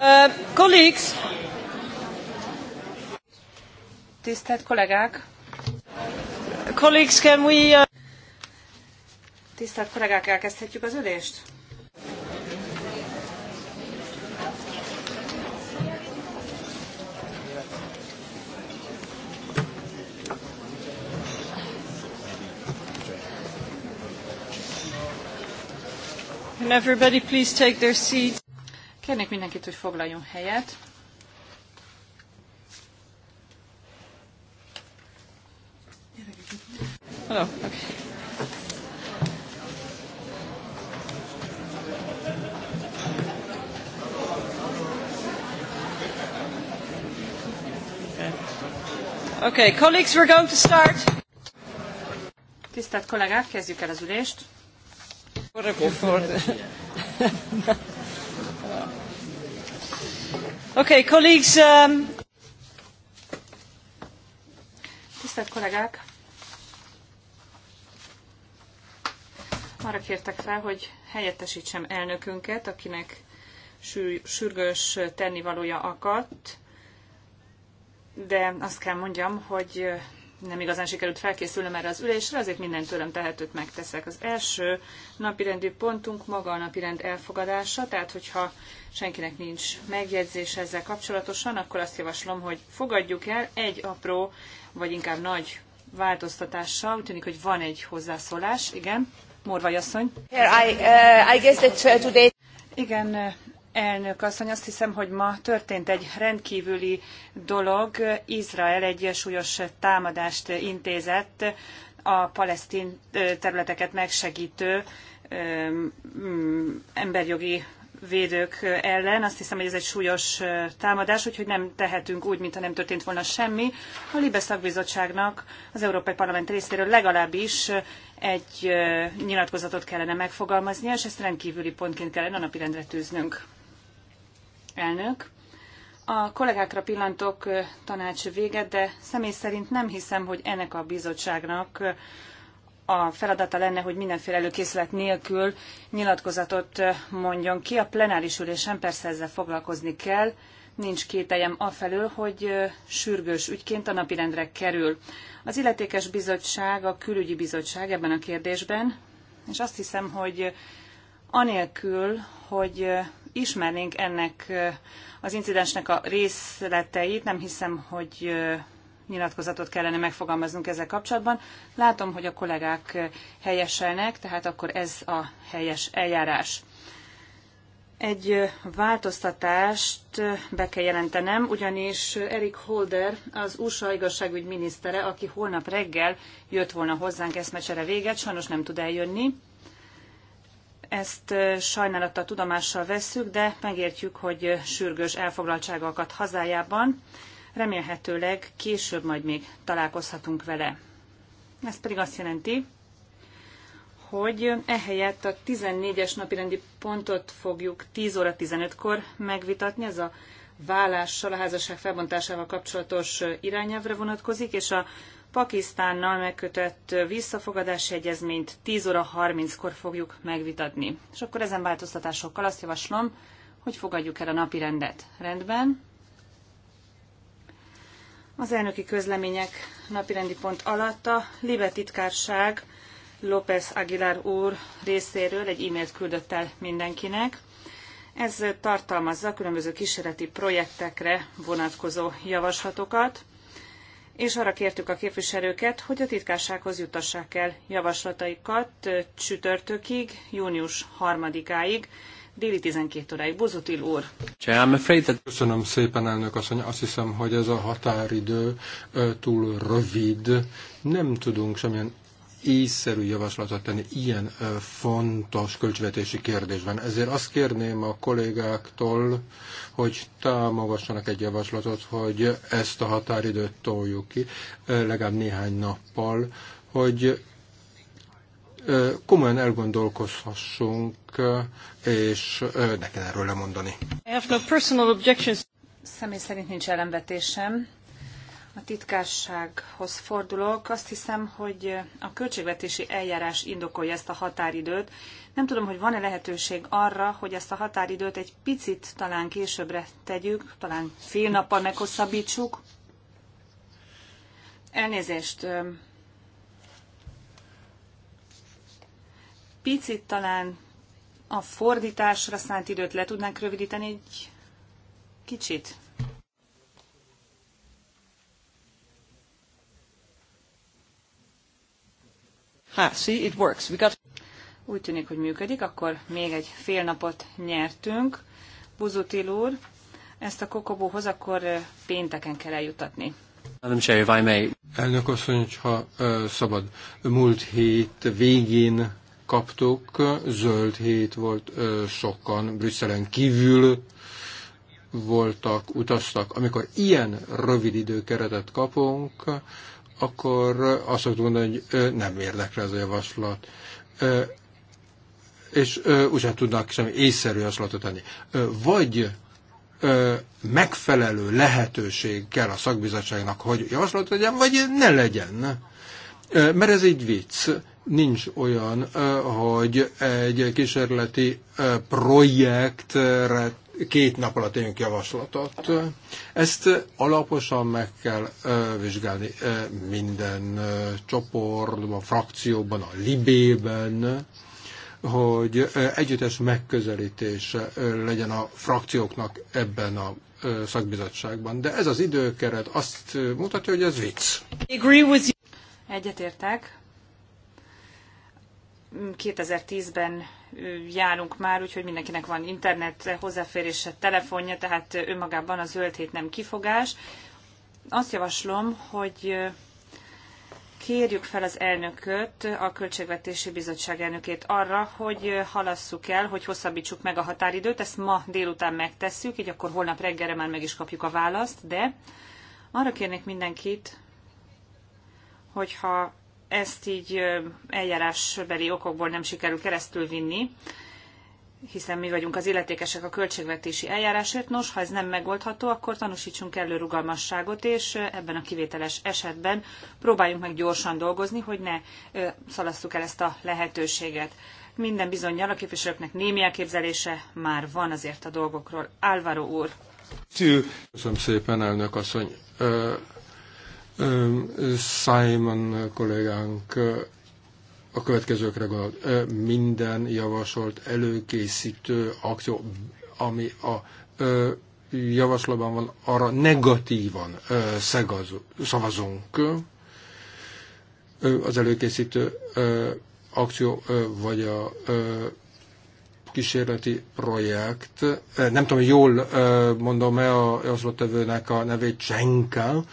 Uh, colleagues. Tisztelt kollégák! Colleagues, can we... Uh... Tisztelt kollégák, elkezdhetjük az ülést? Can everybody please take their seats? Kérnék mindenkit, hogy foglaljon helyet. Hello. Okay. Okay, colleagues, we're going to start. Tisztelt kollégák, kezdjük el az ülést. Okay, colleagues, um... Tisztelt kollégák! Arra kértek fel, hogy helyettesítsem elnökünket, akinek sürgős tennivalója akadt, de azt kell mondjam, hogy nem igazán sikerült felkészülnöm erre az ülésre, azért minden tőlem tehetőt megteszek. Az első napirendű pontunk maga a napirend elfogadása, tehát hogyha senkinek nincs megjegyzés ezzel kapcsolatosan, akkor azt javaslom, hogy fogadjuk el egy apró, vagy inkább nagy változtatással. Úgy tűnik, hogy van egy hozzászólás, igen. Morvai asszony. I, uh, I guess that uh, today... Igen, Elnök asszony, azt hiszem, hogy ma történt egy rendkívüli dolog. Izrael egy súlyos támadást intézett a palesztin területeket megsegítő mm, emberjogi védők ellen. Azt hiszem, hogy ez egy súlyos támadás, úgyhogy nem tehetünk úgy, mintha nem történt volna semmi. A Libe szakbizottságnak az Európai Parlament részéről legalábbis egy nyilatkozatot kellene megfogalmaznia, és ezt rendkívüli pontként kellene a napirendre tűznünk elnök. A kollégákra pillantok tanács véget, de személy szerint nem hiszem, hogy ennek a bizottságnak a feladata lenne, hogy mindenféle előkészület nélkül nyilatkozatot mondjon ki. A plenáris ülésen persze ezzel foglalkozni kell, nincs kételjem afelől, hogy sürgős ügyként a napirendre kerül. Az illetékes bizottság, a külügyi bizottság ebben a kérdésben, és azt hiszem, hogy anélkül, hogy ismernénk ennek az incidensnek a részleteit, nem hiszem, hogy nyilatkozatot kellene megfogalmaznunk ezzel kapcsolatban. Látom, hogy a kollégák helyeselnek, tehát akkor ez a helyes eljárás. Egy változtatást be kell jelentenem, ugyanis Eric Holder, az USA igazságügy minisztere, aki holnap reggel jött volna hozzánk eszmecsere véget, sajnos nem tud eljönni. Ezt sajnálattal tudomással vesszük, de megértjük, hogy sürgős elfoglaltsága akadt hazájában. Remélhetőleg később majd még találkozhatunk vele. Ez pedig azt jelenti, hogy ehelyett a 14-es napirendi pontot fogjuk 10 óra 15-kor megvitatni, ez a vállással, a házasság felbontásával kapcsolatos irányelvre vonatkozik, és a Pakisztánnal megkötött visszafogadási egyezményt 10 óra 30-kor fogjuk megvitatni. És akkor ezen változtatásokkal azt javaslom, hogy fogadjuk el a napi rendet. Rendben. Az elnöki közlemények napirendi pont alatt a Libe titkárság López Aguilar úr részéről egy e-mailt küldött el mindenkinek. Ez tartalmazza különböző kísérleti projektekre vonatkozó javaslatokat és arra kértük a képviselőket, hogy a titkársághoz jutassák el javaslataikat csütörtökig, június 3-áig, déli 12 óráig. Buzutil úr. Köszönöm szépen, elnök asszony. Azt hiszem, hogy ez a határidő túl rövid. Nem tudunk semmilyen észszerű javaslatot tenni ilyen fontos költségvetési kérdésben. Ezért azt kérném a kollégáktól, hogy támogassanak egy javaslatot, hogy ezt a határidőt toljuk ki legalább néhány nappal, hogy komolyan elgondolkozhassunk, és ne kell erről lemondani. I have no personal objections. Személy szerint nincs ellenvetésem a titkársághoz fordulok. Azt hiszem, hogy a költségvetési eljárás indokolja ezt a határidőt. Nem tudom, hogy van-e lehetőség arra, hogy ezt a határidőt egy picit talán későbbre tegyük, talán fél nappal meghosszabbítsuk. Elnézést. Picit talán a fordításra szánt időt le tudnánk rövidíteni egy kicsit. Ha, see, it works. We got... Úgy tűnik, hogy működik, akkor még egy fél napot nyertünk. Buzutil úr, ezt a kokobóhoz akkor pénteken kell eljutatni. Elnök asszony, ha szabad. Múlt hét végén kaptuk, zöld hét volt sokan, Brüsszelen kívül voltak, utaztak. Amikor ilyen rövid időkeretet kapunk, akkor azt szoktuk mondani, hogy nem érdekre ez a javaslat. És úgysem tudnak semmi észszerű javaslatot tenni. Vagy megfelelő lehetőség kell a szakbizottságnak, hogy javaslat legyen, vagy ne legyen. Mert ez egy vicc. Nincs olyan, hogy egy kísérleti projektre két nap alatt éljünk javaslatot. Ezt alaposan meg kell vizsgálni minden csoportban, frakcióban, a libében, hogy együttes megközelítés legyen a frakcióknak ebben a szakbizottságban. De ez az időkeret azt mutatja, hogy ez vicc. Egyetértek 2010-ben járunk már, úgyhogy mindenkinek van internet hozzáférése, telefonja, tehát önmagában a zöld hét nem kifogás. Azt javaslom, hogy kérjük fel az elnököt, a Költségvetési Bizottság elnökét arra, hogy halasszuk el, hogy hosszabbítsuk meg a határidőt. Ezt ma délután megtesszük, így akkor holnap reggelre már meg is kapjuk a választ, de arra kérnék mindenkit, hogyha ezt így eljárásbeli okokból nem sikerül keresztül vinni, hiszen mi vagyunk az illetékesek a költségvetési eljárásért. Nos, ha ez nem megoldható, akkor tanúsítsunk elő rugalmasságot, és ebben a kivételes esetben próbáljunk meg gyorsan dolgozni, hogy ne szalasztuk el ezt a lehetőséget. Minden bizonyal a képviselőknek némi elképzelése már van azért a dolgokról. Álvaro úr. Köszönöm szépen, elnök asszony. Simon kollégánk a következőkre gondolt. Minden javasolt előkészítő akció, ami a javaslatban van, arra negatívan szavazunk. Az előkészítő akció vagy a kísérleti projekt. Nem tudom, jól mondom-e a javaslattevőnek a nevét, Csenka,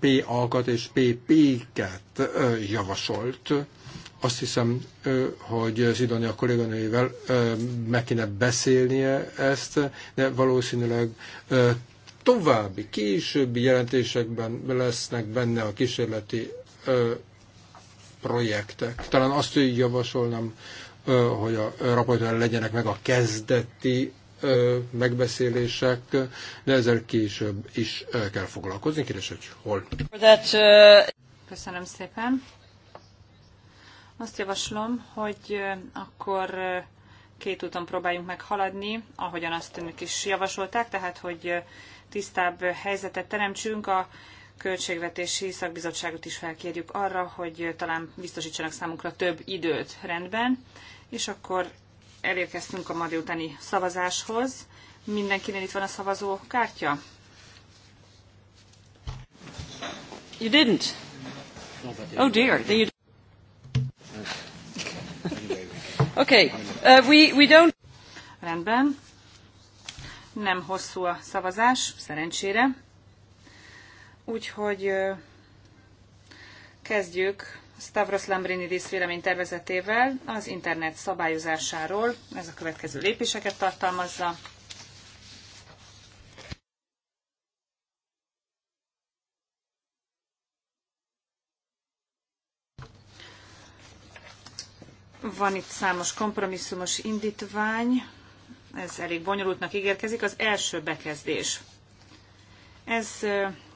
P kat és p ket javasolt. Azt hiszem, hogy Zidonia kolléganőivel meg kéne beszélnie ezt, de valószínűleg további, későbbi jelentésekben lesznek benne a kísérleti projektek. Talán azt javasolnám, hogy a raportőr legyenek meg a kezdeti megbeszélések, de ezzel később is kell foglalkozni. Kérdés, hogy hol. Köszönöm szépen. Azt javaslom, hogy akkor két úton próbáljunk meg haladni, ahogyan azt önök is javasolták, tehát hogy tisztább helyzetet teremtsünk, a költségvetési szakbizottságot is felkérjük arra, hogy talán biztosítsanak számunkra több időt rendben, és akkor elérkeztünk a ma délutáni szavazáshoz. Mindenkinél itt van a szavazókártya? You didn't. Oh dear. Then you... okay. Uh, we, we don't... Rendben. Nem hosszú a szavazás, szerencsére. Úgyhogy uh, kezdjük Stavros Lambrinidis tervezetével az internet szabályozásáról. Ez a következő lépéseket tartalmazza. Van itt számos kompromisszumos indítvány, ez elég bonyolultnak ígérkezik. Az első bekezdés. Ez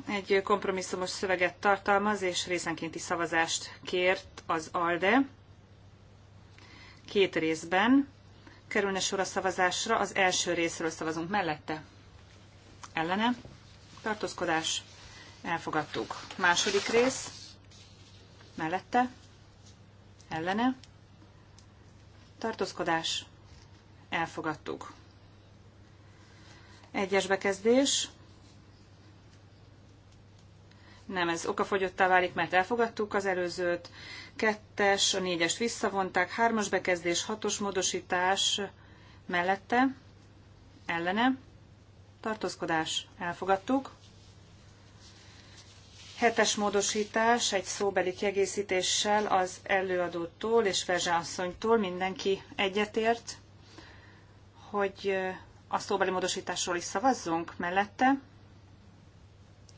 egy kompromisszumos szöveget tartalmaz, és részenkénti szavazást kért az ALDE két részben. Kerülne sor a szavazásra, az első részről szavazunk mellette. Ellene, tartózkodás, elfogadtuk. Második rész, mellette, ellene, tartózkodás, elfogadtuk. Egyes bekezdés, nem ez okafogyottá válik, mert elfogadtuk az előzőt, kettes, a négyest visszavonták, hármas bekezdés, hatos módosítás mellette, ellene, tartózkodás, elfogadtuk. Hetes módosítás egy szóbeli kiegészítéssel az előadótól és Verzsa asszonytól mindenki egyetért, hogy a szóbeli módosításról is szavazzunk mellette,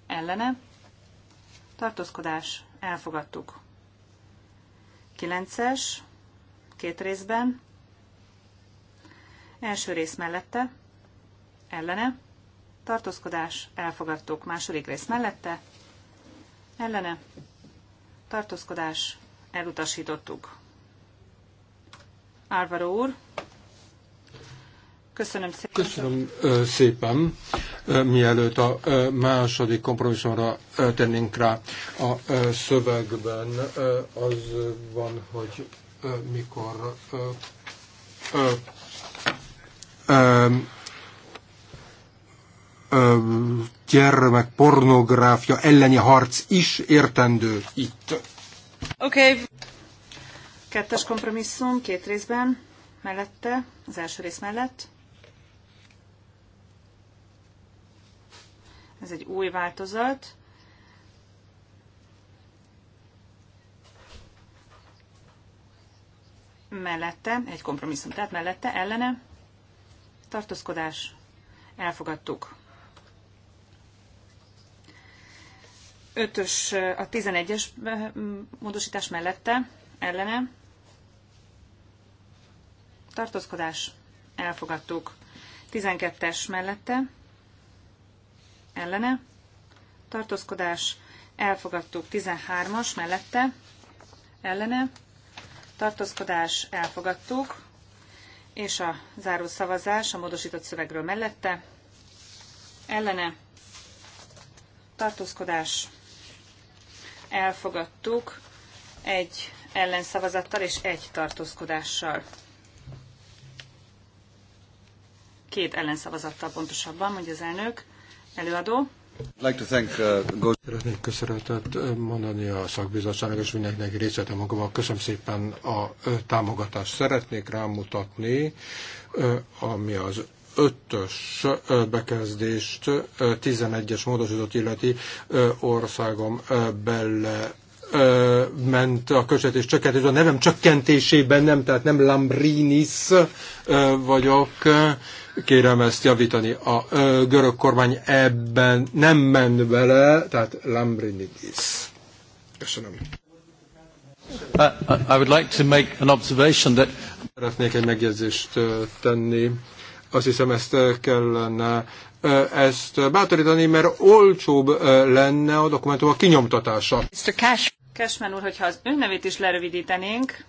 ellene, tartózkodás, elfogadtuk. 9-es, két részben, első rész mellette, ellene, tartózkodás, elfogadtuk. Második rész mellette, ellene, tartózkodás, elutasítottuk. Álvaro úr, Köszönöm szépen. Köszönöm szépen. Mielőtt a második kompromisszumra tennénk rá a szövegben, az van, hogy mikor gyermek pornográfia elleni harc is értendő itt. Oké. Okay. Kettes kompromisszum két részben, mellette, az első rész mellett Ez egy új változat. Mellette, egy kompromisszum, tehát mellette, ellene, tartózkodás, elfogadtuk. Ötös, a 11-es módosítás mellette, ellene, tartózkodás, elfogadtuk. 12-es mellette, ellene, tartózkodás, elfogadtuk 13-as mellette, ellene, tartózkodás, elfogadtuk, és a záró szavazás a módosított szövegről mellette, ellene, tartózkodás, elfogadtuk egy ellenszavazattal és egy tartózkodással. Két ellenszavazattal pontosabban, mondja az elnök. Előadó. Like to thank, uh, Szeretnék köszönetet uh, mondani a szakbizottságnak és mindenkinek részlet a Köszönöm szépen a uh, támogatást. Szeretnék rámutatni, uh, ami az ötös bekezdést 11-es módosított illeti országom belle ö, ment a közvetés csökkentés, a nevem csökkentésében nem, tehát nem Lambrinis ö, vagyok, kérem ezt javítani. A ö, görög kormány ebben nem ment vele, tehát Lambrinis. Köszönöm. I would like to make an observation that... Szeretnék egy megjegyzést tenni. Azt hiszem ezt kellene ezt bátorítani, mert olcsóbb lenne a dokumentum a kinyomtatása. Mr. Cash. Kesmen úr, hogyha az ön nevét is lerövidítenénk.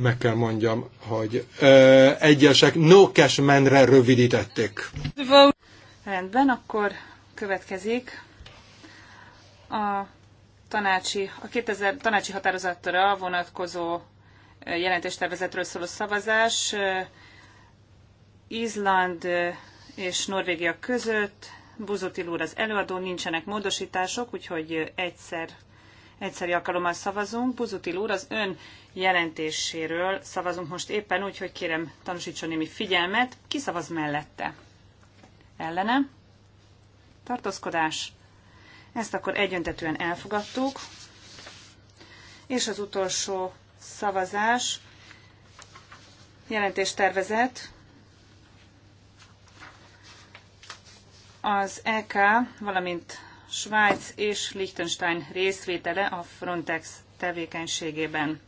Meg kell mondjam, hogy ö, egyesek no cashmanre rövidítették. Rendben, akkor következik a tanácsi, a 2000 tanácsi határozatra vonatkozó jelentéstervezetről szóló szavazás Izland és Norvégia között Buzotil úr az előadó, nincsenek módosítások, úgyhogy egyszer, egyszeri alkalommal szavazunk. Buzotil úr az ön jelentéséről szavazunk most éppen, úgyhogy kérem tanúsítson némi figyelmet. Ki szavaz mellette? Ellene? Tartózkodás? Ezt akkor egyöntetően elfogadtuk. És az utolsó szavazás, jelentéstervezet, Az EK, valamint Svájc és Liechtenstein részvétele a Frontex tevékenységében.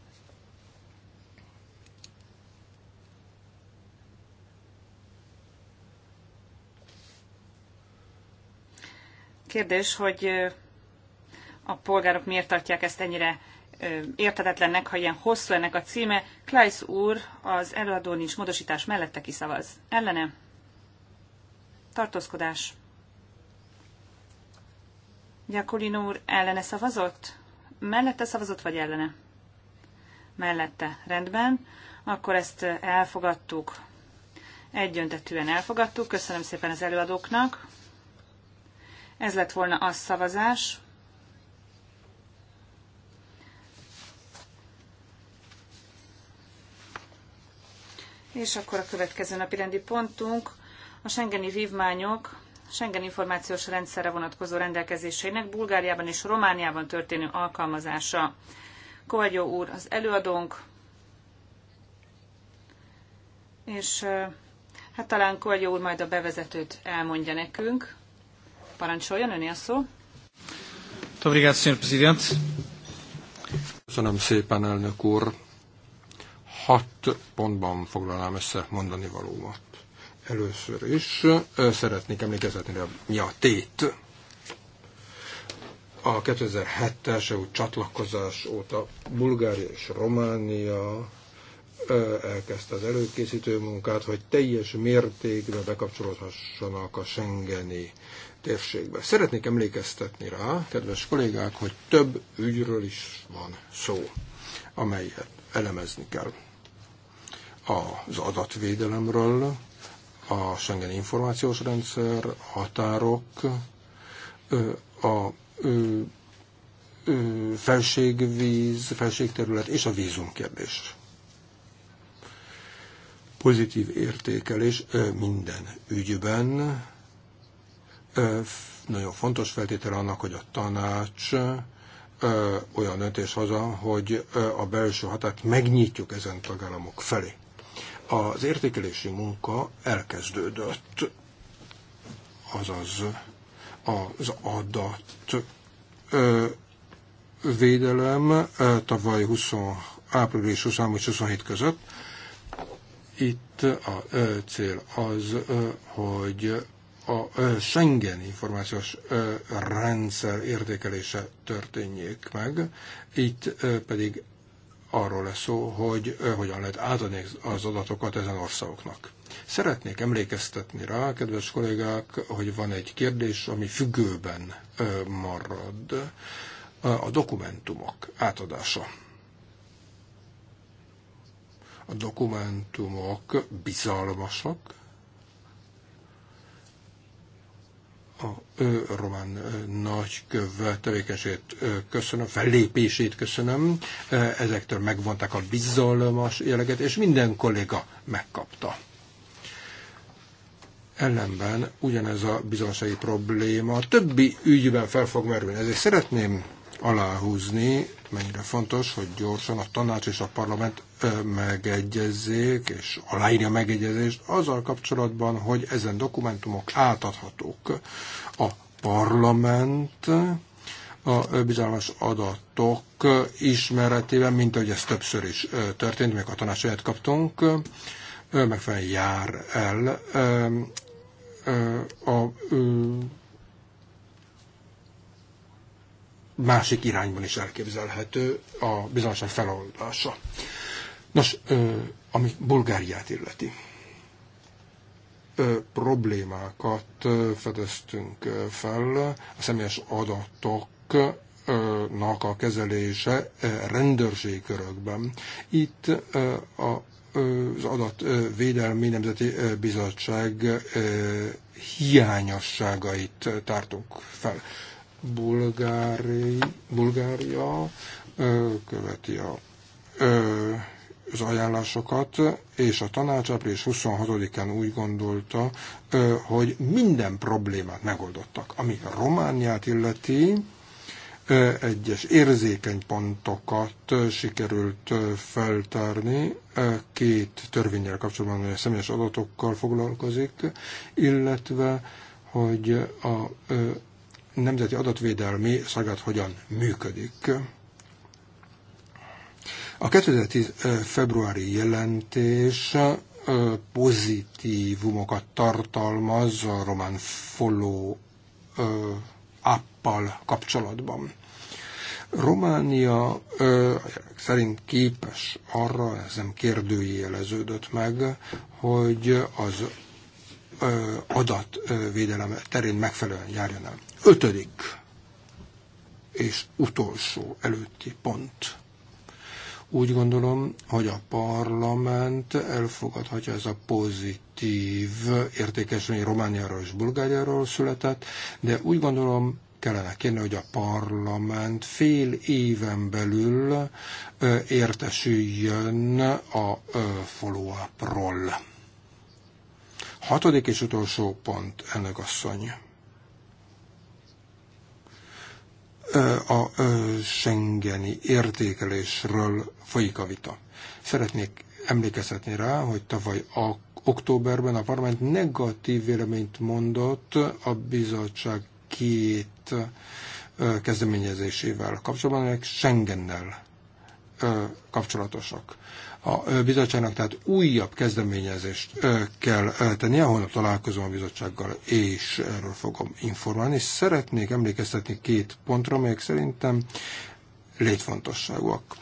Kérdés, hogy a polgárok miért tartják ezt ennyire értetetlennek, ha ilyen hosszú ennek a címe. Kleisz úr az előadó nincs módosítás mellette kiszavaz. Ellene? Tartózkodás. Gyakolin úr ellene szavazott? Mellette szavazott, vagy ellene? Mellette. Rendben. Akkor ezt elfogadtuk. Egyöntetűen elfogadtuk. Köszönöm szépen az előadóknak. Ez lett volna a szavazás. És akkor a következő napi rendi pontunk a Schengeni vívmányok Schengen információs rendszerre vonatkozó rendelkezéseinek Bulgáriában és Romániában történő alkalmazása. Kovagyó úr az előadónk, és hát talán Kovagyó úr majd a bevezetőt elmondja nekünk. Parancsoljon, öné a szó. Köszönöm szépen, elnök úr. Hat pontban foglalnám össze mondani valómat. Először is szeretnék emlékezetni a nyatét. A 2007-es EU csatlakozás óta Bulgária és Románia elkezdte az előkészítő munkát, hogy teljes mértékben bekapcsolódhassanak a Schengeni térségbe. Szeretnék emlékeztetni rá, kedves kollégák, hogy több ügyről is van szó, amelyet elemezni kell. Az adatvédelemről, a Schengen információs rendszer, határok, a felségvíz, felségterület és a vízum kérdés. Pozitív értékelés minden ügyben. Nagyon fontos feltétele annak, hogy a tanács olyan döntés haza, hogy a belső határt megnyitjuk ezen tagállamok felé. Az értékelési munka elkezdődött, azaz az adat védelem tavaly 20, április 23 27 között. Itt a cél az, hogy a Schengen információs rendszer értékelése történjék meg, itt pedig arról lesz szó, hogy hogyan lehet átadni az adatokat ezen országoknak. Szeretnék emlékeztetni rá, kedves kollégák, hogy van egy kérdés, ami függőben marad, a dokumentumok átadása. A dokumentumok bizalmasak, a román nagykövet tevékenységét köszönöm, fellépését köszönöm. Ezektől megvonták a bizalmas jelleget, és minden kolléga megkapta. Ellenben ugyanez a bizonsági probléma többi ügyben fel fog merülni. Ezért szeretném aláhúzni, mennyire fontos, hogy gyorsan a tanács és a parlament megegyezzék, és aláírja megegyezést azzal kapcsolatban, hogy ezen dokumentumok átadhatók. A parlament a bizalmas adatok ismeretében, mint ahogy ez többször is történt, még a tanácsolyát kaptunk, megfelelően jár el a másik irányban is elképzelhető a bizonyosság feloldása. Nos, ami Bulgáriát illeti problémákat fedeztünk fel, a személyes adatoknak a kezelése rendőrségkörökben. Itt a az adatvédelmi nemzeti bizottság hiányosságait tártunk fel. Bulgári, Bulgária követi a, az ajánlásokat, és a tanács április 26-án úgy gondolta, hogy minden problémát megoldottak. Ami Romániát illeti, egyes érzékeny pontokat sikerült feltárni. Két törvényel kapcsolatban, hogy a személyes adatokkal foglalkozik, illetve hogy a nemzeti adatvédelmi szagát hogyan működik. A 2010 februári jelentés pozitívumokat tartalmaz a román follow appal kapcsolatban. Románia ö, szerint képes arra, ez nem kérdőjeleződött meg, hogy az adatvédelem terén megfelelően járjon el. Ötödik és utolsó előtti pont. Úgy gondolom, hogy a parlament elfogadhatja ez a pozitív értékesülni Romániáról és Bulgáriáról született, de úgy gondolom, kellene kérni, hogy a parlament fél éven belül értesüljön a follow-upról Hatodik és utolsó pont, elnök asszony. A Schengeni értékelésről folyik a vita. Szeretnék emlékezhetni rá, hogy tavaly a októberben a parlament negatív véleményt mondott a bizottság két kezdeményezésével kapcsolatban, amelyek Schengennel kapcsolatosak a bizottságnak, tehát újabb kezdeményezést kell tennie, holnap találkozom a bizottsággal, és erről fogom informálni. És szeretnék emlékeztetni két pontra, amelyek szerintem létfontosságúak.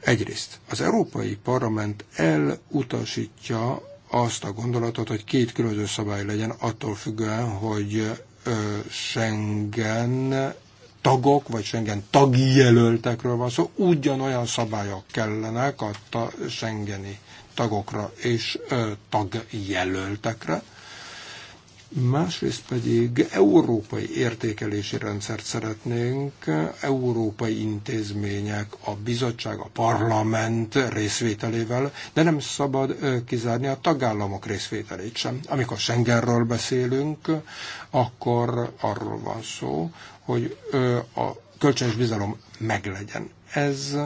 Egyrészt az Európai Parlament elutasítja azt a gondolatot, hogy két különböző szabály legyen, attól függően, hogy Schengen tagok, vagy Schengen jelöltekről van szó, szóval ugyanolyan szabályok kellenek a ta Schengeni tagokra és ö, tagjelöltekre. Másrészt pedig európai értékelési rendszert szeretnénk, európai intézmények, a bizottság, a parlament részvételével, de nem szabad kizárni a tagállamok részvételét sem. Amikor Schengenről beszélünk, akkor arról van szó, hogy a kölcsönös bizalom meglegyen. Ez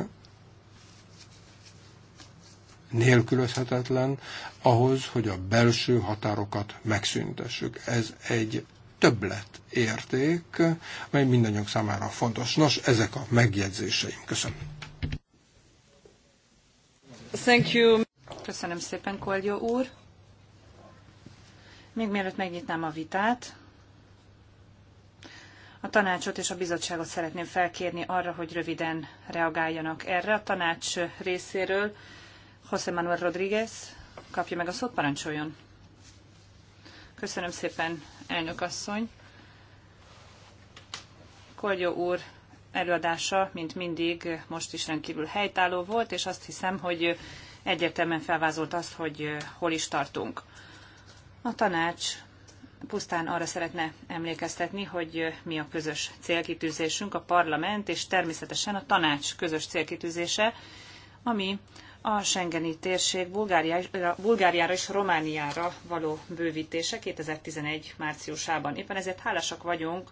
nélkülözhetetlen ahhoz, hogy a belső határokat megszüntessük. Ez egy többlet érték, mely mindannyiunk számára fontos. Nos, ezek a megjegyzéseim. Köszönöm. Thank you. Köszönöm szépen, Kolgyó úr. Még mielőtt megnyitnám a vitát, a tanácsot és a bizottságot szeretném felkérni arra, hogy röviden reagáljanak erre. A tanács részéről José Manuel Rodríguez kapja meg a szót, parancsoljon. Köszönöm szépen, elnök asszony. Kolgyó úr előadása, mint mindig, most is rendkívül helytálló volt, és azt hiszem, hogy egyértelműen felvázolt azt, hogy hol is tartunk. A tanács pusztán arra szeretne emlékeztetni, hogy mi a közös célkitűzésünk, a parlament és természetesen a tanács közös célkitűzése, ami a Schengeni térség Bulgáriára, és Romániára való bővítése 2011 márciusában. Éppen ezért hálásak vagyunk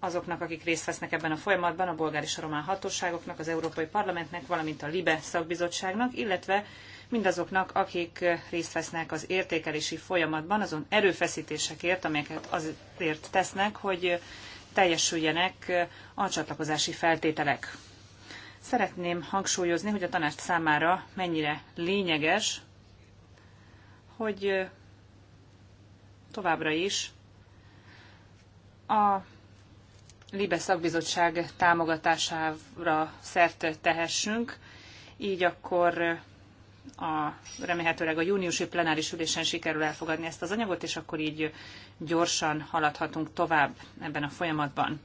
azoknak, akik részt vesznek ebben a folyamatban, a bolgár és a román hatóságoknak, az Európai Parlamentnek, valamint a LIBE szakbizottságnak, illetve mindazoknak, akik részt vesznek az értékelési folyamatban, azon erőfeszítésekért, amelyeket azért tesznek, hogy teljesüljenek a csatlakozási feltételek. Szeretném hangsúlyozni, hogy a tanács számára mennyire lényeges, hogy továbbra is a Libe szakbizottság támogatására szert tehessünk, így akkor a, remélhetőleg a júniusi plenáris ülésen sikerül elfogadni ezt az anyagot, és akkor így gyorsan haladhatunk tovább ebben a folyamatban.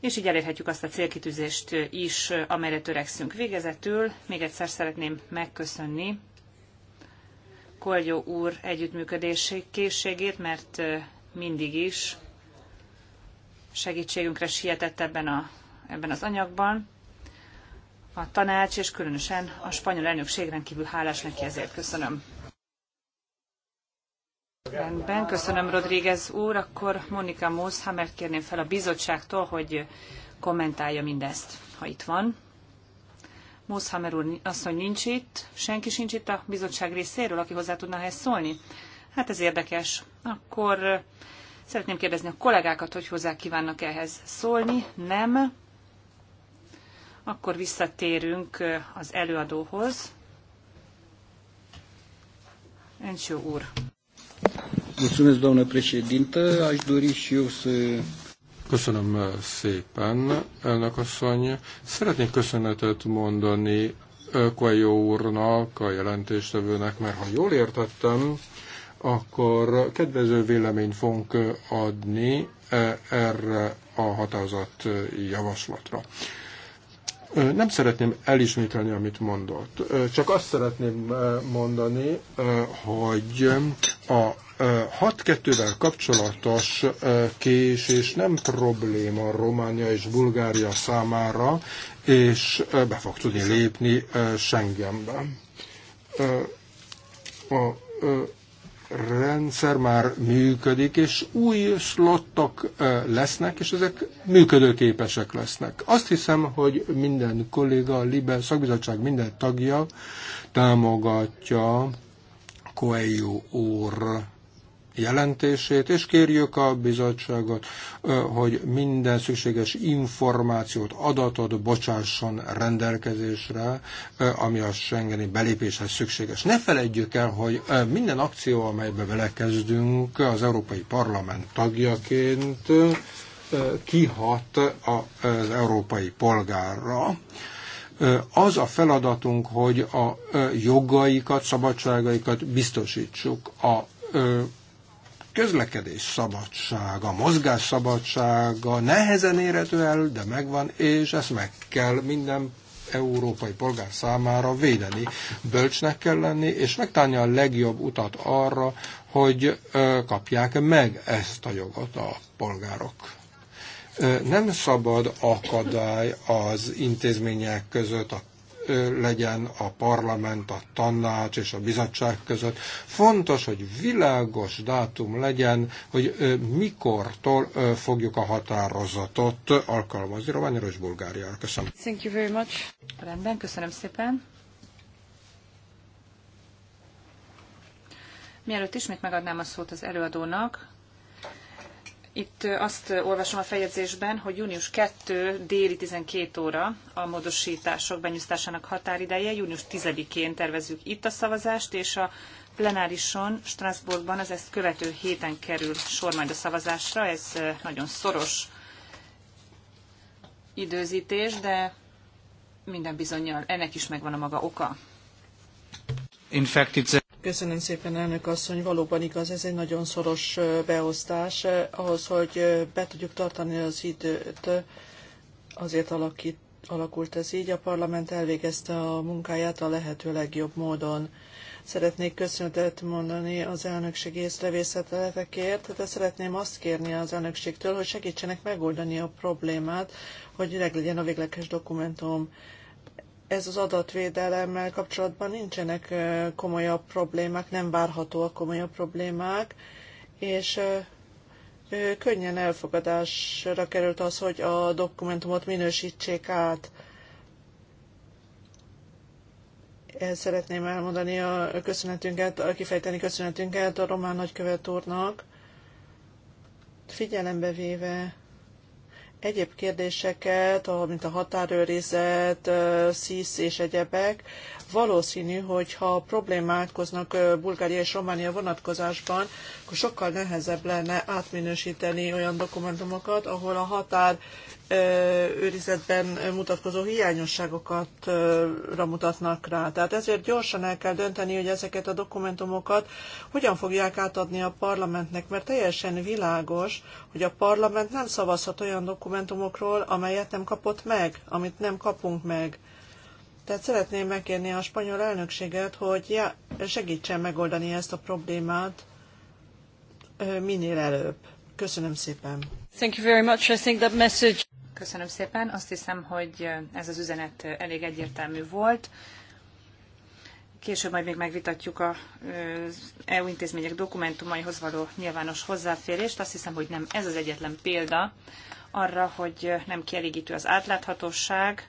És így elérhetjük azt a célkitűzést is, amelyre törekszünk. Végezetül még egyszer szeretném megköszönni Kolgyó úr együttműködési készségét, mert mindig is segítségünkre sietett ebben, a, ebben az anyagban a tanács, és különösen a spanyol elnökség rendkívül hálás neki ezért. Köszönöm. Rendben, köszönöm Rodríguez úr. Akkor Monika Mózhamert kérném fel a bizottságtól, hogy kommentálja mindezt, ha itt van. Mózhamer úr asszony nincs itt, senki sincs itt a bizottság részéről, aki hozzá tudna ezt szólni. Hát ez érdekes. Akkor szeretném kérdezni a kollégákat, hogy hozzá kívánnak ehhez szólni. Nem. Akkor visszatérünk az előadóhoz. Enciu úr. președintă. Aș dori și eu să Köszönöm szépen, elnök asszony. Szeretnék köszönetet mondani Koelyó úrnak, a jelentéstevőnek, mert ha jól értettem, akkor kedvező véleményt fogunk adni erre a határozat javaslatra. Nem szeretném elismételni, amit mondott. Csak azt szeretném mondani, hogy a 6-2-vel kapcsolatos késés nem probléma Románia és Bulgária számára, és be fog tudni lépni Schengenbe. A rendszer már működik, és új slottok lesznek, és ezek működőképesek lesznek. Azt hiszem, hogy minden kolléga, a Libe szakbizottság minden tagja támogatja Coelho úr jelentését, és kérjük a bizottságot, hogy minden szükséges információt, adatot bocsásson rendelkezésre, ami a Schengeni belépéshez szükséges. Ne felejtjük el, hogy minden akció, amelybe belekezdünk az Európai Parlament tagjaként, kihat az európai polgárra az a feladatunk, hogy a jogaikat, szabadságaikat biztosítsuk. A közlekedés szabadsága, mozgás szabadsága nehezen érhető el, de megvan, és ezt meg kell minden európai polgár számára védeni. Bölcsnek kell lenni, és megtalálni a legjobb utat arra, hogy kapják meg ezt a jogot a polgárok. Nem szabad akadály az intézmények között, a legyen a parlament, a tanács és a bizottság között. Fontos, hogy világos dátum legyen, hogy mikortól fogjuk a határozatot alkalmazni Romániára és Bulgáriára. Köszönöm. Thank you very much. Rendben, köszönöm szépen. Mielőtt ismét megadnám a szót az előadónak, itt azt olvasom a feljegyzésben, hogy június 2 déli 12 óra a módosítások benyújtásának határideje. Június 10-én tervezzük itt a szavazást, és a plenárison Strasbourgban az ezt követő héten kerül sor majd a szavazásra. Ez nagyon szoros időzítés, de minden bizonyal ennek is megvan a maga oka. In fact, it's a... Köszönöm szépen, elnök asszony. Valóban igaz, ez egy nagyon szoros beosztás. Ahhoz, hogy be tudjuk tartani az időt, azért alakít, alakult ez így. A parlament elvégezte a munkáját a lehető legjobb módon. Szeretnék köszönetet mondani az elnökség észrevészeteletekért, de szeretném azt kérni az elnökségtől, hogy segítsenek megoldani a problémát, hogy legyen a végleges dokumentum ez az adatvédelemmel kapcsolatban nincsenek komolyabb problémák, nem várhatóak komolyabb problémák, és könnyen elfogadásra került az, hogy a dokumentumot minősítsék át. Ezt szeretném elmondani a köszönetünket, kifejteni köszönetünket a román nagykövet úrnak, figyelembe véve Egyéb kérdéseket, mint a határőrizet, SZISZ és egyebek, valószínű, hogy ha problémák Bulgária és Románia vonatkozásban, akkor sokkal nehezebb lenne átminősíteni olyan dokumentumokat, ahol a határ őrizetben mutatkozó hiányosságokat mutatnak rá. Tehát ezért gyorsan el kell dönteni, hogy ezeket a dokumentumokat hogyan fogják átadni a parlamentnek, mert teljesen világos, hogy a parlament nem szavazhat olyan dokumentumokról, amelyet nem kapott meg, amit nem kapunk meg. Tehát szeretném megkérni a spanyol elnökséget, hogy segítsen megoldani ezt a problémát minél előbb. Köszönöm szépen. Thank you very much. I think that message... Köszönöm szépen. Azt hiszem, hogy ez az üzenet elég egyértelmű volt. Később majd még megvitatjuk az EU intézmények dokumentumaihoz való nyilvános hozzáférést. Azt hiszem, hogy nem ez az egyetlen példa arra, hogy nem kielégítő az átláthatóság,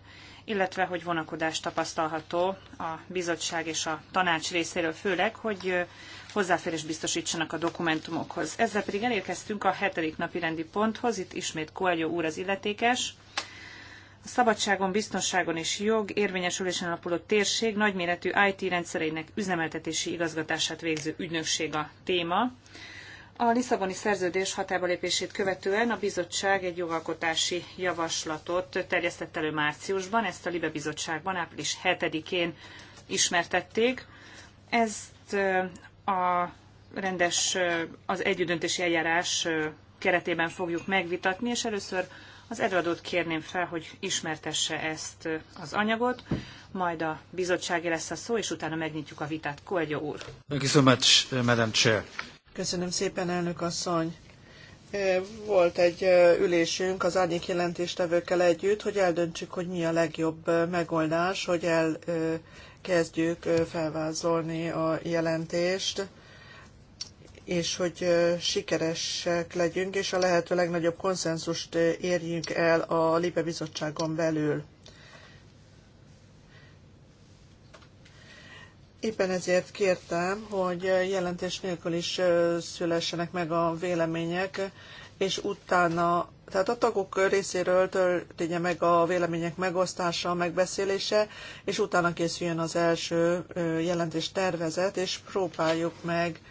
illetve hogy vonakodás tapasztalható a bizottság és a tanács részéről, főleg, hogy hozzáférés biztosítsanak a dokumentumokhoz. Ezzel pedig elérkeztünk a hetedik napi rendi ponthoz, itt ismét Koeljo úr az illetékes. A szabadságon, biztonságon és jog érvényesülésen alapuló térség nagyméretű IT rendszereinek üzemeltetési igazgatását végző ügynökség a téma. A Lisszaboni szerződés hatába lépését követően a bizottság egy jogalkotási javaslatot terjesztett elő márciusban, ezt a Libe Bizottságban április 7-én ismertették. Ezt a rendes, az együttdöntési eljárás keretében fogjuk megvitatni, és először az előadót kérném fel, hogy ismertesse ezt az anyagot, majd a bizottságé lesz a szó, és utána megnyitjuk a vitát. Kolgyó úr. Thank you so much, Madam Chair. Köszönöm szépen, elnök asszony. Volt egy ülésünk az árnyék jelentéstevőkkel együtt, hogy eldöntsük, hogy mi a legjobb megoldás, hogy elkezdjük felvázolni a jelentést, és hogy sikeresek legyünk, és a lehető legnagyobb konszenzust érjünk el a Libe Bizottságon belül. Éppen ezért kértem, hogy jelentés nélkül is szülessenek meg a vélemények, és utána, tehát a tagok részéről történje meg a vélemények megosztása, megbeszélése, és utána készüljön az első jelentés tervezet, és próbáljuk meg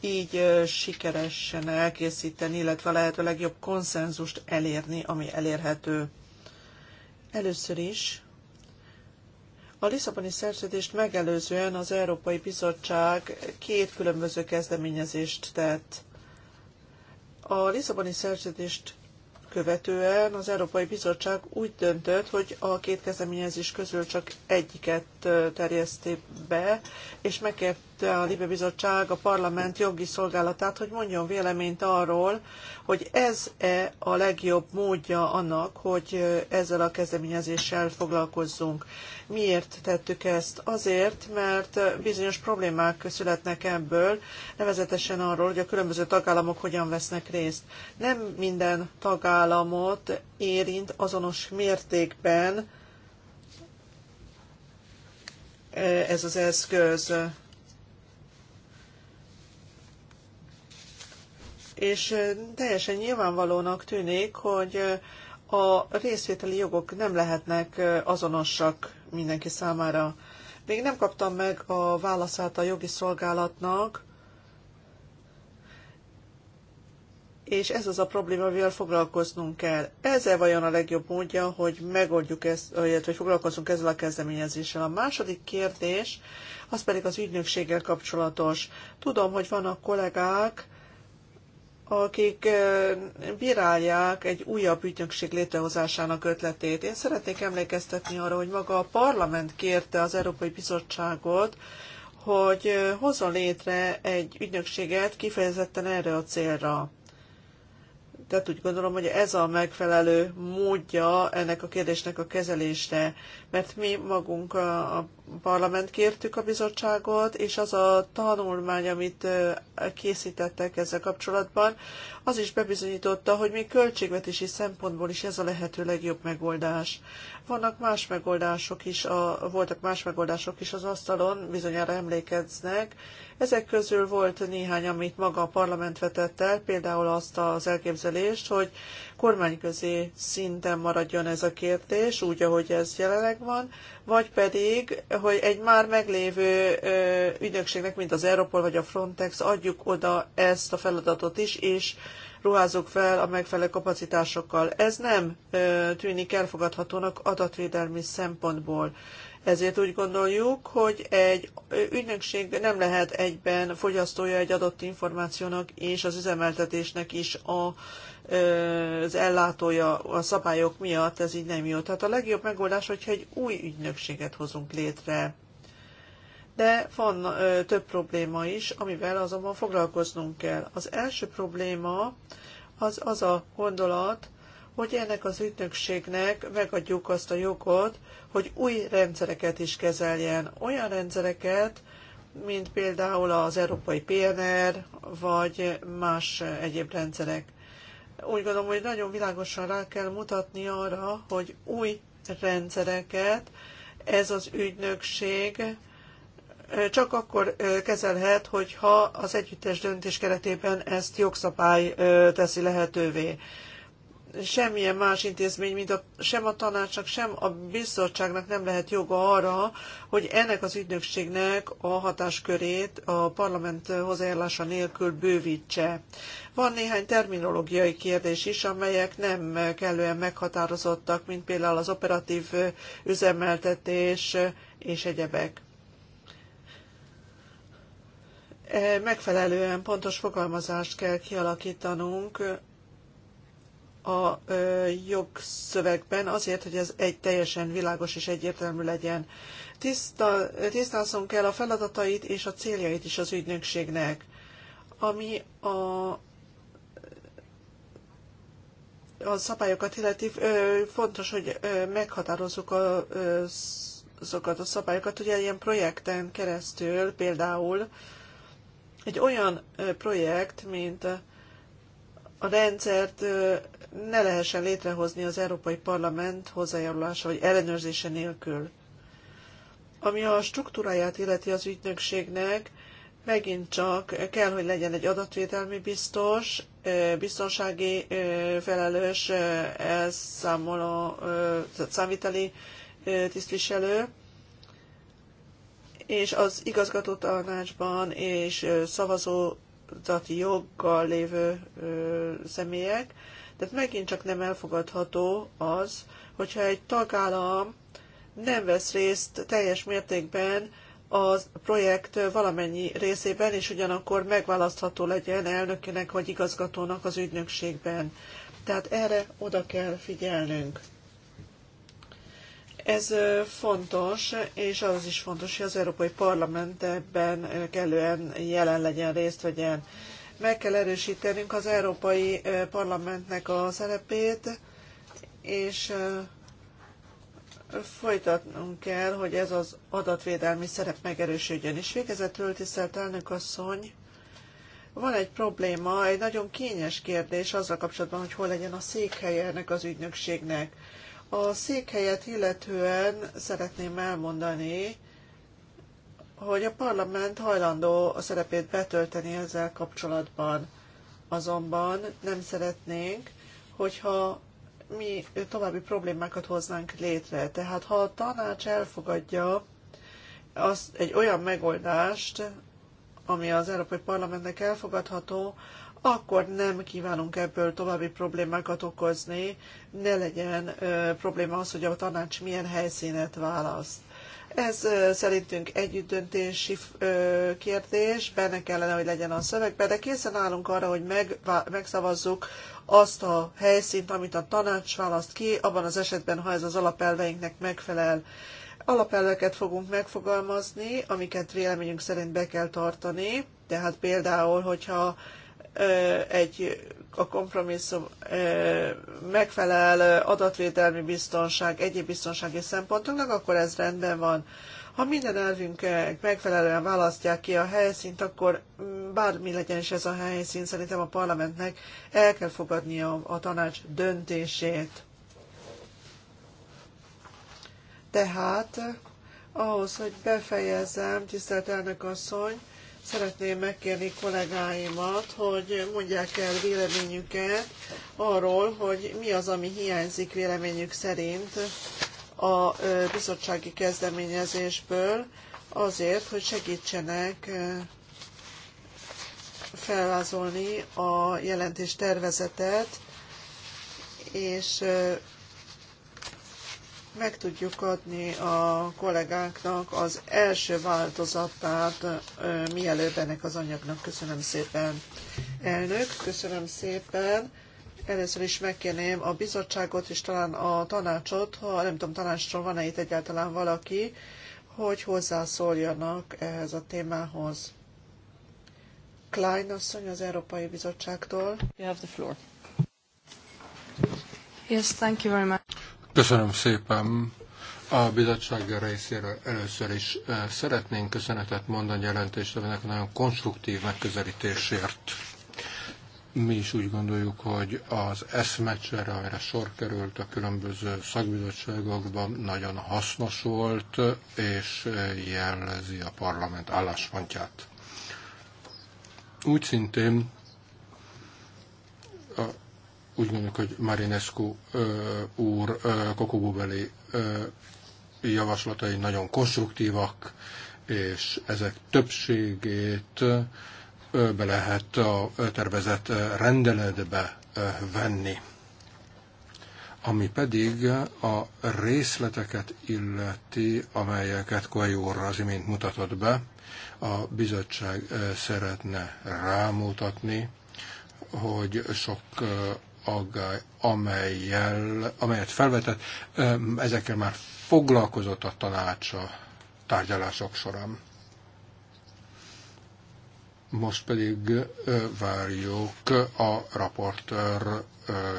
így sikeresen elkészíteni, illetve lehetőleg jobb konszenzust elérni, ami elérhető. Először is a Lisszaboni szerződést megelőzően az Európai Bizottság két különböző kezdeményezést tett. A Lisszaboni szerződést követően az Európai Bizottság úgy döntött, hogy a két kezdeményezés közül csak egyiket terjeszti be, és megkért kérte a Libe Bizottság a parlament jogi szolgálatát, hogy mondjon véleményt arról, hogy ez-e a legjobb módja annak, hogy ezzel a kezdeményezéssel foglalkozzunk. Miért tettük ezt? Azért, mert bizonyos problémák születnek ebből, nevezetesen arról, hogy a különböző tagállamok hogyan vesznek részt. Nem minden tagállamot érint azonos mértékben, ez az eszköz. és teljesen nyilvánvalónak tűnik, hogy a részvételi jogok nem lehetnek azonosak mindenki számára. Még nem kaptam meg a válaszát a jogi szolgálatnak, és ez az a probléma, amivel foglalkoznunk kell. Ezzel vajon a legjobb módja, hogy megoldjuk ezt, illetve hogy foglalkozunk ezzel a kezdeményezéssel. A második kérdés, az pedig az ügynökséggel kapcsolatos. Tudom, hogy vannak kollégák, akik bírálják egy újabb ügynökség létrehozásának ötletét. Én szeretnék emlékeztetni arra, hogy maga a parlament kérte az Európai Bizottságot, hogy hozzon létre egy ügynökséget kifejezetten erre a célra. Tehát úgy gondolom, hogy ez a megfelelő módja ennek a kérdésnek a kezelésre, mert mi magunk a, a parlament kértük a bizottságot, és az a tanulmány, amit készítettek ezzel kapcsolatban, az is bebizonyította, hogy még költségvetési szempontból is ez a lehető legjobb megoldás. Vannak más megoldások is, a, voltak más megoldások is az asztalon, bizonyára emlékeznek. Ezek közül volt néhány, amit maga a parlament vetett el, például azt az elképzelést, hogy kormányközi szinten maradjon ez a kérdés, úgy, ahogy ez jelenleg van, vagy pedig, hogy egy már meglévő ügynökségnek, mint az Europol vagy a Frontex, adjuk oda ezt a feladatot is, és ruházzuk fel a megfelelő kapacitásokkal. Ez nem tűnik elfogadhatónak adatvédelmi szempontból. Ezért úgy gondoljuk, hogy egy ügynökség nem lehet egyben fogyasztója egy adott információnak és az üzemeltetésnek is a az ellátója a szabályok miatt ez így nem jó. Tehát a legjobb megoldás, hogyha egy új ügynökséget hozunk létre. De van ö, több probléma is, amivel azonban foglalkoznunk kell. Az első probléma az az a gondolat, hogy ennek az ügynökségnek megadjuk azt a jogot, hogy új rendszereket is kezeljen. Olyan rendszereket, mint például az európai PNR, vagy más egyéb rendszerek úgy gondolom, hogy nagyon világosan rá kell mutatni arra, hogy új rendszereket ez az ügynökség csak akkor kezelhet, hogyha az együttes döntés keretében ezt jogszabály teszi lehetővé semmilyen más intézmény, mint a, sem a tanácsnak, sem a bizottságnak nem lehet joga arra, hogy ennek az ügynökségnek a hatáskörét a parlament hozzájárlása nélkül bővítse. Van néhány terminológiai kérdés is, amelyek nem kellően meghatározottak, mint például az operatív üzemeltetés és egyebek e, megfelelően pontos fogalmazást kell kialakítanunk a jogszövegben azért, hogy ez egy teljesen világos és egyértelmű legyen. Tiszta, tisztázzon kell a feladatait és a céljait is az ügynökségnek, ami a a szabályokat illeti, fontos, hogy meghatározzuk a, azokat a szabályokat, ugye ilyen projekten keresztül például egy olyan projekt, mint a rendszert ne lehessen létrehozni az Európai Parlament hozzájárulása vagy ellenőrzése nélkül. Ami a struktúráját illeti az ügynökségnek, megint csak kell, hogy legyen egy adatvédelmi biztos, biztonsági felelős, elszámoló, számviteli tisztviselő, és az igazgató tanácsban és szavazózati joggal lévő személyek, tehát megint csak nem elfogadható az, hogyha egy tagállam nem vesz részt teljes mértékben a projekt valamennyi részében, és ugyanakkor megválasztható legyen elnökének vagy igazgatónak az ügynökségben. Tehát erre oda kell figyelnünk. Ez fontos, és az is fontos, hogy az Európai Parlament ebben kellően jelen legyen, részt vegyen. Meg kell erősítenünk az Európai Parlamentnek a szerepét, és folytatnunk kell, hogy ez az adatvédelmi szerep megerősödjön. És végezetül, tisztelt elnök asszony, van egy probléma, egy nagyon kényes kérdés azzal kapcsolatban, hogy hol legyen a székhelye ennek az ügynökségnek. A székhelyet illetően szeretném elmondani, hogy a parlament hajlandó a szerepét betölteni ezzel kapcsolatban. Azonban nem szeretnénk, hogyha mi további problémákat hoznánk létre. Tehát ha a tanács elfogadja az egy olyan megoldást, ami az Európai Parlamentnek elfogadható, akkor nem kívánunk ebből további problémákat okozni, ne legyen ö, probléma az, hogy a tanács milyen helyszínet választ. Ez szerintünk együttdöntési kérdés, benne kellene, hogy legyen a szövegben, de készen állunk arra, hogy megszavazzuk azt a helyszínt, amit a tanács választ ki, abban az esetben, ha ez az alapelveinknek megfelel. Alapelveket fogunk megfogalmazni, amiket véleményünk szerint be kell tartani, tehát például, hogyha egy a kompromisszum megfelel adatvédelmi biztonság, egyéb biztonsági szempontoknak, akkor ez rendben van. Ha minden elvünk megfelelően választják ki a helyszínt, akkor mm, bármi legyen is ez a helyszín, szerintem a parlamentnek el kell fogadnia a tanács döntését. Tehát ahhoz, hogy befejezzem tisztelt elnök asszony, Szeretném megkérni kollégáimat, hogy mondják el véleményüket arról, hogy mi az, ami hiányzik véleményük szerint a bizottsági kezdeményezésből, azért, hogy segítsenek felvázolni a jelentés tervezetet, és meg tudjuk adni a kollégáknak az első változatát, mielőbb ennek az anyagnak. Köszönöm szépen, elnök, köszönöm szépen. Először is megkérném a bizottságot és talán a tanácsot, ha nem tudom, tanácsról van-e itt egyáltalán valaki, hogy hozzászóljanak ehhez a témához. Klein asszony az Európai Bizottságtól. You have the floor. Yes, thank you very much. Köszönöm szépen. A bizottság részéről először is szeretnénk köszönetet mondani jelentéstevőnek a nagyon konstruktív megközelítésért. Mi is úgy gondoljuk, hogy az eszmecsere, amire sor került a különböző szakbizottságokban, nagyon hasznos volt, és jelzi a parlament álláspontját. Úgy szintén a úgy mondjuk, hogy Marinescu úr Kokobubeli javaslatai nagyon konstruktívak, és ezek többségét be lehet a tervezett rendeletbe venni. Ami pedig a részleteket illeti, amelyeket Koei úr az imént mutatott be, a bizottság szeretne rámutatni, hogy sok aggály, amelyel, amelyet felvetett, ezekkel már foglalkozott a tanács a tárgyalások során. Most pedig várjuk a raportőr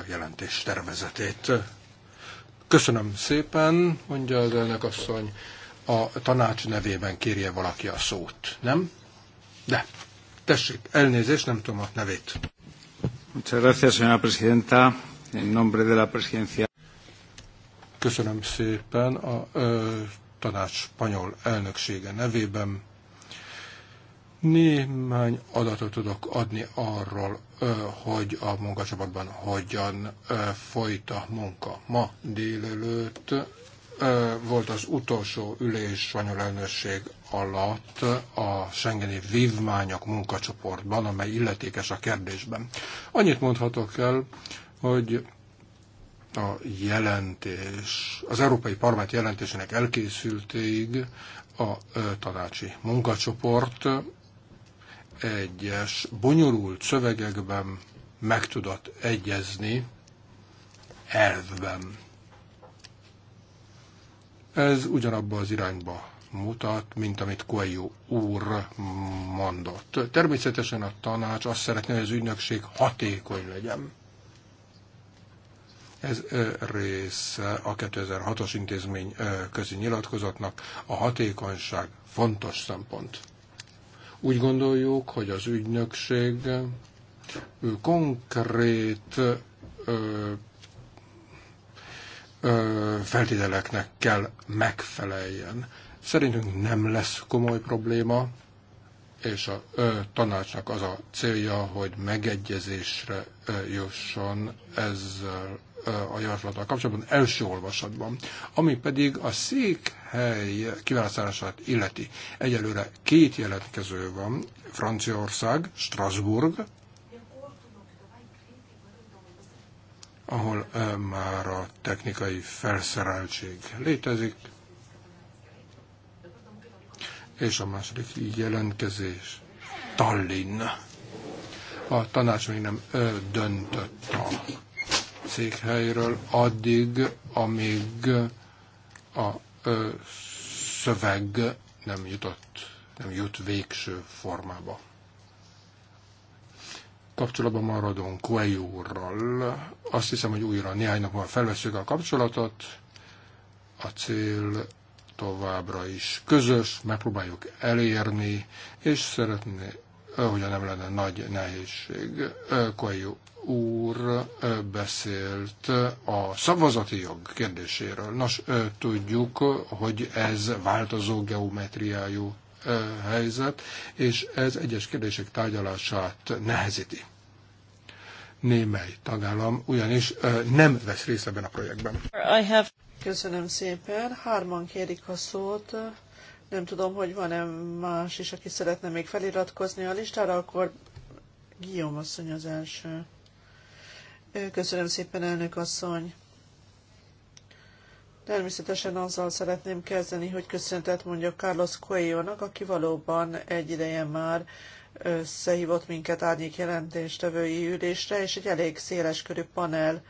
jelentés tervezetét. Köszönöm szépen, mondja az elnök asszony. A tanács nevében kérje valaki a szót, nem? De, tessék, elnézést, nem tudom a nevét. Muchas gracias, señora presidenta. En nombre de la presidencia. Köszönöm szépen a ö, tanács spanyol elnöksége nevében. Néhány adatot tudok adni arról, hogy a munkacsapatban hogyan folyt a munka. Ma délelőtt volt az utolsó ülés spanyol elnökség alatt a Schengeni vívmányok munkacsoportban, amely illetékes a kérdésben. Annyit mondhatok el, hogy a jelentés, az Európai Parlament jelentésének elkészültéig a tanácsi munkacsoport egyes bonyolult szövegekben meg tudott egyezni elvben ez ugyanabba az irányba mutat, mint amit Coelho úr mondott. Természetesen a tanács azt szeretné, hogy az ügynökség hatékony legyen. Ez része a 2006-os intézmény közi nyilatkozatnak. A hatékonyság fontos szempont. Úgy gondoljuk, hogy az ügynökség konkrét feltételeknek kell megfeleljen. Szerintünk nem lesz komoly probléma, és a ö, tanácsnak az a célja, hogy megegyezésre ö, jusson ezzel ö, a javaslattal kapcsolatban első olvasatban. Ami pedig a székhely kiválasztását illeti. Egyelőre két jelentkező van, Franciaország, Strasbourg, ahol már a technikai felszereltség létezik, és a második jelentkezés Tallinn. A tanács még nem döntött a székhelyről addig, amíg a szöveg nem jutott, nem jut végső formába kapcsolatban maradunk Coelho úrral. Azt hiszem, hogy újra néhány napon felveszünk a kapcsolatot. A cél továbbra is közös, megpróbáljuk elérni, és szeretné, eh, hogyha nem lenne nagy nehézség. Eh, Coelho úr eh, beszélt a szavazati jog kérdéséről. Nos, tudjuk, hogy ez változó geometriájú helyzet, és ez egyes kérdések tárgyalását nehezíti. Némely tagállam ugyanis nem vesz részt ebben a projektben. I have... Köszönöm szépen. Hárman kérik a szót. Nem tudom, hogy van-e más is, aki szeretne még feliratkozni a listára, akkor Guillaume asszony az első. Köszönöm szépen, elnök asszony. Természetesen azzal szeretném kezdeni, hogy köszöntet mondjak Carlos Coelho-nak, aki valóban egy ideje már összehívott minket árnyék jelentéstevői ülésre, és egy elég széles körű panel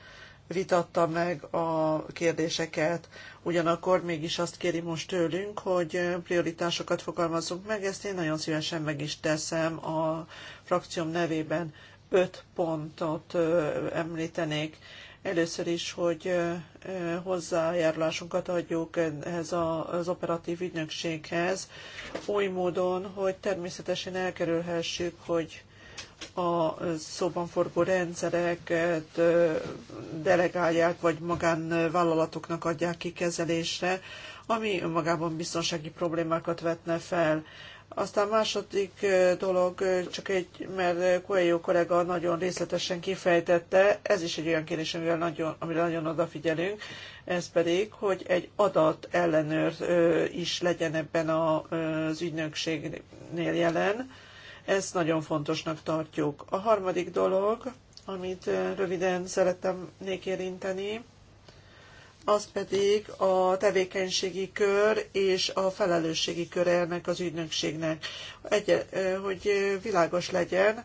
vitatta meg a kérdéseket. Ugyanakkor mégis azt kéri most tőlünk, hogy prioritásokat fogalmazzunk meg, ezt én nagyon szívesen meg is teszem a frakcióm nevében. Öt pontot említenék. Először is, hogy hozzájárulásunkat adjuk ehhez az operatív ügynökséghez, oly módon, hogy természetesen elkerülhessük, hogy a szóban forgó rendszereket delegálják, vagy magánvállalatoknak adják ki kezelésre, ami önmagában biztonsági problémákat vetne fel. Aztán második dolog, csak egy, mert Coelho kollega nagyon részletesen kifejtette, ez is egy olyan kérdés, amivel nagyon, amire nagyon odafigyelünk, ez pedig, hogy egy adat ellenőr is legyen ebben az ügynökségnél jelen. Ezt nagyon fontosnak tartjuk. A harmadik dolog, amit röviden szerettem érinteni, az pedig a tevékenységi kör és a felelősségi kör ennek az ügynökségnek. Egy, hogy világos legyen,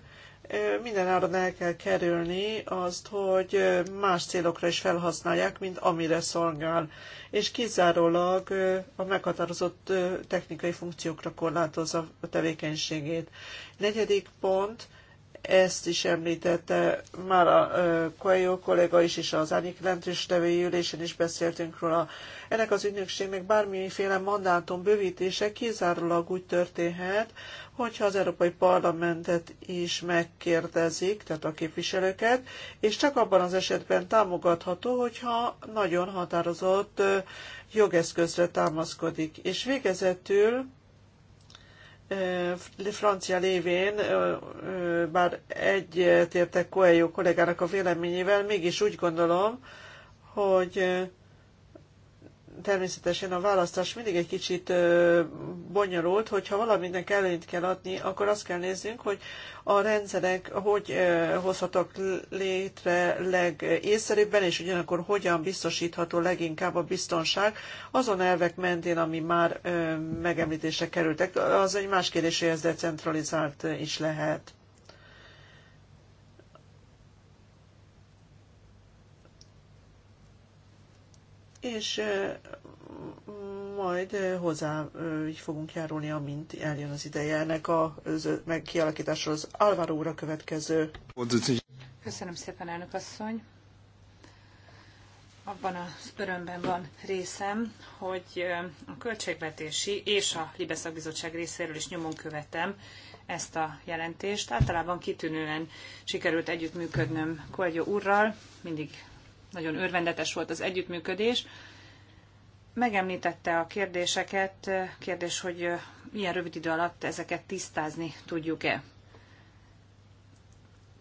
minden áron el kell kerülni azt, hogy más célokra is felhasználják, mint amire szolgál, és kizárólag a meghatározott technikai funkciókra korlátozza a tevékenységét. Negyedik pont, ezt is említette már a Coelho kollega is, és az Árnyék Jelentős Tevői Ülésen is beszéltünk róla. Ennek az ügynökségnek bármiféle mandátum bővítése kizárólag úgy történhet, hogyha az Európai Parlamentet is megkérdezik, tehát a képviselőket, és csak abban az esetben támogatható, hogyha nagyon határozott jogeszközre támaszkodik. És végezetül francia lévén, bár egyetértek Coelho kollégának a véleményével, mégis úgy gondolom, hogy természetesen a választás mindig egy kicsit bonyolult, hogyha valaminek előnyt kell adni, akkor azt kell néznünk, hogy a rendszerek hogy hozhatok létre legészszerűbben, és ugyanakkor hogyan biztosítható leginkább a biztonság azon elvek mentén, ami már megemlítésre kerültek. Az egy más kérdés, hogy ez decentralizált is lehet. és majd hozzá így fogunk járulni, amint eljön az ideje ennek a kialakításhoz. Álvaro úr a következő. Köszönöm szépen, elnök asszony. Abban az örömben van részem, hogy a költségvetési és a Libeszakbizottság részéről is nyomon követem ezt a jelentést. Általában kitűnően sikerült együttműködnöm Kolgyó úrral, mindig nagyon örvendetes volt az együttműködés. Megemlítette a kérdéseket, kérdés, hogy milyen rövid idő alatt ezeket tisztázni tudjuk-e.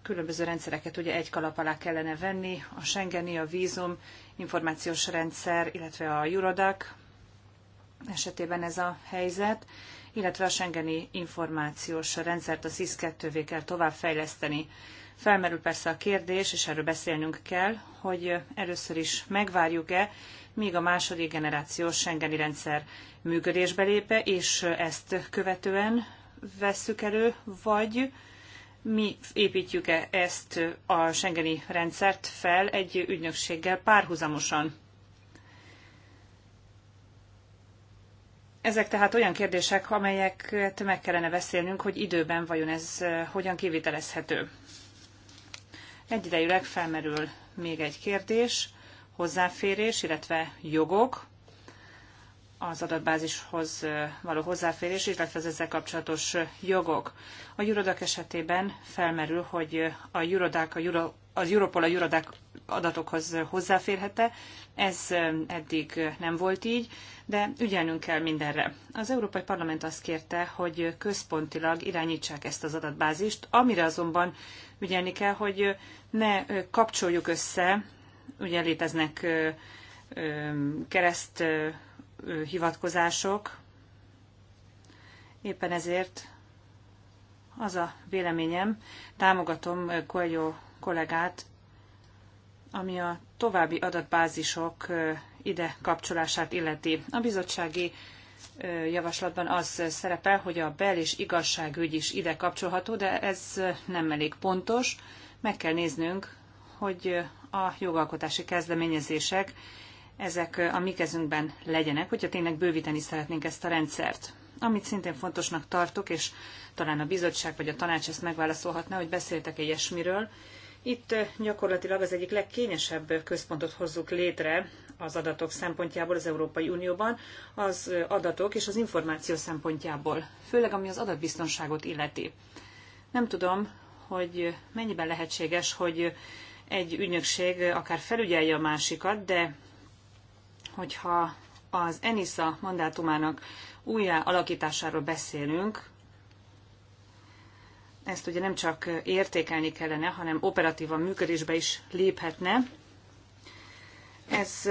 Különböző rendszereket ugye egy kalap alá kellene venni, a Schengeni, a vízum, információs rendszer, illetve a Eurodac esetében ez a helyzet, illetve a Schengeni információs rendszert a SIS-2-vé kell továbbfejleszteni. Felmerül persze a kérdés, és erről beszélnünk kell, hogy először is megvárjuk-e, míg a második generációs Schengeni rendszer működésbe lépe, és ezt követően vesszük elő, vagy mi építjük-e ezt a Schengeni rendszert fel egy ügynökséggel párhuzamosan. Ezek tehát olyan kérdések, amelyeket meg kellene beszélnünk, hogy időben vajon ez hogyan kivitelezhető. Egyidejűleg felmerül még egy kérdés, hozzáférés, illetve jogok, az adatbázishoz való hozzáférés, illetve az ezzel kapcsolatos jogok. A jurodak esetében felmerül, hogy a jurodák, a Euro, az Europol a jurodák adatokhoz hozzáférhete. Ez eddig nem volt így, de ügyelnünk kell mindenre. Az Európai Parlament azt kérte, hogy központilag irányítsák ezt az adatbázist, amire azonban ügyelni kell, hogy ne kapcsoljuk össze, ugye léteznek kereszt hivatkozások, éppen ezért az a véleményem, támogatom Coelho kollégát, ami a további adatbázisok ide kapcsolását illeti. A bizottsági javaslatban az szerepel, hogy a bel- és igazságügy is ide kapcsolható, de ez nem elég pontos. Meg kell néznünk, hogy a jogalkotási kezdeményezések ezek a mi kezünkben legyenek, hogyha tényleg bővíteni szeretnénk ezt a rendszert. Amit szintén fontosnak tartok, és talán a bizottság vagy a tanács ezt megválaszolhatná, hogy beszéltek ilyesmiről. Itt gyakorlatilag az egyik legkényesebb központot hozzuk létre az adatok szempontjából az Európai Unióban, az adatok és az információ szempontjából, főleg ami az adatbiztonságot illeti. Nem tudom, hogy mennyiben lehetséges, hogy egy ügynökség akár felügyelje a másikat, de hogyha az ENISA mandátumának újjá alakításáról beszélünk, ezt ugye nem csak értékelni kellene, hanem operatívan működésbe is léphetne, ez,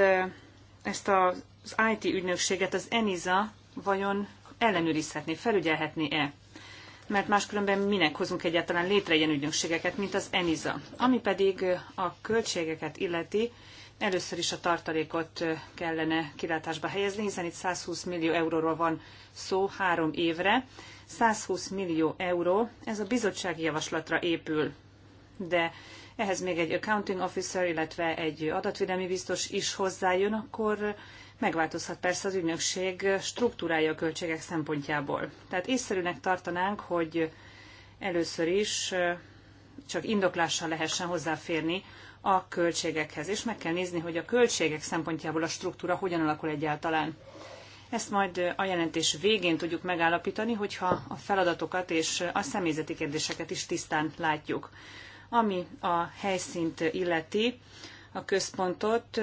ezt az IT ügynökséget az ENISA vajon ellenőrizhetné, felügyelhetné-e? mert máskülönben minek hozunk egyáltalán létre ilyen ügynökségeket, mint az ENISA. Ami pedig a költségeket illeti, először is a tartalékot kellene kilátásba helyezni, hiszen itt 120 millió euróról van szó három évre. 120 millió euró, ez a bizottsági javaslatra épül, de ehhez még egy accounting officer, illetve egy adatvédelmi biztos is hozzájön, akkor megváltozhat persze az ügynökség struktúrája a költségek szempontjából. Tehát észszerűnek tartanánk, hogy először is csak indoklással lehessen hozzáférni a költségekhez, és meg kell nézni, hogy a költségek szempontjából a struktúra hogyan alakul egyáltalán. Ezt majd a jelentés végén tudjuk megállapítani, hogyha a feladatokat és a személyzeti kérdéseket is tisztán látjuk. Ami a helyszínt illeti, a központot,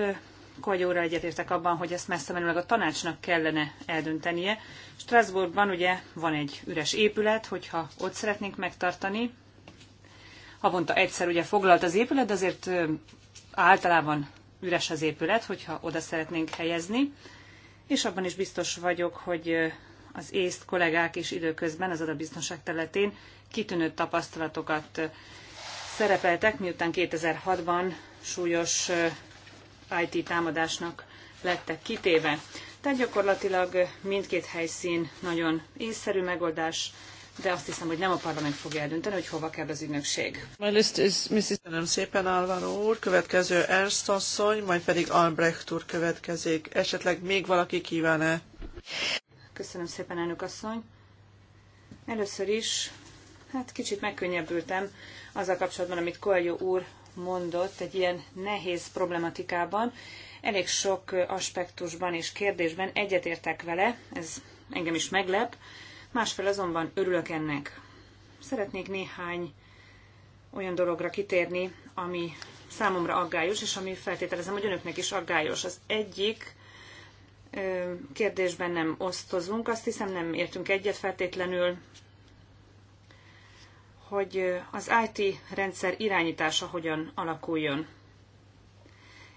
Kogyóra egyetértek abban, hogy ezt messze menőleg a tanácsnak kellene eldöntenie. Strasbourgban ugye van egy üres épület, hogyha ott szeretnénk megtartani. Havonta egyszer ugye foglalt az épület, de azért általában üres az épület, hogyha oda szeretnénk helyezni. És abban is biztos vagyok, hogy az észt kollégák is időközben az adatbiztonság területén kitűnő tapasztalatokat szerepeltek, miután 2006-ban súlyos IT támadásnak lettek kitéve. Tehát gyakorlatilag mindkét helyszín nagyon észszerű megoldás, de azt hiszem, hogy nem a parlament fogja eldönteni, hogy hova kell az ügynökség. My list is Mrs. Köszönöm szépen, Álvaro úr. Következő Ernst asszony, majd pedig Albrecht úr következik. Esetleg még valaki kíván-e? Köszönöm szépen, elnök asszony. Először is Hát kicsit megkönnyebbültem azzal kapcsolatban, amit Koeljó úr mondott egy ilyen nehéz problematikában. Elég sok aspektusban és kérdésben egyetértek vele, ez engem is meglep, másfél azonban örülök ennek. Szeretnék néhány olyan dologra kitérni, ami számomra aggályos, és ami feltételezem, hogy önöknek is aggályos. Az egyik kérdésben nem osztozunk, azt hiszem nem értünk egyet feltétlenül, hogy az IT rendszer irányítása hogyan alakuljon.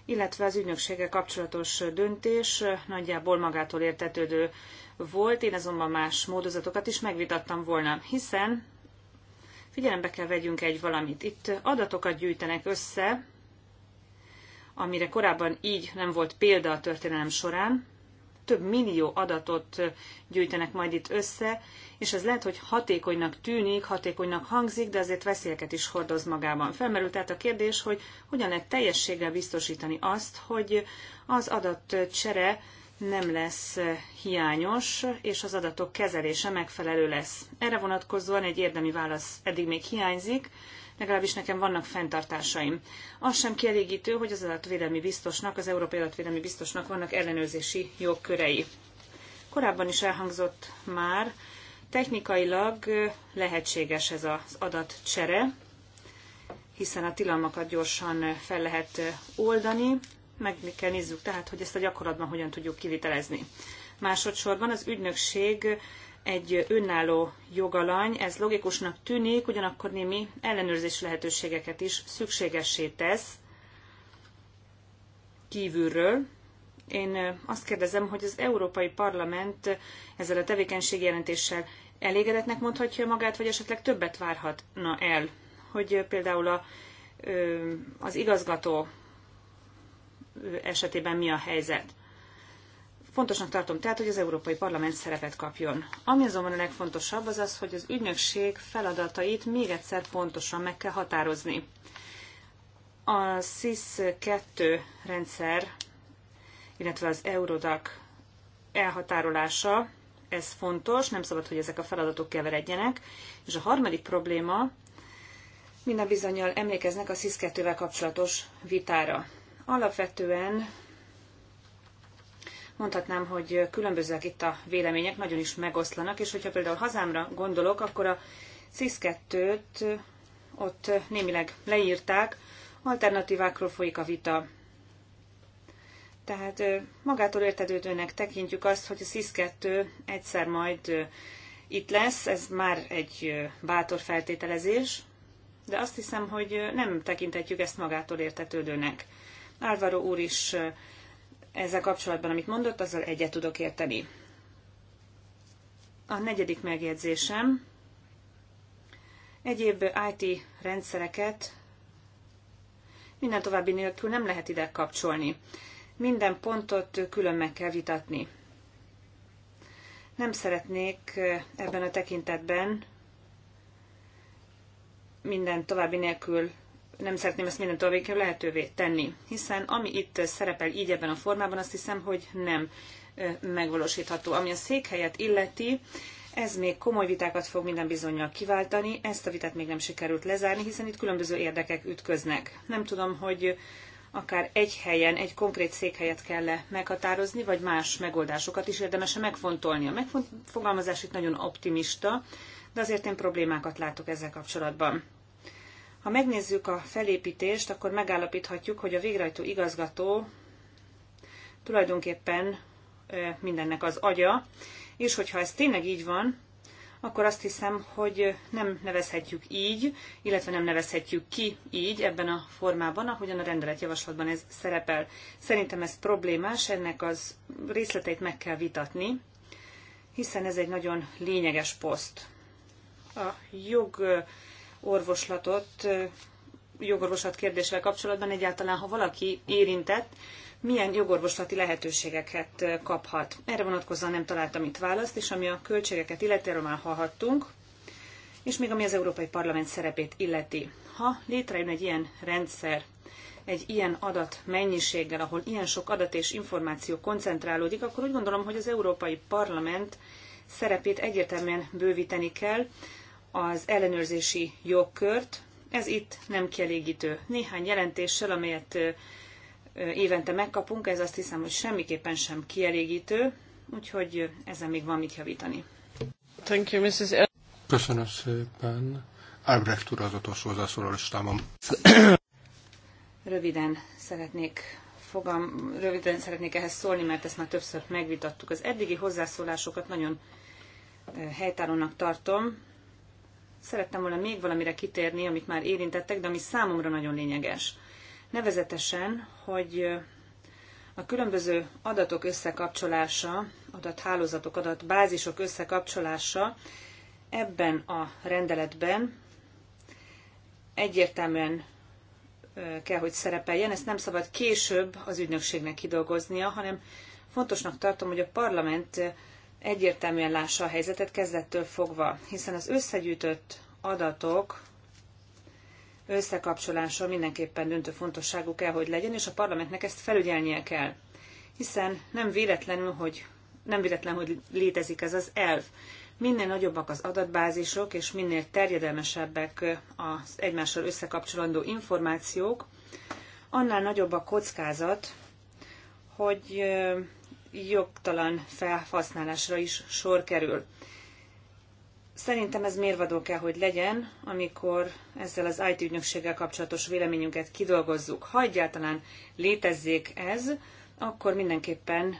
Illetve az ügynökséggel kapcsolatos döntés nagyjából magától értetődő volt, én azonban más módozatokat is megvitattam volna, hiszen figyelembe kell vegyünk egy valamit. Itt adatokat gyűjtenek össze, amire korábban így nem volt példa a történelem során, több millió adatot gyűjtenek majd itt össze, és ez lehet, hogy hatékonynak tűnik, hatékonynak hangzik, de azért veszélyeket is hordoz magában. Felmerült tehát a kérdés, hogy hogyan lehet teljességgel biztosítani azt, hogy az adatcsere nem lesz hiányos, és az adatok kezelése megfelelő lesz. Erre vonatkozóan egy érdemi válasz eddig még hiányzik, legalábbis nekem vannak fenntartásaim. Az sem kielégítő, hogy az adatvédelmi biztosnak, az Európai Adatvédelmi Biztosnak vannak ellenőrzési jogkörei. Korábban is elhangzott már, technikailag lehetséges ez az adatcsere, hiszen a tilalmakat gyorsan fel lehet oldani, meg kell nézzük tehát, hogy ezt a gyakorlatban hogyan tudjuk kivitelezni. Másodszorban az ügynökség egy önálló jogalany, ez logikusnak tűnik, ugyanakkor némi ellenőrzés lehetőségeket is szükségessé tesz kívülről. Én azt kérdezem, hogy az Európai Parlament ezzel a jelentéssel elégedetnek mondhatja magát, vagy esetleg többet várhatna el, hogy például a, az igazgató esetében mi a helyzet. Fontosnak tartom tehát, hogy az Európai Parlament szerepet kapjon. Ami azonban a legfontosabb az az, hogy az ügynökség feladatait még egyszer pontosan meg kell határozni. A SIS-2 rendszer, illetve az Eurodac elhatárolása, ez fontos, nem szabad, hogy ezek a feladatok keveredjenek. És a harmadik probléma, minden bizonyal emlékeznek a SIS-2-vel kapcsolatos vitára. Alapvetően mondhatnám, hogy különbözőek itt a vélemények, nagyon is megoszlanak, és hogyha például hazámra gondolok, akkor a cis ott némileg leírták, alternatívákról folyik a vita. Tehát magától értetődőnek tekintjük azt, hogy a SZIS-2 egyszer majd itt lesz, ez már egy bátor feltételezés, de azt hiszem, hogy nem tekintetjük ezt magától értetődőnek. Álvaro úr is ezzel kapcsolatban, amit mondott, azzal egyet tudok érteni. A negyedik megjegyzésem. Egyéb IT rendszereket minden további nélkül nem lehet ide kapcsolni. Minden pontot külön meg kell vitatni. Nem szeretnék eh, ebben a tekintetben minden további nélkül nem szeretném ezt mindentől végig lehetővé tenni, hiszen ami itt szerepel így ebben a formában, azt hiszem, hogy nem megvalósítható. Ami a székhelyet illeti, ez még komoly vitákat fog minden bizonyal kiváltani, ezt a vitát még nem sikerült lezárni, hiszen itt különböző érdekek ütköznek. Nem tudom, hogy akár egy helyen, egy konkrét székhelyet kell -e meghatározni, vagy más megoldásokat is érdemes -e megfontolni. A megfogalmazás itt nagyon optimista, de azért én problémákat látok ezzel kapcsolatban. Ha megnézzük a felépítést, akkor megállapíthatjuk, hogy a végrehajtó igazgató tulajdonképpen mindennek az agya, és hogyha ez tényleg így van, akkor azt hiszem, hogy nem nevezhetjük így, illetve nem nevezhetjük ki így ebben a formában, ahogyan a rendeletjavaslatban ez szerepel. Szerintem ez problémás, ennek az részleteit meg kell vitatni, hiszen ez egy nagyon lényeges poszt. A jog orvoslatot, jogorvoslat kérdéssel kapcsolatban egyáltalán, ha valaki érintett, milyen jogorvoslati lehetőségeket kaphat. Erre vonatkozóan nem találtam itt választ, és ami a költségeket illeti, erről már hallhattunk, és még ami az Európai Parlament szerepét illeti. Ha létrejön egy ilyen rendszer, egy ilyen adat mennyiséggel, ahol ilyen sok adat és információ koncentrálódik, akkor úgy gondolom, hogy az Európai Parlament szerepét egyértelműen bővíteni kell, az ellenőrzési jogkört. Ez itt nem kielégítő. Néhány jelentéssel, amelyet évente megkapunk, ez azt hiszem, hogy semmiképpen sem kielégítő, úgyhogy ezen még van mit javítani. Thank you, Mrs. El- Köszönöm szépen. Albrecht úr az utolsó hozzászóló listámom. Röviden szeretnék fogam, röviden szeretnék ehhez szólni, mert ezt már többször megvitattuk. Az eddigi hozzászólásokat nagyon helytállónak tartom, Szerettem volna még valamire kitérni, amit már érintettek, de ami számomra nagyon lényeges. Nevezetesen, hogy a különböző adatok összekapcsolása, adathálózatok, adatbázisok összekapcsolása ebben a rendeletben egyértelműen kell, hogy szerepeljen. Ezt nem szabad később az ügynökségnek kidolgoznia, hanem fontosnak tartom, hogy a parlament egyértelműen lássa a helyzetet kezdettől fogva, hiszen az összegyűjtött adatok összekapcsolása mindenképpen döntő fontosságú kell, hogy legyen, és a parlamentnek ezt felügyelnie kell. Hiszen nem véletlenül, hogy nem véletlen, hogy létezik ez az elv. Minél nagyobbak az adatbázisok, és minél terjedelmesebbek az egymással összekapcsolandó információk, annál nagyobb a kockázat, hogy jogtalan felhasználásra is sor kerül. Szerintem ez mérvadó kell, hogy legyen, amikor ezzel az IT ügynökséggel kapcsolatos véleményünket kidolgozzuk. Ha egyáltalán létezzék ez, akkor mindenképpen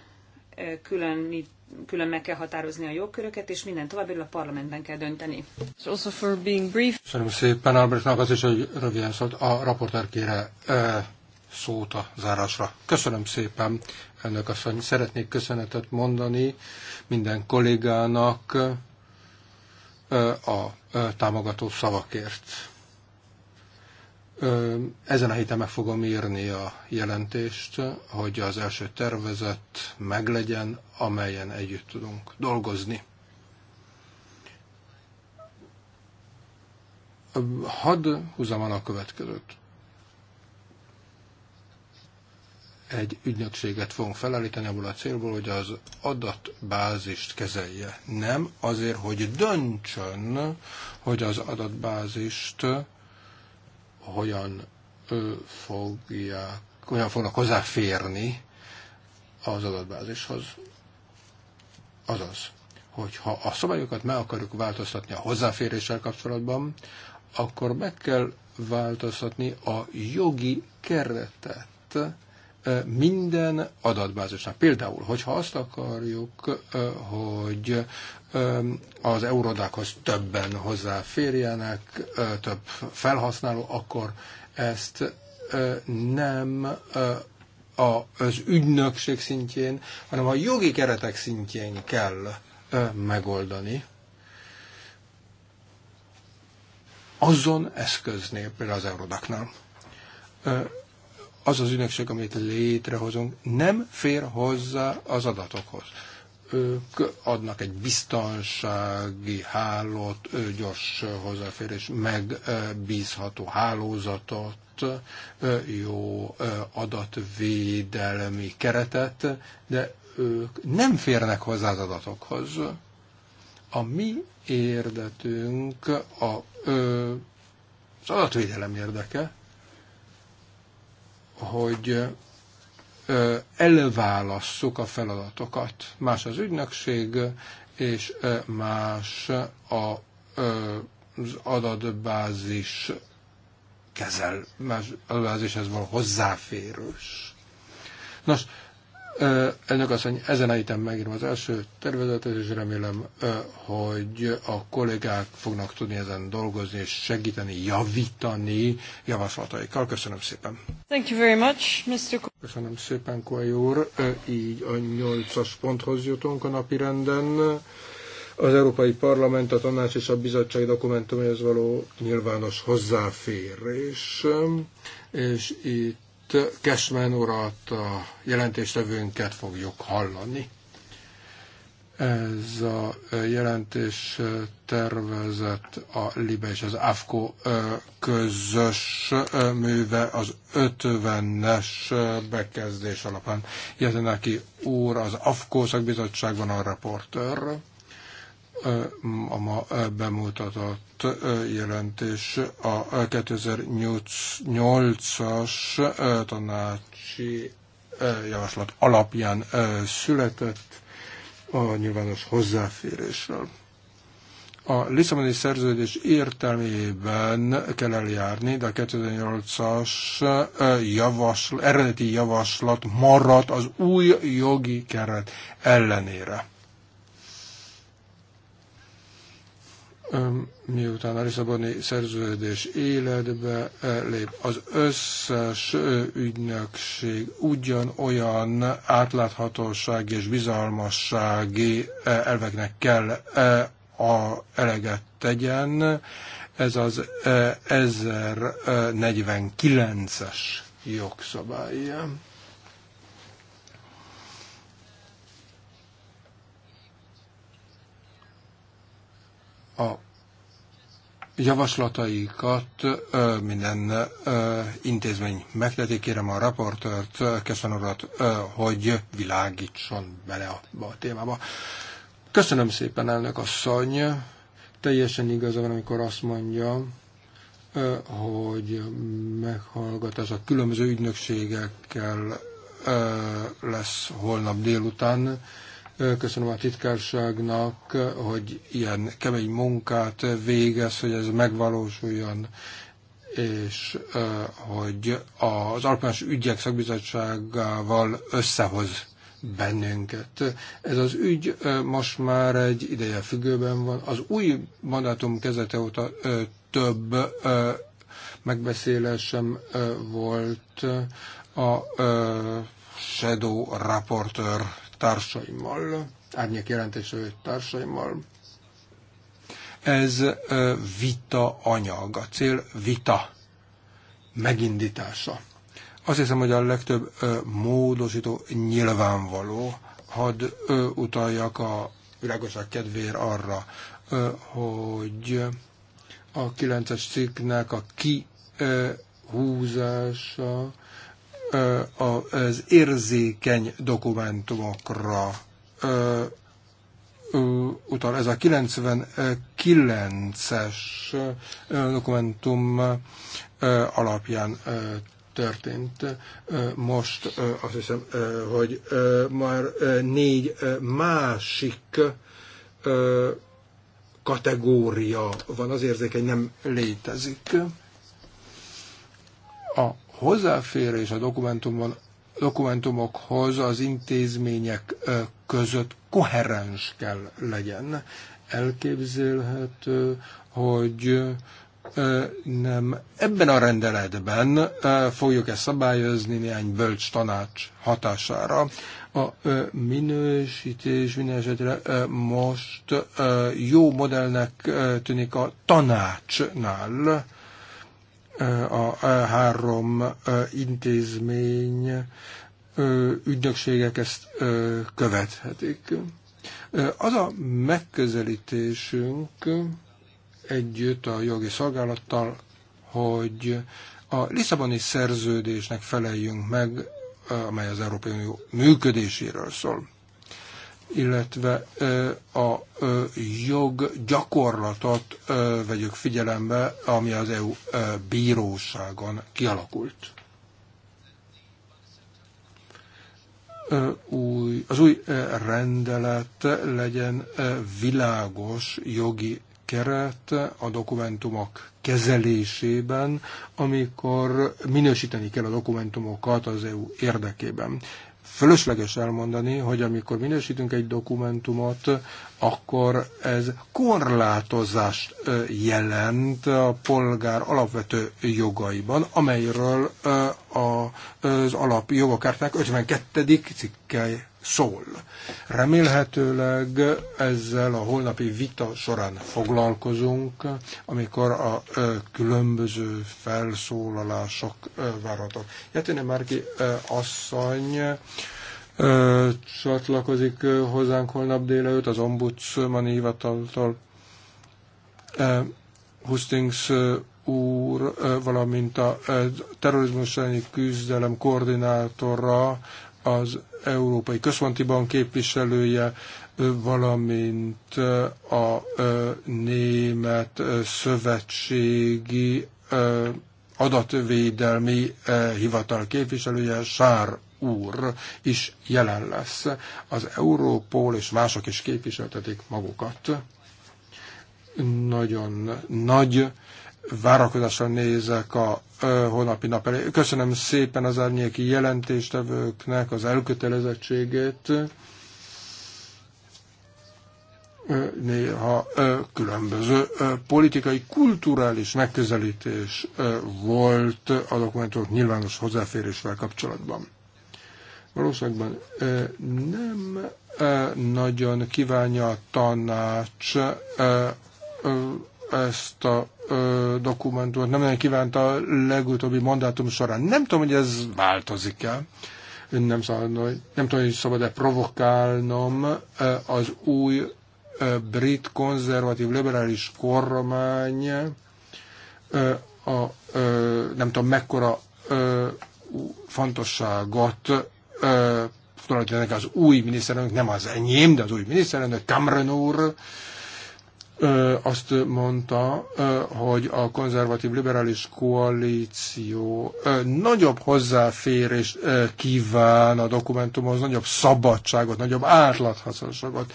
külön, külön meg kell határozni a jogköröket, és minden további a parlamentben kell dönteni. Köszönöm szépen Albertnak az is, hogy röviden szólt. A raportőr kére szót a zárásra. Köszönöm szépen, elnök asszony. Szeretnék köszönetet mondani minden kollégának a támogató szavakért. Ezen a héten meg fogom írni a jelentést, hogy az első tervezet meglegyen, amelyen együtt tudunk dolgozni. Hadd húzzam a következőt egy ügynökséget fogunk felállítani abból a célból, hogy az adatbázist kezelje. Nem azért, hogy döntsön, hogy az adatbázist hogyan fogják, hogyan fognak hozzáférni az adatbázishoz. Azaz, hogyha a szabályokat meg akarjuk változtatni a hozzáféréssel kapcsolatban, akkor meg kell változtatni a jogi keretet, minden adatbázisnak. Például, hogyha azt akarjuk, hogy az eurodákhoz többen hozzáférjenek, több felhasználó, akkor ezt nem az ügynökség szintjén, hanem a jogi keretek szintjén kell megoldani. Azon eszköznél, például az eurodaknál az az ünnepség, amit létrehozunk, nem fér hozzá az adatokhoz. Ők adnak egy biztonsági hálót, gyors hozzáférés, megbízható hálózatot, jó adatvédelmi keretet, de ők nem férnek hozzá az adatokhoz. A mi érdetünk a, az adatvédelem érdeke, hogy előválasszuk a feladatokat. Más az ügynökség, és más a, az adatbázis kezel, más adatbázishez való hozzáférős. Nos, Elnök asszony, ezen a héten megírom az első tervezetet, és remélem, hogy a kollégák fognak tudni ezen dolgozni, és segíteni, javítani javaslataikkal. Köszönöm szépen. Thank you very much, Mr. Köszönöm szépen, Koai úr. Így a nyolcas ponthoz jutunk a napi renden. Az Európai Parlament, a Tanács és a Bizottság dokumentumhoz való nyilvános hozzáférés. És itt Kesmen urat, a jelentéstevőnket fogjuk hallani. Ez a jelentés tervezett a LIBE és az AFKO közös műve az 50-es bekezdés alapján. Jezeneki úr az AFKO szakbizottságban a reportőr a ma bemutatott jelentés a 2008-as tanácsi javaslat alapján született a nyilvános hozzáférésről. A Lisszaboni szerződés értelmében kell eljárni, de a 2008-as javasl, eredeti javaslat maradt az új jogi keret ellenére miután a Lisszaboni szerződés életbe eh, lép, az összes ügynökség ugyanolyan átláthatóság és bizalmassági eh, elveknek kell eh, a eleget tegyen. Ez az 1049-es jogszabály. a javaslataikat minden intézmény megteti. Kérem a raportört, köszönöm urat, hogy világítson bele a, a témába. Köszönöm szépen, elnök asszony. Teljesen igaza van, amikor azt mondja, hogy meghallgat ez a különböző ügynökségekkel lesz holnap délután Köszönöm a titkárságnak, hogy ilyen kemény munkát végez, hogy ez megvalósuljon, és hogy az Alkotmányos Ügyek Szakbizottságával összehoz bennünket. Ez az ügy most már egy ideje függőben van. Az új mandátum kezdete óta több megbeszélésem volt a shadow Rapporteur társaimmal, árnyék vett társaimmal. Ez vita anyag, a cél vita megindítása. Azt hiszem, hogy a legtöbb módosító nyilvánvaló, hadd utaljak a világoság kedvéért arra, hogy a 9-es cikknek a kihúzása az érzékeny dokumentumokra utal. Ez a 99-es dokumentum alapján történt most, azt hiszem, hogy már négy másik kategória van az érzékeny, nem létezik. A hozzáférés a dokumentumon, dokumentumokhoz az intézmények között koherens kell legyen. Elképzelhető, hogy nem ebben a rendeletben fogjuk ezt szabályozni néhány bölcs tanács hatására. A minősítés minden esetre most jó modellnek tűnik a tanácsnál a három intézmény ügynökségek ezt követhetik. Az a megközelítésünk együtt a jogi szolgálattal, hogy a Lisszaboni szerződésnek feleljünk meg, amely az Európai Unió működéséről szól illetve a jog gyakorlatot vegyük figyelembe, ami az EU bíróságon kialakult. Új, az új rendelet legyen világos jogi keret a dokumentumok kezelésében, amikor minősíteni kell a dokumentumokat az EU érdekében fölösleges elmondani, hogy amikor minősítünk egy dokumentumot, akkor ez korlátozást jelent a polgár alapvető jogaiban, amelyről az alapjogokártnak 52. cikkely szól. Remélhetőleg ezzel a holnapi vita során foglalkozunk, amikor a különböző felszólalások várhatók. Jeténe Márki asszony csatlakozik hozzánk holnap délelőtt az ombudsmani hivataltól. Hustings úr, valamint a terrorizmus elleni küzdelem koordinátora az Európai Központi Bank képviselője, valamint a Német Szövetségi Adatvédelmi Hivatal képviselője, Sár úr is jelen lesz. Az Európól és mások is képviseltetik magukat. Nagyon nagy várakozással nézek a holnapi nap elé. Köszönöm szépen az árnyéki jelentéstevőknek az elkötelezettségét. Néha különböző politikai, kulturális megközelítés volt a dokumentumok nyilvános hozzáférésvel kapcsolatban. Valószínűleg nem nagyon kívánja a tanács ezt a ö, dokumentumot, nem nagyon kívánt a legutóbbi mandátum során. Nem tudom, hogy ez változik-e. Nem, szabad, nem tudom, hogy szabad-e provokálnom az új brit konzervatív liberális kormány a, nem tudom mekkora fontosságot tulajdonképpen az új miniszterelnök, nem az enyém, de az új miniszterelnök, Cameron úr, azt mondta, hogy a konzervatív liberális koalíció nagyobb ö, kíván a dokumentumhoz, nagyobb szabadságot, nagyobb átlathatóságot.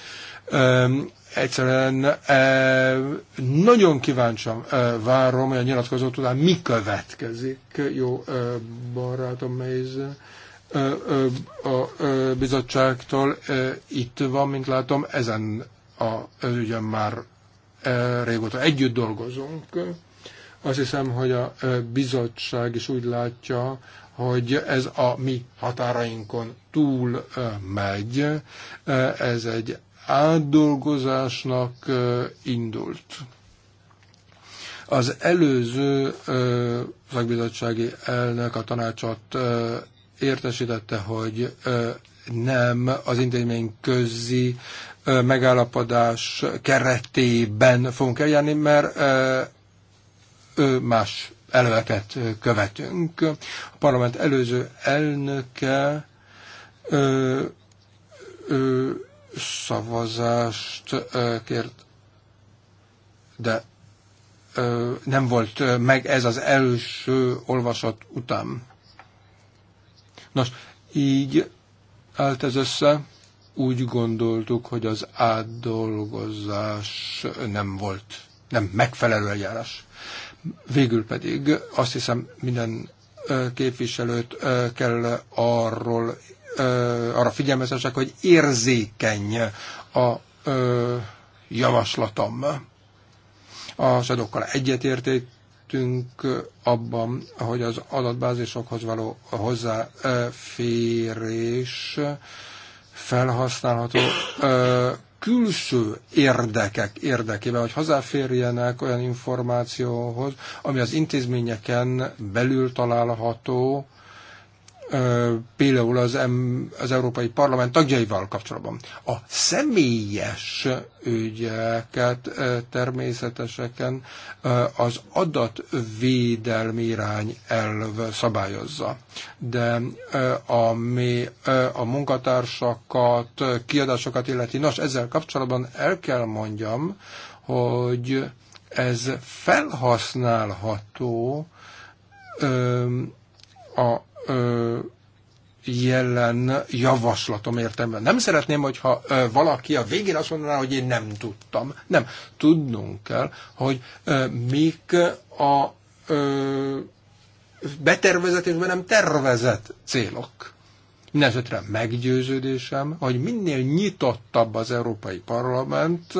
Egyszerűen nagyon kíváncsian várom, hogy a nyilatkozat után mi következik, jó barátom Mézen a bizottságtól. Itt van, mint látom, ezen a ügyön már régóta együtt dolgozunk. Azt hiszem, hogy a bizottság is úgy látja, hogy ez a mi határainkon túl megy. Ez egy átdolgozásnak indult. Az előző szakbizottsági elnök a tanácsot értesítette, hogy nem az intézmény közzi megállapodás keretében fogunk eljárni, mert más elveket követünk. A parlament előző elnöke ö, ö, szavazást ö, kért, de ö, nem volt ö, meg ez az első olvasat után. Nos, így állt ez össze úgy gondoltuk, hogy az átdolgozás nem volt, nem megfelelő eljárás. Végül pedig azt hiszem minden képviselőt kell arról, arra figyelmeztessek, hogy érzékeny a javaslatom. A sadokkal egyetértettünk abban, hogy az adatbázisokhoz való hozzáférés felhasználható ö, külső érdekek érdekében, hogy hozzáférjenek olyan információhoz, ami az intézményeken belül található, például az, az Európai Parlament tagjaival kapcsolatban. A személyes ügyeket természeteseken az adatvédelmi irány elv szabályozza. De ami a munkatársakat, kiadásokat illeti, nos, ezzel kapcsolatban el kell mondjam, hogy ez felhasználható a jelen javaslatom értemben. Nem szeretném, hogyha ö, valaki a végén azt mondaná, hogy én nem tudtam. Nem. Tudnunk kell, hogy ö, mik a ö, betervezett és nem tervezett célok. Mindenesetre meggyőződésem, hogy minél nyitottabb az Európai Parlament,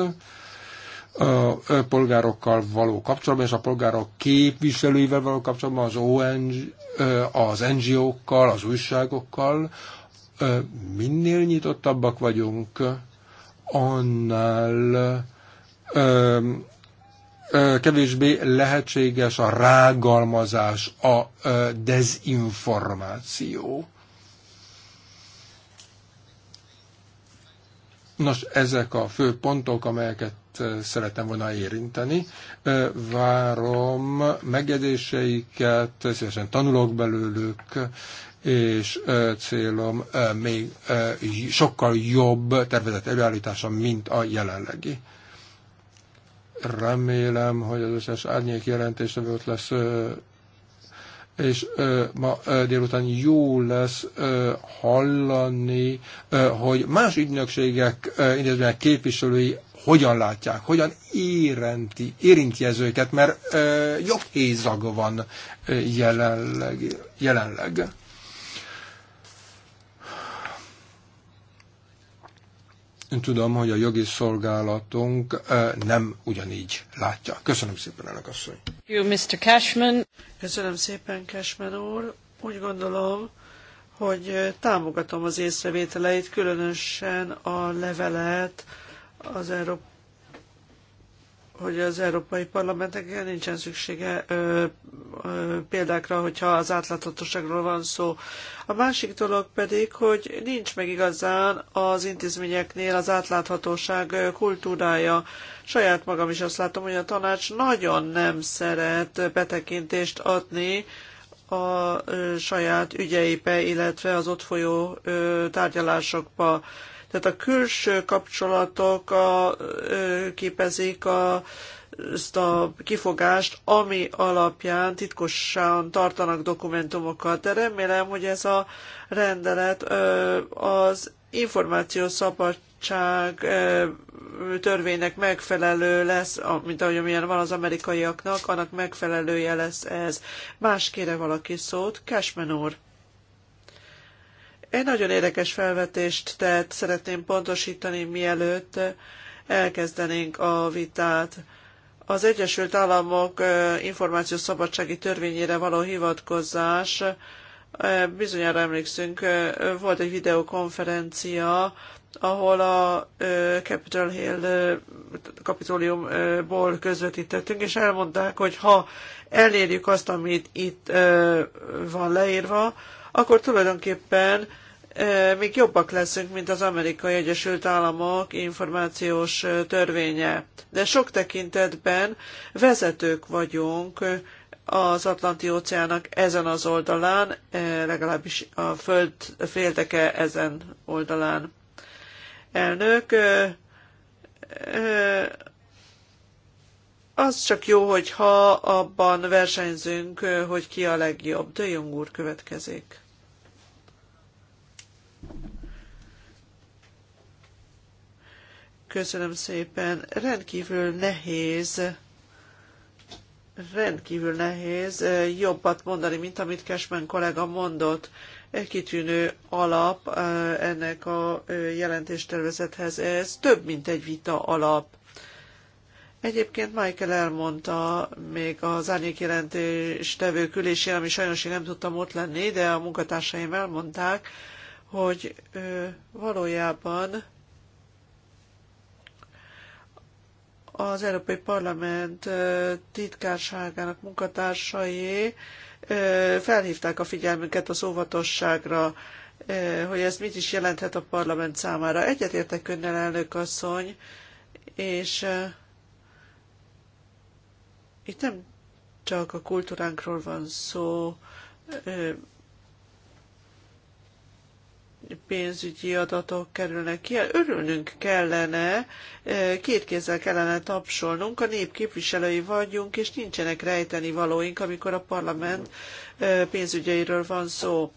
a polgárokkal való kapcsolatban, és a polgárok képviselőivel való kapcsolatban, az ONG, az NGO-kkal, az újságokkal, minél nyitottabbak vagyunk, annál kevésbé lehetséges a rágalmazás, a dezinformáció. Nos, ezek a fő pontok, amelyeket szeretem volna érinteni. Várom megjegyzéseiket, szívesen tanulok belőlük, és célom még sokkal jobb tervezett előállítása, mint a jelenlegi. Remélem, hogy az összes árnyék jelentése volt lesz és ma délután jó lesz hallani, hogy más ügynökségek, ö, intézmények képviselői hogyan látják, hogyan érinti, érinti ez őket, mert ö, hézag van jelenleg. jelenleg. Én tudom, hogy a jogi szolgálatunk nem ugyanígy látja. Köszönöm szépen, elnök asszony. You, Mr. Cashman. Köszönöm szépen, Cashman úr. Úgy gondolom, hogy támogatom az észrevételeit, különösen a levelet, az Európa hogy az európai parlamentekkel nincsen szüksége ö, ö, példákra, hogyha az átláthatóságról van szó. A másik dolog pedig, hogy nincs meg igazán az intézményeknél az átláthatóság kultúrája. Saját magam is azt látom, hogy a tanács nagyon nem szeret betekintést adni a ö, saját ügyeibe, illetve az ott folyó ö, tárgyalásokba tehát a külső kapcsolatok a, képezik a, ezt a kifogást, ami alapján titkosan tartanak dokumentumokat. De remélem, hogy ez a rendelet az információszabadság törvénynek megfelelő lesz, mint ahogy amilyen van az amerikaiaknak, annak megfelelője lesz ez. Más kére valaki szót? Cashman úr. Egy nagyon érdekes felvetést tett, szeretném pontosítani, mielőtt elkezdenénk a vitát. Az Egyesült Államok információs szabadsági törvényére való hivatkozás, bizonyára emlékszünk, volt egy videokonferencia, ahol a Capitol Hill kapitóliumból közvetítettünk, és elmondták, hogy ha elérjük azt, amit itt van leírva, akkor tulajdonképpen még jobbak leszünk, mint az Amerikai Egyesült Államok információs törvénye. De sok tekintetben vezetők vagyunk az Atlanti-óceának ezen az oldalán, legalábbis a föld félteke ezen oldalán. Elnök, az csak jó, hogyha abban versenyzünk, hogy ki a legjobb. De úr következik. Köszönöm szépen. Rendkívül nehéz rendkívül nehéz jobbat mondani, mint amit Cashman kollega mondott. Egy kitűnő alap ennek a jelentéstervezethez ez több, mint egy vita alap. Egyébként Michael elmondta még az árnyékjelentés tevő külésén, ami sajnos én nem tudtam ott lenni, de a munkatársaim elmondták, hogy valójában az Európai Parlament titkárságának munkatársai felhívták a figyelmünket az óvatosságra, hogy ez mit is jelenthet a parlament számára. Egyetértek önnel, elnök asszony, és itt nem csak a kultúránkról van szó, pénzügyi adatok kerülnek ki. Örülnünk kellene, eh, két kézzel kellene tapsolnunk, a nép képviselői vagyunk, és nincsenek rejteni valóink, amikor a parlament eh, pénzügyeiről van szó.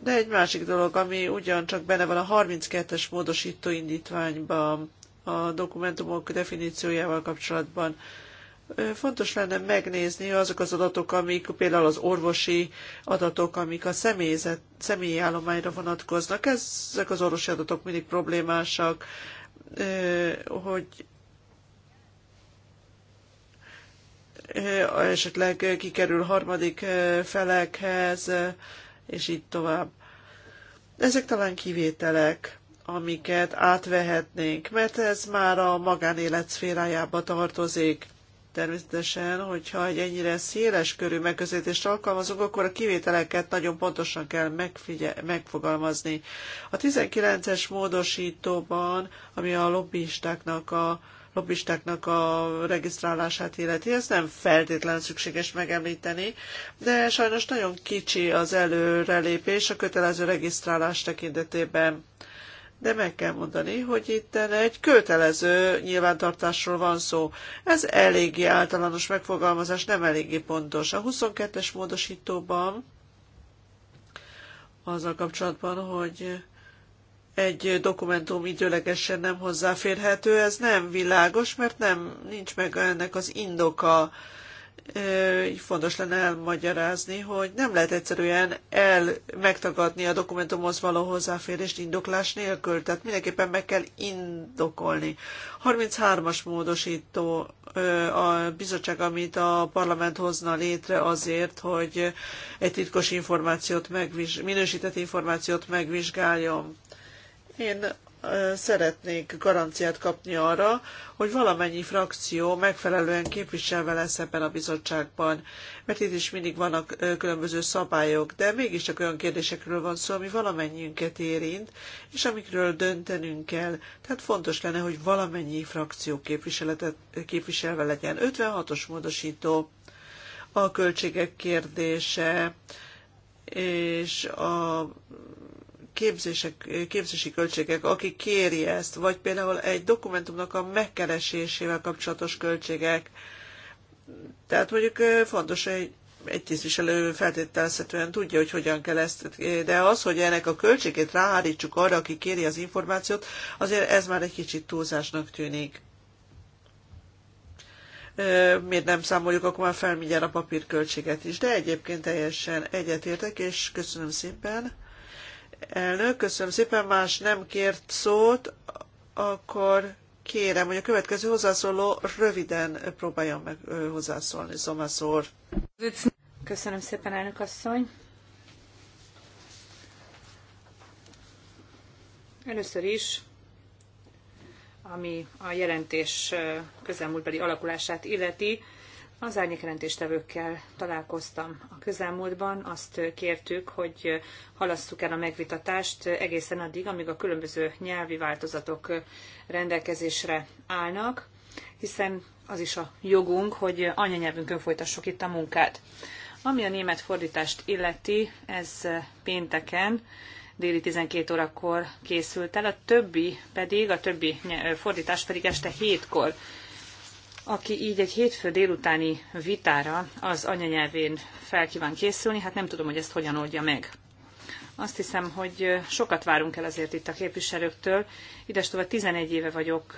De egy másik dolog, ami ugyancsak benne van a 32-es módosító indítványban, a dokumentumok definíciójával kapcsolatban fontos lenne megnézni azok az adatok, amik például az orvosi adatok, amik a személyzet, személyi állományra vonatkoznak. Ezek az orvosi adatok mindig problémásak, hogy esetleg kikerül harmadik felekhez, és így tovább. Ezek talán kivételek, amiket átvehetnénk, mert ez már a magánélet szférájába tartozik Természetesen, hogyha egy ennyire széles körű megközelítést alkalmazunk, akkor a kivételeket nagyon pontosan kell megfigye- megfogalmazni. A 19-es módosítóban, ami a lobbistáknak a lobbistáknak a regisztrálását illeti. Ezt nem feltétlenül szükséges megemlíteni, de sajnos nagyon kicsi az előrelépés a kötelező regisztrálás tekintetében de meg kell mondani, hogy itt egy kötelező nyilvántartásról van szó. Ez eléggé általános megfogalmazás, nem eléggé pontos. A 22-es módosítóban azzal kapcsolatban, hogy egy dokumentum időlegesen nem hozzáférhető, ez nem világos, mert nem nincs meg ennek az indoka fontos lenne elmagyarázni, hogy nem lehet egyszerűen el megtagadni a dokumentumhoz való hozzáférést indoklás nélkül, tehát mindenképpen meg kell indokolni. 33-as módosító a bizottság, amit a parlament hozna létre azért, hogy egy titkos információt, megvizs- minősített információt megvizsgáljon. Én szeretnék garanciát kapni arra, hogy valamennyi frakció megfelelően képviselve lesz ebben a bizottságban, mert itt is mindig vannak különböző szabályok, de mégiscsak olyan kérdésekről van szó, ami valamennyiünket érint, és amikről döntenünk kell. Tehát fontos lenne, hogy valamennyi frakció képviseletet, képviselve legyen. 56-os módosító, a költségek kérdése, és a képzések, képzési költségek, aki kéri ezt, vagy például egy dokumentumnak a megkeresésével kapcsolatos költségek. Tehát mondjuk fontos, hogy egy tisztviselő feltételezhetően tudja, hogy hogyan kell ezt, de az, hogy ennek a költségét ráhárítsuk arra, aki kéri az információt, azért ez már egy kicsit túlzásnak tűnik. Miért nem számoljuk akkor már fel mindjárt a papírköltséget is, de egyébként teljesen egyetértek, és köszönöm szépen. Elnök, köszönöm szépen, más nem kért szót, akkor kérem, hogy a következő hozzászóló röviden próbáljon meg hozzászólni, Szomaszor. Köszönöm szépen, elnök asszony. Először is, ami a jelentés közelmúltbeli alakulását illeti, az árnyékrendéstevőkkel találkoztam a közelmúltban, azt kértük, hogy halasszuk el a megvitatást egészen addig, amíg a különböző nyelvi változatok rendelkezésre állnak, hiszen az is a jogunk, hogy anyanyelvünkön folytassuk itt a munkát. Ami a német fordítást illeti, ez pénteken déli 12 órakor készült el, a többi pedig, a többi fordítás pedig este 7-kor aki így egy hétfő délutáni vitára az anyanyelvén felkíván készülni, hát nem tudom, hogy ezt hogyan oldja meg. Azt hiszem, hogy sokat várunk el azért itt a képviselőktől. Idestova 11 éve vagyok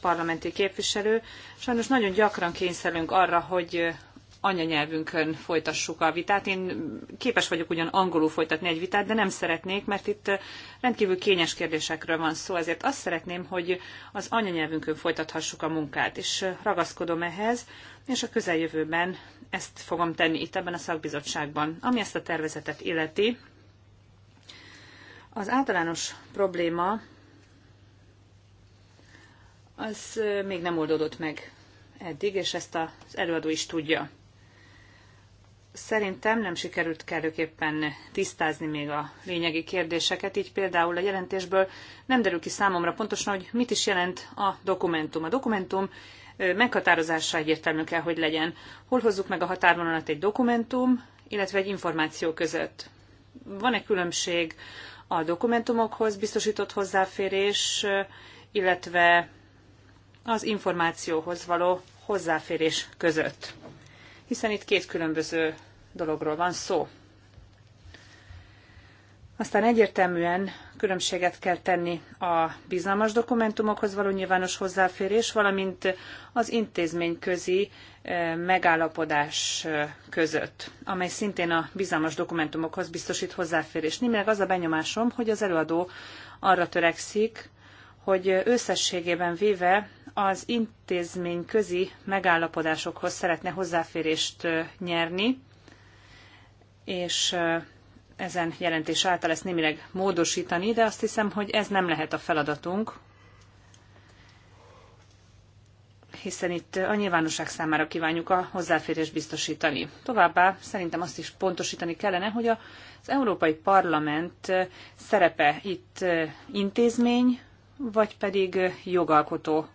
parlamenti képviselő. Sajnos nagyon gyakran kényszerülünk arra, hogy anyanyelvünkön folytassuk a vitát. Én képes vagyok ugyan angolul folytatni egy vitát, de nem szeretnék, mert itt rendkívül kényes kérdésekről van szó, ezért azt szeretném, hogy az anyanyelvünkön folytathassuk a munkát, és ragaszkodom ehhez, és a közeljövőben ezt fogom tenni itt ebben a szakbizottságban. Ami ezt a tervezetet illeti, az általános probléma az még nem oldódott meg eddig, és ezt az előadó is tudja. Szerintem nem sikerült kellőképpen tisztázni még a lényegi kérdéseket, így például a jelentésből nem derül ki számomra pontosan, hogy mit is jelent a dokumentum. A dokumentum meghatározása egyértelmű kell, hogy legyen. Hol hozzuk meg a határvonalat egy dokumentum, illetve egy információ között? Van-e különbség a dokumentumokhoz biztosított hozzáférés, illetve az információhoz való hozzáférés között? Hiszen itt két különböző dologról van szó. Aztán egyértelműen különbséget kell tenni a bizalmas dokumentumokhoz való nyilvános hozzáférés, valamint az intézményközi eh, megállapodás eh, között, amely szintén a bizalmas dokumentumokhoz biztosít hozzáférést. Némileg az a benyomásom, hogy az előadó arra törekszik, hogy összességében véve az intézményközi megállapodásokhoz szeretne hozzáférést eh, nyerni, és ezen jelentés által ezt némileg módosítani, de azt hiszem, hogy ez nem lehet a feladatunk, hiszen itt a nyilvánosság számára kívánjuk a hozzáférés biztosítani. Továbbá szerintem azt is pontosítani kellene, hogy az Európai Parlament szerepe itt intézmény, vagy pedig jogalkotó.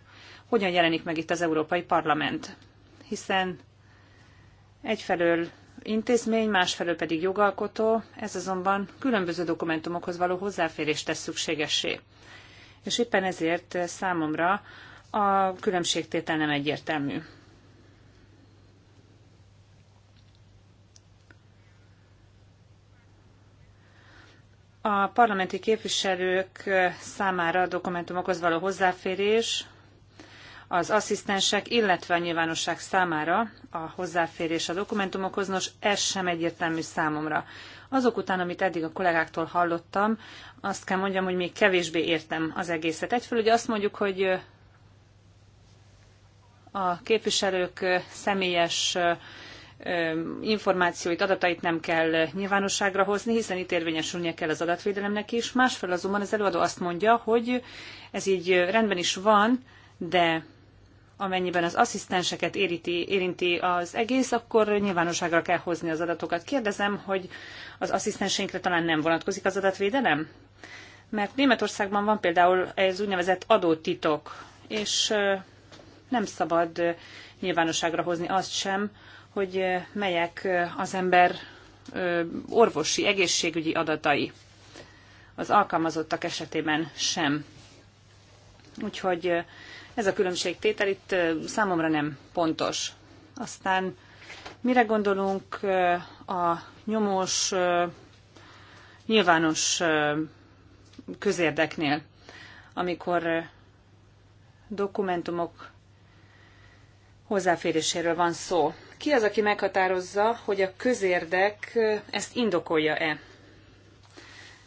Hogyan jelenik meg itt az Európai Parlament? Hiszen egyfelől intézmény, másfelől pedig jogalkotó, ez azonban különböző dokumentumokhoz való hozzáférést tesz szükségessé. És éppen ezért számomra a különbségtétel nem egyértelmű. A parlamenti képviselők számára a dokumentumokhoz való hozzáférés az asszisztensek, illetve a nyilvánosság számára a hozzáférés a dokumentumokhoz, nos ez sem egyértelmű számomra. Azok után, amit eddig a kollégáktól hallottam, azt kell mondjam, hogy még kevésbé értem az egészet. Egyfelől ugye azt mondjuk, hogy a képviselők személyes információit, adatait nem kell nyilvánosságra hozni, hiszen itt érvényesülnie kell az adatvédelemnek is. Másfelől azonban az előadó azt mondja, hogy ez így rendben is van, de amennyiben az asszisztenseket érinti, érinti az egész, akkor nyilvánosságra kell hozni az adatokat. Kérdezem, hogy az asszisztenseinkre talán nem vonatkozik az adatvédelem? Mert Németországban van például ez úgynevezett adótitok, és nem szabad nyilvánosságra hozni azt sem, hogy melyek az ember orvosi, egészségügyi adatai. Az alkalmazottak esetében sem. Úgyhogy ez a különbségtétel itt számomra nem pontos. Aztán mire gondolunk a nyomós nyilvános közérdeknél, amikor dokumentumok hozzáféréséről van szó. Ki az, aki meghatározza, hogy a közérdek ezt indokolja-e?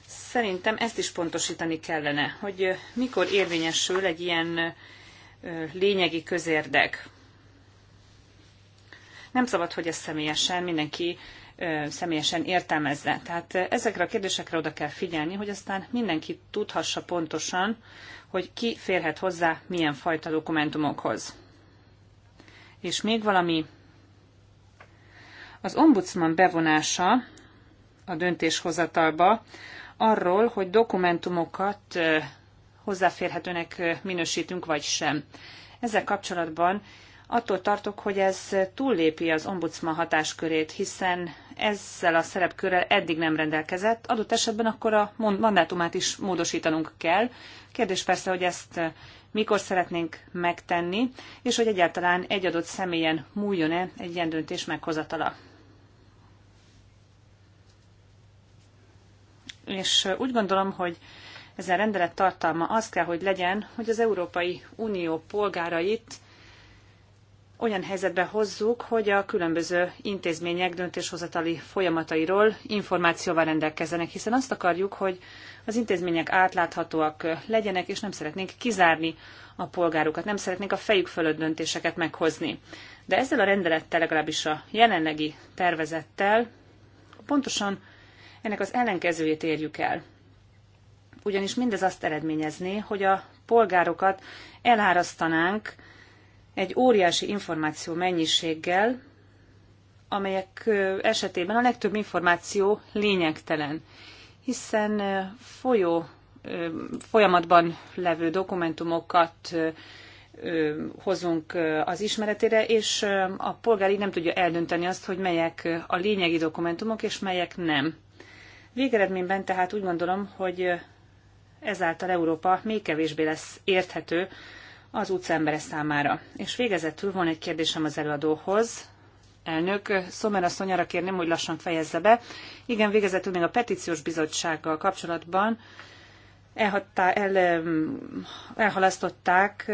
Szerintem ezt is pontosítani kellene, hogy mikor érvényesül egy ilyen lényegi közérdek. Nem szabad, hogy ezt személyesen mindenki személyesen értelmezze. Tehát ezekre a kérdésekre oda kell figyelni, hogy aztán mindenki tudhassa pontosan, hogy ki férhet hozzá milyen fajta dokumentumokhoz. És még valami. Az ombudsman bevonása a döntéshozatalba arról, hogy dokumentumokat hozzáférhetőnek minősítünk, vagy sem. Ezzel kapcsolatban attól tartok, hogy ez túllépi az ombudsman hatáskörét, hiszen ezzel a szerepkörrel eddig nem rendelkezett, adott esetben akkor a mandátumát is módosítanunk kell. Kérdés persze, hogy ezt mikor szeretnénk megtenni, és hogy egyáltalán egy adott személyen múljon-e egy ilyen döntés meghozatala. És úgy gondolom, hogy ezen rendelet tartalma az kell, hogy legyen, hogy az Európai Unió polgárait olyan helyzetbe hozzuk, hogy a különböző intézmények döntéshozatali folyamatairól információval rendelkezzenek, hiszen azt akarjuk, hogy az intézmények átláthatóak legyenek, és nem szeretnénk kizárni a polgárokat, nem szeretnénk a fejük fölött döntéseket meghozni. De ezzel a rendelettel, legalábbis a jelenlegi tervezettel pontosan ennek az ellenkezőjét érjük el ugyanis mindez azt eredményezné, hogy a polgárokat elárasztanánk egy óriási információ mennyiséggel, amelyek esetében a legtöbb információ lényegtelen, hiszen folyó folyamatban levő dokumentumokat hozunk az ismeretére, és a polgár így nem tudja eldönteni azt, hogy melyek a lényegi dokumentumok, és melyek nem. Végeredményben tehát úgy gondolom, hogy ezáltal Európa még kevésbé lesz érthető az utcembere számára. És végezetül van egy kérdésem az előadóhoz. Elnök, Szomer asszony arra kérném, hogy lassan fejezze be. Igen, végezetül még a petíciós bizottsággal kapcsolatban elhatta, el, elhalasztották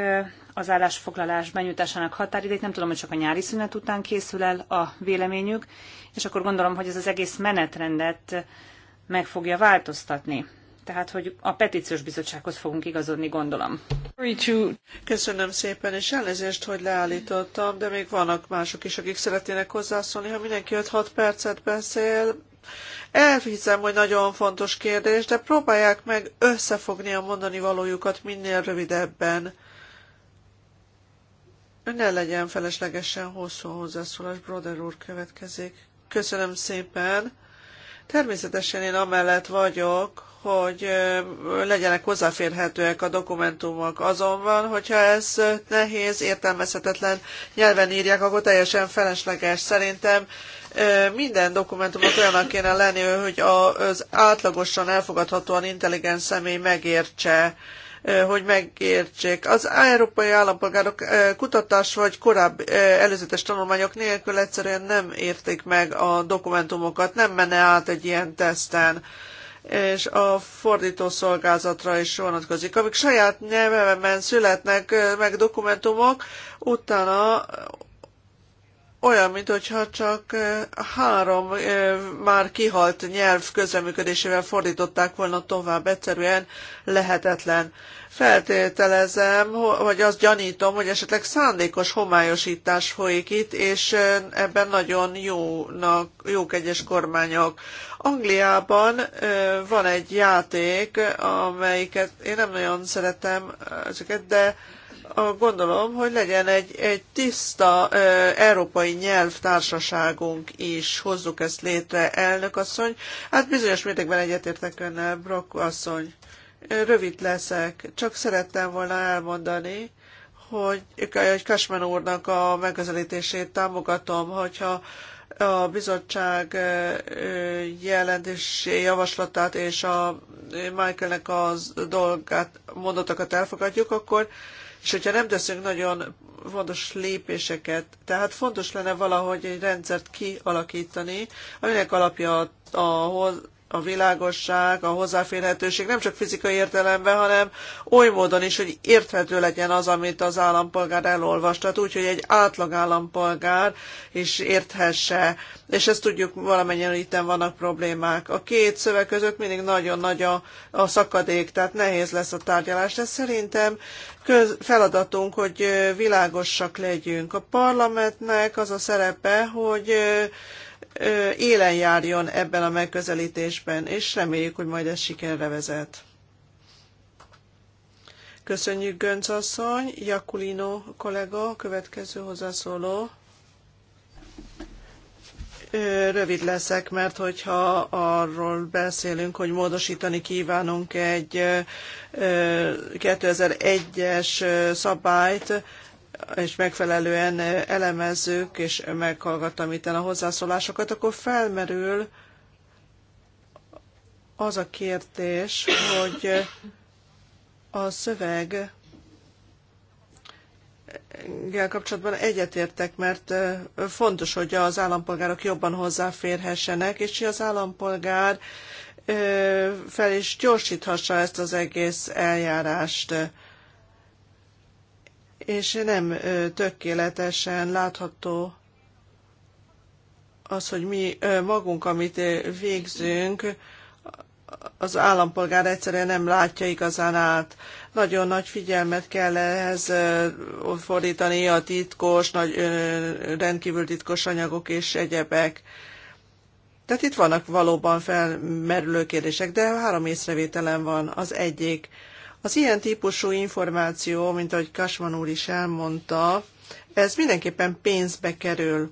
az állásfoglalás benyújtásának határidét. Nem tudom, hogy csak a nyári szünet után készül el a véleményük, és akkor gondolom, hogy ez az egész menetrendet meg fogja változtatni tehát hogy a petíciós bizottsághoz fogunk igazodni, gondolom. Köszönöm szépen, és elnézést, hogy leállítottam, de még vannak mások is, akik szeretnének hozzászólni. Ha mindenki 5-6 percet beszél, elhiszem, hogy nagyon fontos kérdés, de próbálják meg összefogni a mondani valójukat minél rövidebben. Ne legyen feleslegesen hosszú hozzászólás, Broder úr következik. Köszönöm szépen. Természetesen én amellett vagyok, hogy legyenek hozzáférhetőek a dokumentumok. Azonban, hogyha ez nehéz, értelmezhetetlen nyelven írják, akkor teljesen felesleges. Szerintem minden dokumentumot olyanak kéne lenni, hogy az átlagosan elfogadhatóan intelligens személy megértse hogy megértsék. Az európai állampolgárok kutatás vagy korábbi előzetes tanulmányok nélkül egyszerűen nem értik meg a dokumentumokat, nem menne át egy ilyen teszten és a fordító szolgázatra is vonatkozik. Amik saját nyelvemen születnek meg dokumentumok, utána olyan, mintha csak három már kihalt nyelv közreműködésével fordították volna tovább, egyszerűen lehetetlen. Feltételezem, vagy azt gyanítom, hogy esetleg szándékos homályosítás folyik itt, és ebben nagyon jónak, jók egyes kormányok. Angliában van egy játék, amelyiket én nem nagyon szeretem ezeket, de gondolom, hogy legyen egy, egy tiszta e, európai nyelvtársaságunk is, hozzuk ezt létre, elnök asszony. Hát bizonyos mértékben egyetértek önnel, Brock asszony. Rövid leszek, csak szerettem volna elmondani, hogy, hogy Kasman úrnak a megközelítését támogatom, hogyha a bizottság jelentés javaslatát és a Michaelnek az dolgát, mondatokat elfogadjuk, akkor és hogyha nem teszünk nagyon fontos lépéseket, tehát fontos lenne valahogy egy rendszert kialakítani, aminek alapja a, a, a világosság, a hozzáférhetőség nem csak fizikai értelemben, hanem oly módon is, hogy érthető legyen az, amit az állampolgár elolvastat, úgy, hogy egy átlag állampolgár is érthesse. És ezt tudjuk, valamennyien itt vannak problémák. A két szöveg között mindig nagyon nagy a, a szakadék, tehát nehéz lesz a tárgyalás, de szerintem köz, feladatunk, hogy világosak legyünk. A parlamentnek az a szerepe, hogy élen járjon ebben a megközelítésben, és reméljük, hogy majd ez sikerre vezet. Köszönjük, Gönc asszony. Jakulino kollega, következő hozzászóló. Rövid leszek, mert hogyha arról beszélünk, hogy módosítani kívánunk egy 2001-es szabályt, és megfelelően elemezzük, és meghallgattam itt a hozzászólásokat, akkor felmerül az a kérdés, hogy a szöveg gel kapcsolatban egyetértek, mert fontos, hogy az állampolgárok jobban hozzáférhessenek, és hogy az állampolgár fel is gyorsíthassa ezt az egész eljárást. És nem tökéletesen látható az, hogy mi magunk, amit végzünk, az állampolgár egyszerűen nem látja igazán át. Nagyon nagy figyelmet kell ehhez fordítani a titkos, nagy, rendkívül titkos anyagok és egyebek. Tehát itt vannak valóban felmerülő kérdések, de három észrevételem van. Az egyik, az ilyen típusú információ, mint ahogy Kasman úr is elmondta, ez mindenképpen pénzbe kerül.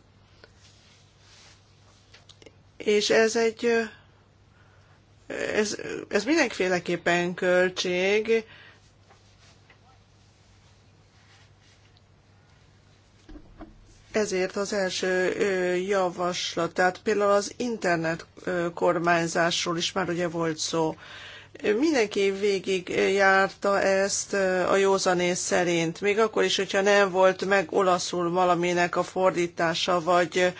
És ez egy ez, ez mindenféleképpen költség, ezért az első javaslat, tehát például az internet kormányzásról is már ugye volt szó. Mindenki végig járta ezt a józanész szerint, még akkor is, hogyha nem volt meg olaszul valaminek a fordítása, vagy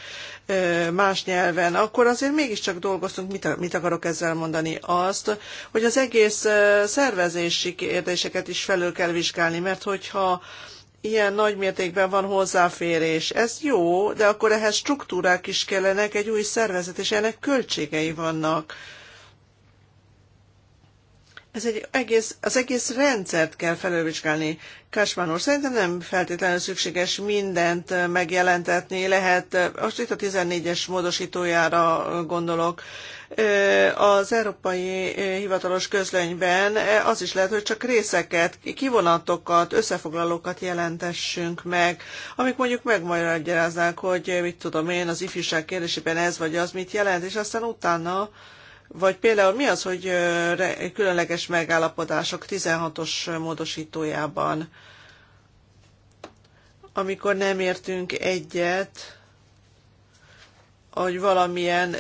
más nyelven, akkor azért mégiscsak dolgoztunk. Mit, mit akarok ezzel mondani? Azt, hogy az egész szervezési kérdéseket is felül kell vizsgálni, mert hogyha ilyen nagy mértékben van hozzáférés. Ez jó, de akkor ehhez struktúrák is kellenek, egy új szervezet, és ennek költségei vannak. Ez egy egész, az egész rendszert kell felülvizsgálni. Kásmán úr, szerintem nem feltétlenül szükséges mindent megjelentetni. Lehet, most itt a 14-es módosítójára gondolok, az európai hivatalos közlönyben az is lehet, hogy csak részeket, kivonatokat, összefoglalókat jelentessünk meg, amik mondjuk megmagyaráznák, hogy mit tudom én, az ifjúság kérdésében ez vagy az mit jelent, és aztán utána vagy például mi az, hogy különleges megállapodások 16-os módosítójában, amikor nem értünk egyet, hogy valamilyen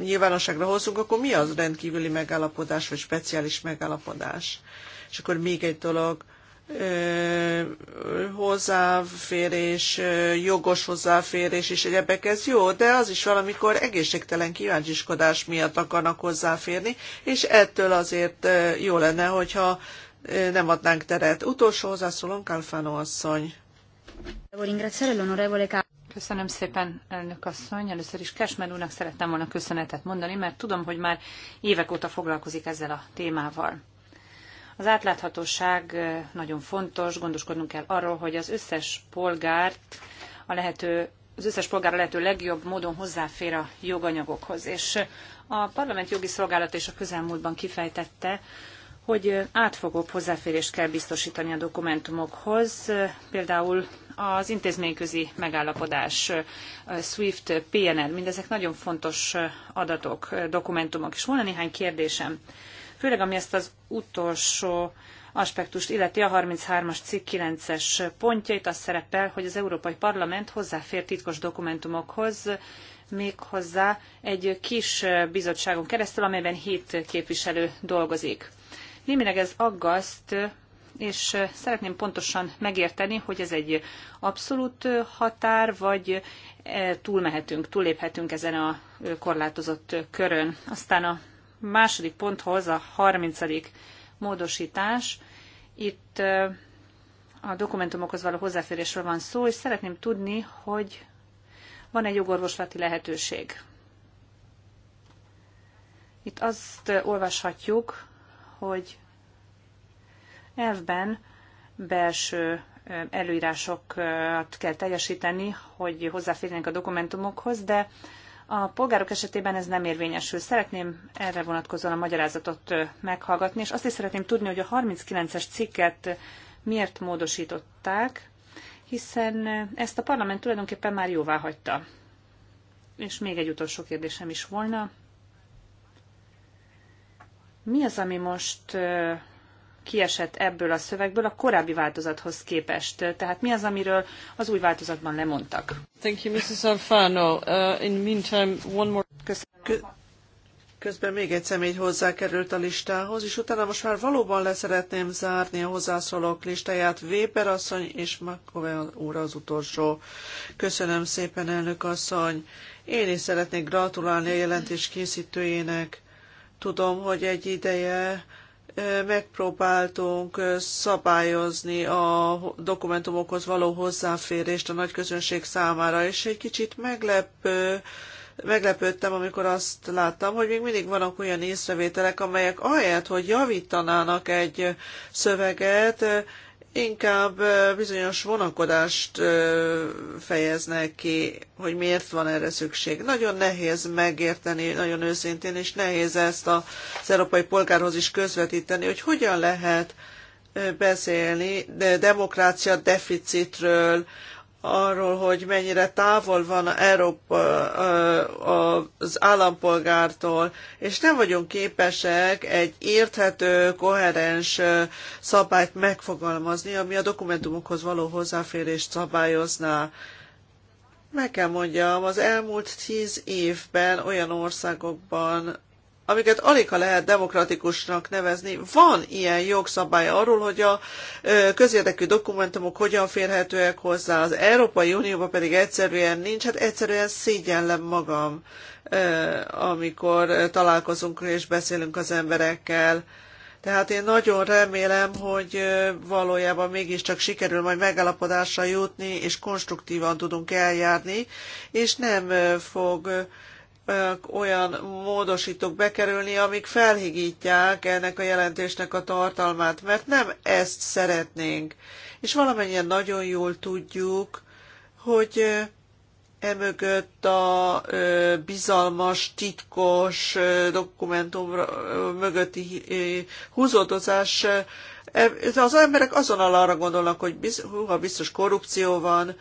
nyilvánosságra hozzunk, akkor mi az rendkívüli megállapodás, vagy speciális megállapodás? És akkor még egy dolog, hozzáférés, jogos hozzáférés és egyebek, ez jó, de az is valamikor egészségtelen kíváncsiskodás miatt akarnak hozzáférni, és ettől azért jó lenne, hogyha nem adnánk teret. Utolsó hozzászólom, Calfano asszony. Köszönöm szépen, elnök asszony. Először is Kesmer úrnak szerettem volna köszönetet mondani, mert tudom, hogy már évek óta foglalkozik ezzel a témával. Az átláthatóság nagyon fontos, gondoskodnunk kell arról, hogy az összes polgárt a lehető az összes polgár a lehető legjobb módon hozzáfér a joganyagokhoz. És a Parlament Jogi Szolgálata is a közelmúltban kifejtette, hogy átfogóbb hozzáférést kell biztosítani a dokumentumokhoz, például az intézményközi megállapodás, SWIFT, PNR, mindezek nagyon fontos adatok, dokumentumok, és volna néhány kérdésem főleg ami ezt az utolsó aspektust illeti a 33-as cikk 9-es pontjait, az szerepel, hogy az Európai Parlament hozzáfér titkos dokumentumokhoz, méghozzá egy kis bizottságon keresztül, amelyben hét képviselő dolgozik. Némileg ez aggaszt, és szeretném pontosan megérteni, hogy ez egy abszolút határ, vagy eh, túlmehetünk, túlléphetünk ezen a korlátozott körön. Aztán a második ponthoz a 30. módosítás. Itt a dokumentumokhoz való hozzáférésről van szó, és szeretném tudni, hogy van egy jogorvoslati lehetőség. Itt azt olvashatjuk, hogy elvben belső előírásokat kell teljesíteni, hogy hozzáférjenek a dokumentumokhoz, de a polgárok esetében ez nem érvényesül. Szeretném erre vonatkozóan a magyarázatot meghallgatni, és azt is szeretném tudni, hogy a 39-es cikket miért módosították, hiszen ezt a parlament tulajdonképpen már jóvá hagyta. És még egy utolsó kérdésem is volna. Mi az, ami most kiesett ebből a szövegből a korábbi változathoz képest? Tehát mi az, amiről az új változatban lemondtak? Thank you, Mrs. Alfano. Uh, in meantime, one more... Köszönöm. Közben még egy személy hozzákerült a listához, és utána most már valóban leszeretném zárni a hozzászólók listáját. Weber asszony és Makove úr az utolsó. Köszönöm szépen, elnök asszony. Én is szeretnék gratulálni a jelentés készítőjének. Tudom, hogy egy ideje megpróbáltunk szabályozni a dokumentumokhoz való hozzáférést a nagy közönség számára, és egy kicsit meglepő, meglepődtem, amikor azt láttam, hogy még mindig vannak olyan észrevételek, amelyek ahelyett, hogy javítanának egy szöveget, inkább bizonyos vonakodást fejeznek ki, hogy miért van erre szükség. Nagyon nehéz megérteni, nagyon őszintén, és nehéz ezt az európai polgárhoz is közvetíteni, hogy hogyan lehet beszélni de demokrácia deficitről, arról, hogy mennyire távol van Európa az állampolgártól, és nem vagyunk képesek egy érthető, koherens szabályt megfogalmazni, ami a dokumentumokhoz való hozzáférést szabályozná. Meg kell mondjam, az elmúlt tíz évben olyan országokban amiket alig lehet demokratikusnak nevezni, van ilyen jogszabály arról, hogy a közérdekű dokumentumok hogyan férhetőek hozzá, az Európai Unióban pedig egyszerűen nincs, hát egyszerűen szégyellem magam, amikor találkozunk és beszélünk az emberekkel. Tehát én nagyon remélem, hogy valójában mégiscsak sikerül majd megállapodásra jutni, és konstruktívan tudunk eljárni, és nem fog olyan módosítók bekerülni, amik felhigítják ennek a jelentésnek a tartalmát, mert nem ezt szeretnénk. És valamennyien nagyon jól tudjuk, hogy emögött a bizalmas, titkos dokumentum mögötti húzódozás e, az emberek azonnal arra gondolnak, hogy hú, ha biztos korrupció van,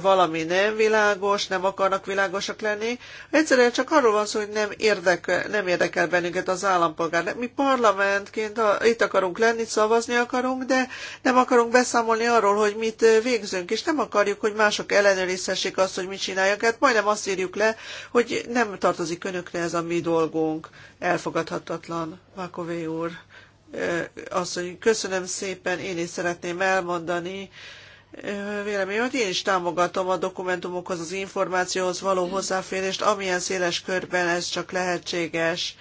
valami nem világos, nem akarnak világosak lenni. Egyszerűen csak arról van szó, hogy nem érdekel, nem érdekel bennünket az állampolgár. Mi parlamentként itt akarunk lenni, szavazni akarunk, de nem akarunk beszámolni arról, hogy mit végzünk, és nem akarjuk, hogy mások ellenőrizhessék azt, hogy mit csináljak. Hát majdnem azt írjuk le, hogy nem tartozik önökre ez a mi dolgunk. Elfogadhatatlan, Makové úr. Azt, hogy köszönöm szépen, én is szeretném elmondani, véleményemet. Én is támogatom a dokumentumokhoz, az információhoz való hozzáférést, amilyen széles körben ez csak lehetséges.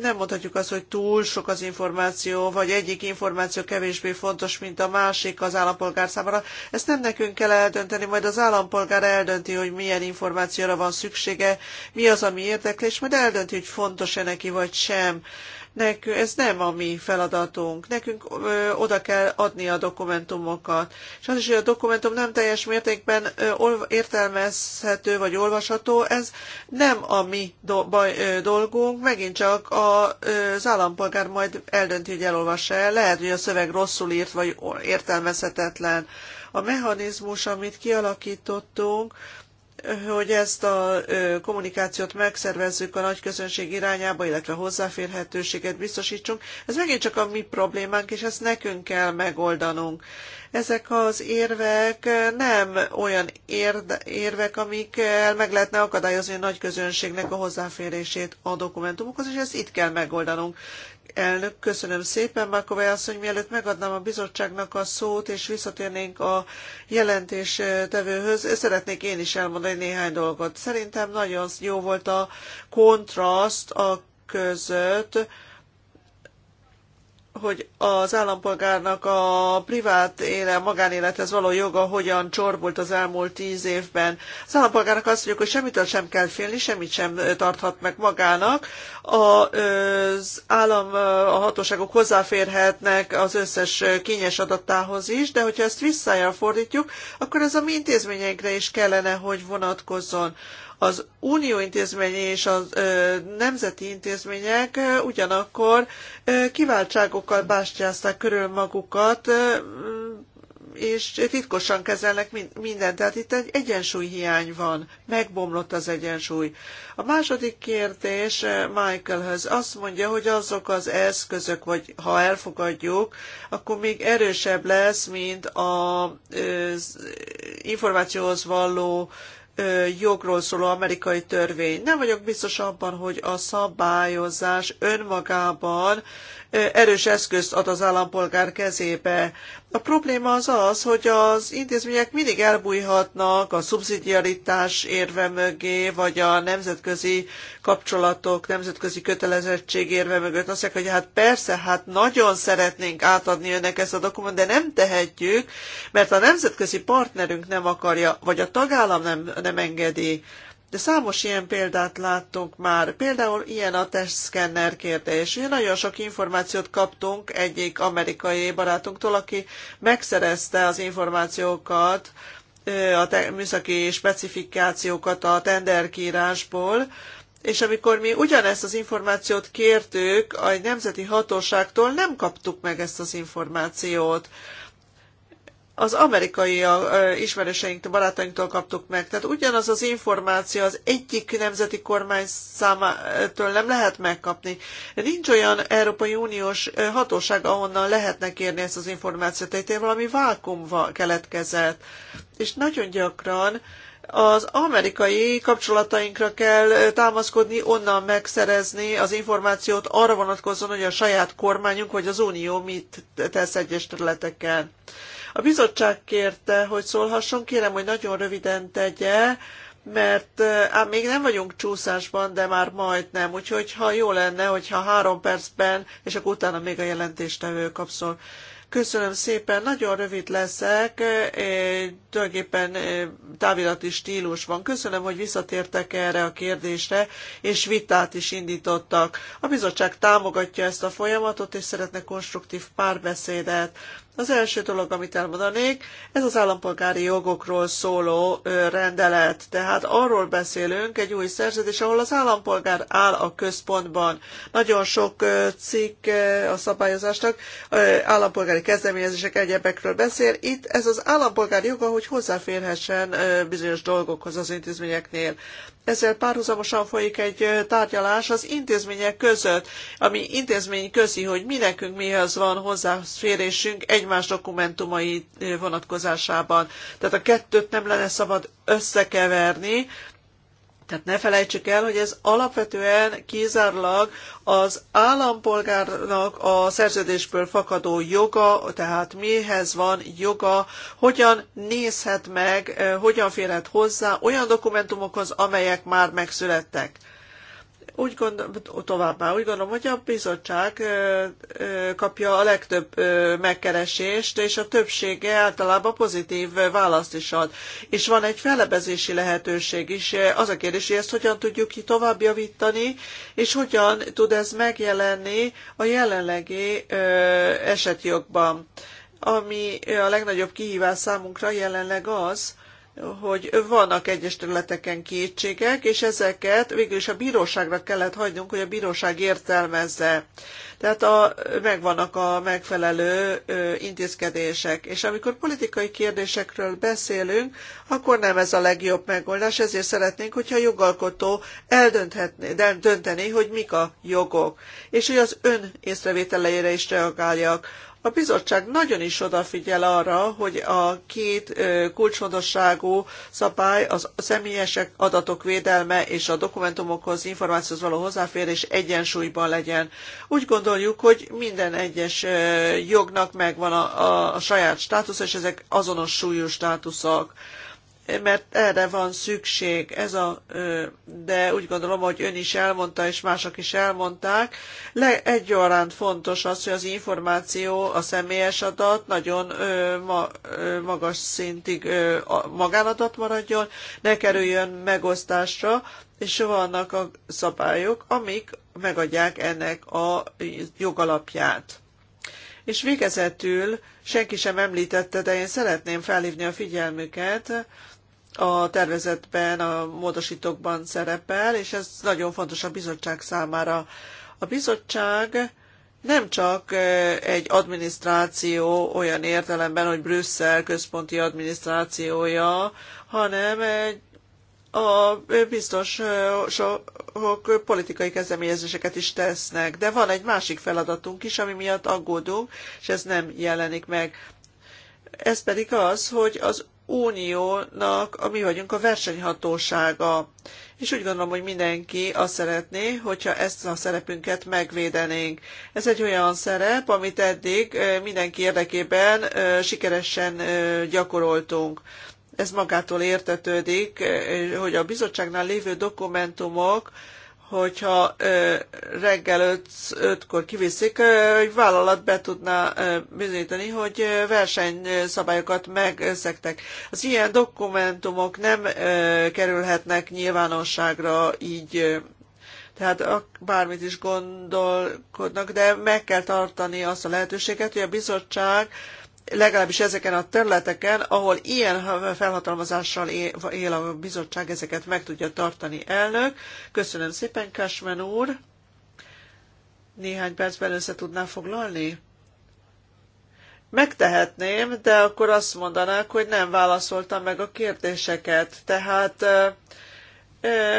Nem mondhatjuk azt, hogy túl sok az információ, vagy egyik információ kevésbé fontos, mint a másik az állampolgár számára. Ezt nem nekünk kell eldönteni, majd az állampolgár eldönti, hogy milyen információra van szüksége, mi az, ami érdekli, és majd eldönti, hogy fontos-e neki, vagy sem Nekünk ez nem a mi feladatunk. Nekünk ö, oda kell adni a dokumentumokat. És az is, hogy a dokumentum nem teljes mértékben ö, olva, értelmezhető vagy olvasható, ez nem a mi do, baj, ö, dolgunk, megint csak a, ö, az állampolgár majd eldönti, hogy elolvassa el. Lehet, hogy a szöveg rosszul írt vagy értelmezhetetlen. A mechanizmus, amit kialakítottunk, hogy ezt a kommunikációt megszervezzük a nagy közönség irányába, illetve hozzáférhetőséget biztosítsunk. Ez megint csak a mi problémánk, és ezt nekünk kell megoldanunk. Ezek az érvek nem olyan érvek, amikkel meg lehetne akadályozni a nagy közönségnek a hozzáférését a dokumentumokhoz, és ezt itt kell megoldanunk. Elnök, köszönöm szépen, Makovely asszony, mielőtt megadnám a bizottságnak a szót, és visszatérnénk a jelentés tevőhöz, szeretnék én is elmondani néhány dolgot. Szerintem nagyon jó volt a kontraszt a között, hogy az állampolgárnak a privát éle, magánélethez való joga hogyan csorbult az elmúlt tíz évben. Az állampolgárnak azt mondjuk, hogy semmitől sem kell félni, semmit sem tarthat meg magának. Az állam, a hatóságok hozzáférhetnek az összes kényes adattához is, de hogyha ezt visszájára fordítjuk, akkor ez a mi intézményekre is kellene, hogy vonatkozzon. Az unió intézményei és a nemzeti intézmények ugyanakkor kiváltságokkal bástyázták körül magukat, mm, és titkosan kezelnek mindent. Tehát itt egy egyensúlyhiány van, megbomlott az egyensúly. A második kérdés Michaelhöz azt mondja, hogy azok az eszközök, vagy ha elfogadjuk, akkor még erősebb lesz, mint az információhoz való jogról szóló amerikai törvény. Nem vagyok biztos abban, hogy a szabályozás önmagában erős eszközt ad az állampolgár kezébe. A probléma az az, hogy az intézmények mindig elbújhatnak a szubszidiaritás érve mögé, vagy a nemzetközi kapcsolatok, nemzetközi kötelezettség érve mögött. Azt mondják, hogy hát persze, hát nagyon szeretnénk átadni önnek ezt a dokumentumot, de nem tehetjük, mert a nemzetközi partnerünk nem akarja, vagy a tagállam nem, nem engedi. De számos ilyen példát láttunk már. Például ilyen a testszkenner kérdés. Ugye nagyon sok információt kaptunk egyik amerikai barátunktól, aki megszerezte az információkat, a műszaki specifikációkat a tenderkírásból, és amikor mi ugyanezt az információt kértük, a nemzeti hatóságtól nem kaptuk meg ezt az információt az amerikai ismerőseinktől, barátainktól kaptuk meg. Tehát ugyanaz az információ az egyik nemzeti kormány számától nem lehet megkapni. Nincs olyan Európai Uniós hatóság, ahonnan lehetne kérni ezt az információt, tehát valami vákum keletkezett. És nagyon gyakran az amerikai kapcsolatainkra kell támaszkodni, onnan megszerezni az információt arra vonatkozóan, hogy a saját kormányunk vagy az unió mit tesz egyes területeken. A bizottság kérte, hogy szólhasson, kérem, hogy nagyon röviden tegye, mert ám még nem vagyunk csúszásban, de már majdnem, úgyhogy ha jó lenne, hogyha három percben, és akkor utána még a jelentéstevő kapszol. Köszönöm szépen, nagyon rövid leszek, tulajdonképpen távirati stílus van. Köszönöm, hogy visszatértek erre a kérdésre, és vitát is indítottak. A bizottság támogatja ezt a folyamatot, és szeretne konstruktív párbeszédet. Az első dolog, amit elmondanék, ez az állampolgári jogokról szóló rendelet. Tehát arról beszélünk, egy új szerződés, ahol az állampolgár áll a központban. Nagyon sok cikk a szabályozásnak állampolgári kezdeményezések egyebekről beszél. Itt ez az állampolgári joga, hogy hozzáférhessen bizonyos dolgokhoz az intézményeknél ezzel párhuzamosan folyik egy tárgyalás az intézmények között, ami intézmény közi, hogy mi nekünk mihez van hozzáférésünk egymás dokumentumai vonatkozásában. Tehát a kettőt nem lenne szabad összekeverni, tehát ne felejtsük el, hogy ez alapvetően kizárólag az állampolgárnak a szerződésből fakadó joga, tehát mihez van joga, hogyan nézhet meg, eh, hogyan férhet hozzá olyan dokumentumokhoz, amelyek már megszülettek. Úgy gondolom, továbbá úgy gondolom, hogy a bizottság kapja a legtöbb megkeresést, és a többsége általában pozitív választ is ad. És van egy felebezési lehetőség is. Az a kérdés, hogy ezt hogyan tudjuk ki tovább javítani, és hogyan tud ez megjelenni a jelenlegi esetjogban. Ami a legnagyobb kihívás számunkra jelenleg az, hogy vannak egyes területeken kétségek, és ezeket végül is a bíróságra kellett hagynunk, hogy a bíróság értelmezze. Tehát a, megvannak a megfelelő intézkedések. És amikor politikai kérdésekről beszélünk, akkor nem ez a legjobb megoldás, ezért szeretnénk, hogyha a jogalkotó eldönthetné, de döntené, hogy mik a jogok, és hogy az ön észrevételeire is reagáljak a bizottság nagyon is odafigyel arra, hogy a két kulcsfontosságú szabály, az személyesek adatok védelme és a dokumentumokhoz, információhoz való hozzáférés egyensúlyban legyen. Úgy gondoljuk, hogy minden egyes jognak megvan a, a, a saját státusza, és ezek azonos súlyú státuszak mert erre van szükség, ez a, de úgy gondolom, hogy ön is elmondta, és mások is elmondták, le, egyaránt fontos az, hogy az információ, a személyes adat nagyon magas szintig magánadat maradjon, ne kerüljön megosztásra, és vannak a szabályok, amik megadják ennek a jogalapját. És végezetül, senki sem említette, de én szeretném felhívni a figyelmüket, a tervezetben, a módosítókban szerepel, és ez nagyon fontos a bizottság számára. A bizottság nem csak egy adminisztráció olyan értelemben, hogy Brüsszel központi adminisztrációja, hanem egy a biztosok politikai kezdeményezéseket is tesznek, de van egy másik feladatunk is, ami miatt aggódunk, és ez nem jelenik meg. Ez pedig az, hogy az uniónak a mi vagyunk a versenyhatósága. És úgy gondolom, hogy mindenki azt szeretné, hogyha ezt a szerepünket megvédenénk. Ez egy olyan szerep, amit eddig mindenki érdekében sikeresen gyakoroltunk. Ez magától értetődik, hogy a bizottságnál lévő dokumentumok, hogyha reggel 5-kor kiviszik, egy vállalat be tudná bizonyítani, hogy versenyszabályokat megszektek. Az ilyen dokumentumok nem kerülhetnek nyilvánosságra így tehát bármit is gondolkodnak, de meg kell tartani azt a lehetőséget, hogy a bizottság legalábbis ezeken a területeken, ahol ilyen felhatalmazással él a bizottság, ezeket meg tudja tartani elnök. Köszönöm szépen, Kasmen úr. Néhány percben össze tudná foglalni? Megtehetném, de akkor azt mondanák, hogy nem válaszoltam meg a kérdéseket. Tehát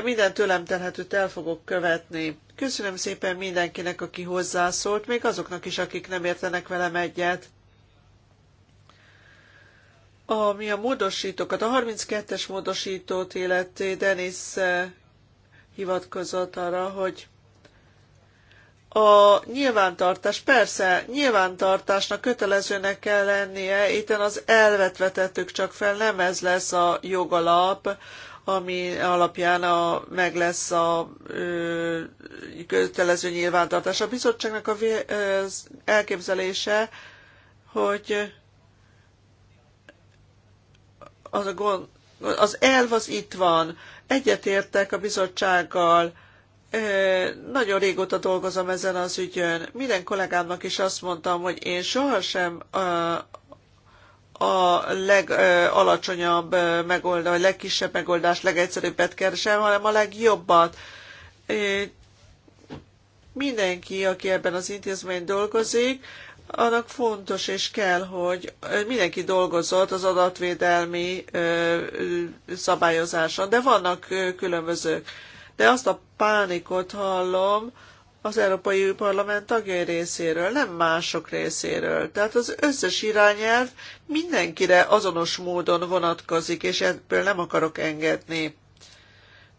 minden tőlem telhetőt el fogok követni. Köszönöm szépen mindenkinek, aki hozzászólt, még azoknak is, akik nem értenek velem egyet. Ami a módosítókat, a 32-es módosítót illeti Denis eh, hivatkozott arra, hogy a nyilvántartás, persze, nyilvántartásnak kötelezőnek kell lennie, itten az elvet vetettük csak fel, nem ez lesz a jogalap, ami alapján a, meg lesz a ö, kötelező nyilvántartás. A bizottságnak a, az elképzelése, hogy az, a gond, az elv az itt van. Egyetértek a bizottsággal, nagyon régóta dolgozom ezen az ügyön. Minden kollégámnak is azt mondtam, hogy én sohasem a legalacsonyabb megoldás, vagy legkisebb megoldás legegyszerűbbet keresem, hanem a legjobbat. Mindenki, aki ebben az intézményben dolgozik, annak fontos és kell, hogy mindenki dolgozott az adatvédelmi szabályozáson, de vannak különbözők. De azt a pánikot hallom az Európai Parlament tagjai részéről, nem mások részéről. Tehát az összes irányelv mindenkire azonos módon vonatkozik, és ebből nem akarok engedni.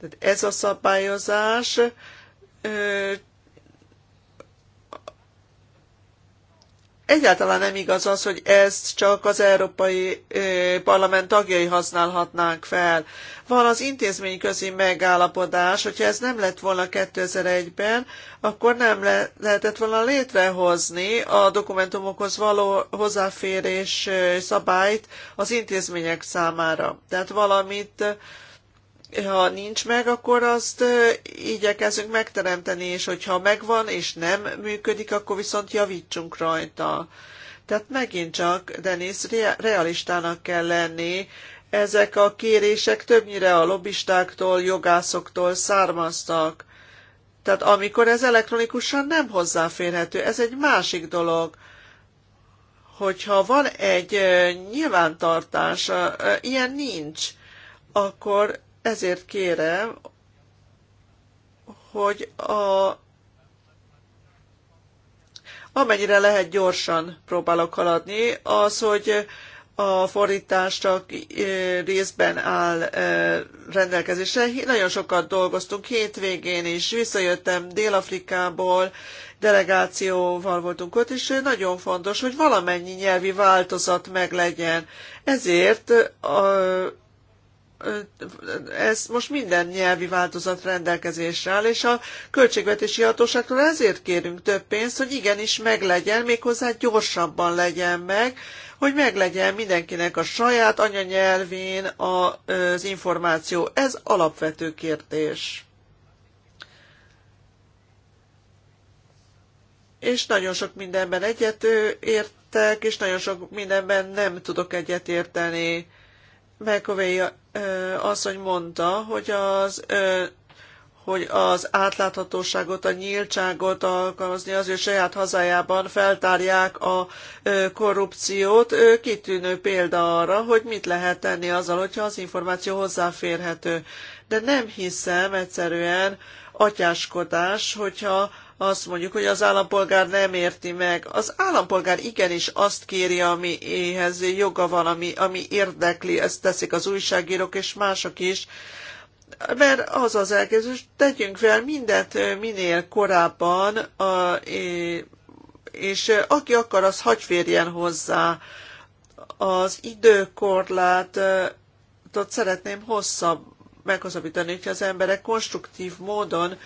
Tehát ez a szabályozás egyáltalán nem igaz az, hogy ezt csak az Európai Parlament tagjai használhatnánk fel. Van az intézményközi megállapodás, hogyha ez nem lett volna 2001-ben, akkor nem le- lehetett volna létrehozni a dokumentumokhoz való hozzáférés szabályt az intézmények számára. Tehát valamit ha nincs meg, akkor azt igyekezünk megteremteni, és hogyha megvan és nem működik, akkor viszont javítsunk rajta. Tehát megint csak, Denis, realistának kell lenni. Ezek a kérések többnyire a lobbistáktól, jogászoktól származtak. Tehát amikor ez elektronikusan nem hozzáférhető, ez egy másik dolog hogyha van egy nyilvántartás, ilyen nincs, akkor ezért kérem, hogy a amennyire lehet gyorsan próbálok haladni, az, hogy a fordítás csak eh, részben áll eh, rendelkezésre. Nagyon sokat dolgoztunk hétvégén is, visszajöttem Dél-Afrikából, delegációval voltunk ott, és nagyon fontos, hogy valamennyi nyelvi változat meglegyen. Ezért a eh, ez most minden nyelvi változat rendelkezésre áll, és a költségvetési hatóságtól ezért kérünk több pénzt, hogy igenis meglegyen, méghozzá gyorsabban legyen meg, hogy meglegyen mindenkinek a saját anyanyelvén az információ. Ez alapvető kérdés. És nagyon sok mindenben egyet értek, és nagyon sok mindenben nem tudok egyet érteni. McAvey asszony mondta, hogy az hogy az átláthatóságot, a nyíltságot alkalmazni az ő saját hazájában feltárják a korrupciót. Kitűnő példa arra, hogy mit lehet tenni azzal, hogyha az információ hozzáférhető. De nem hiszem egyszerűen atyáskodás, hogyha azt mondjuk, hogy az állampolgár nem érti meg. Az állampolgár igenis azt kéri, ami éhez joga van, ami, ami érdekli, ezt teszik az újságírók és mások is, mert az az elképzelés, tegyünk fel mindent minél korábban, a, és aki akar, az hagy férjen hozzá. Az időkorlátot szeretném hosszabb meghozabítani, hogyha az emberek konstruktív módon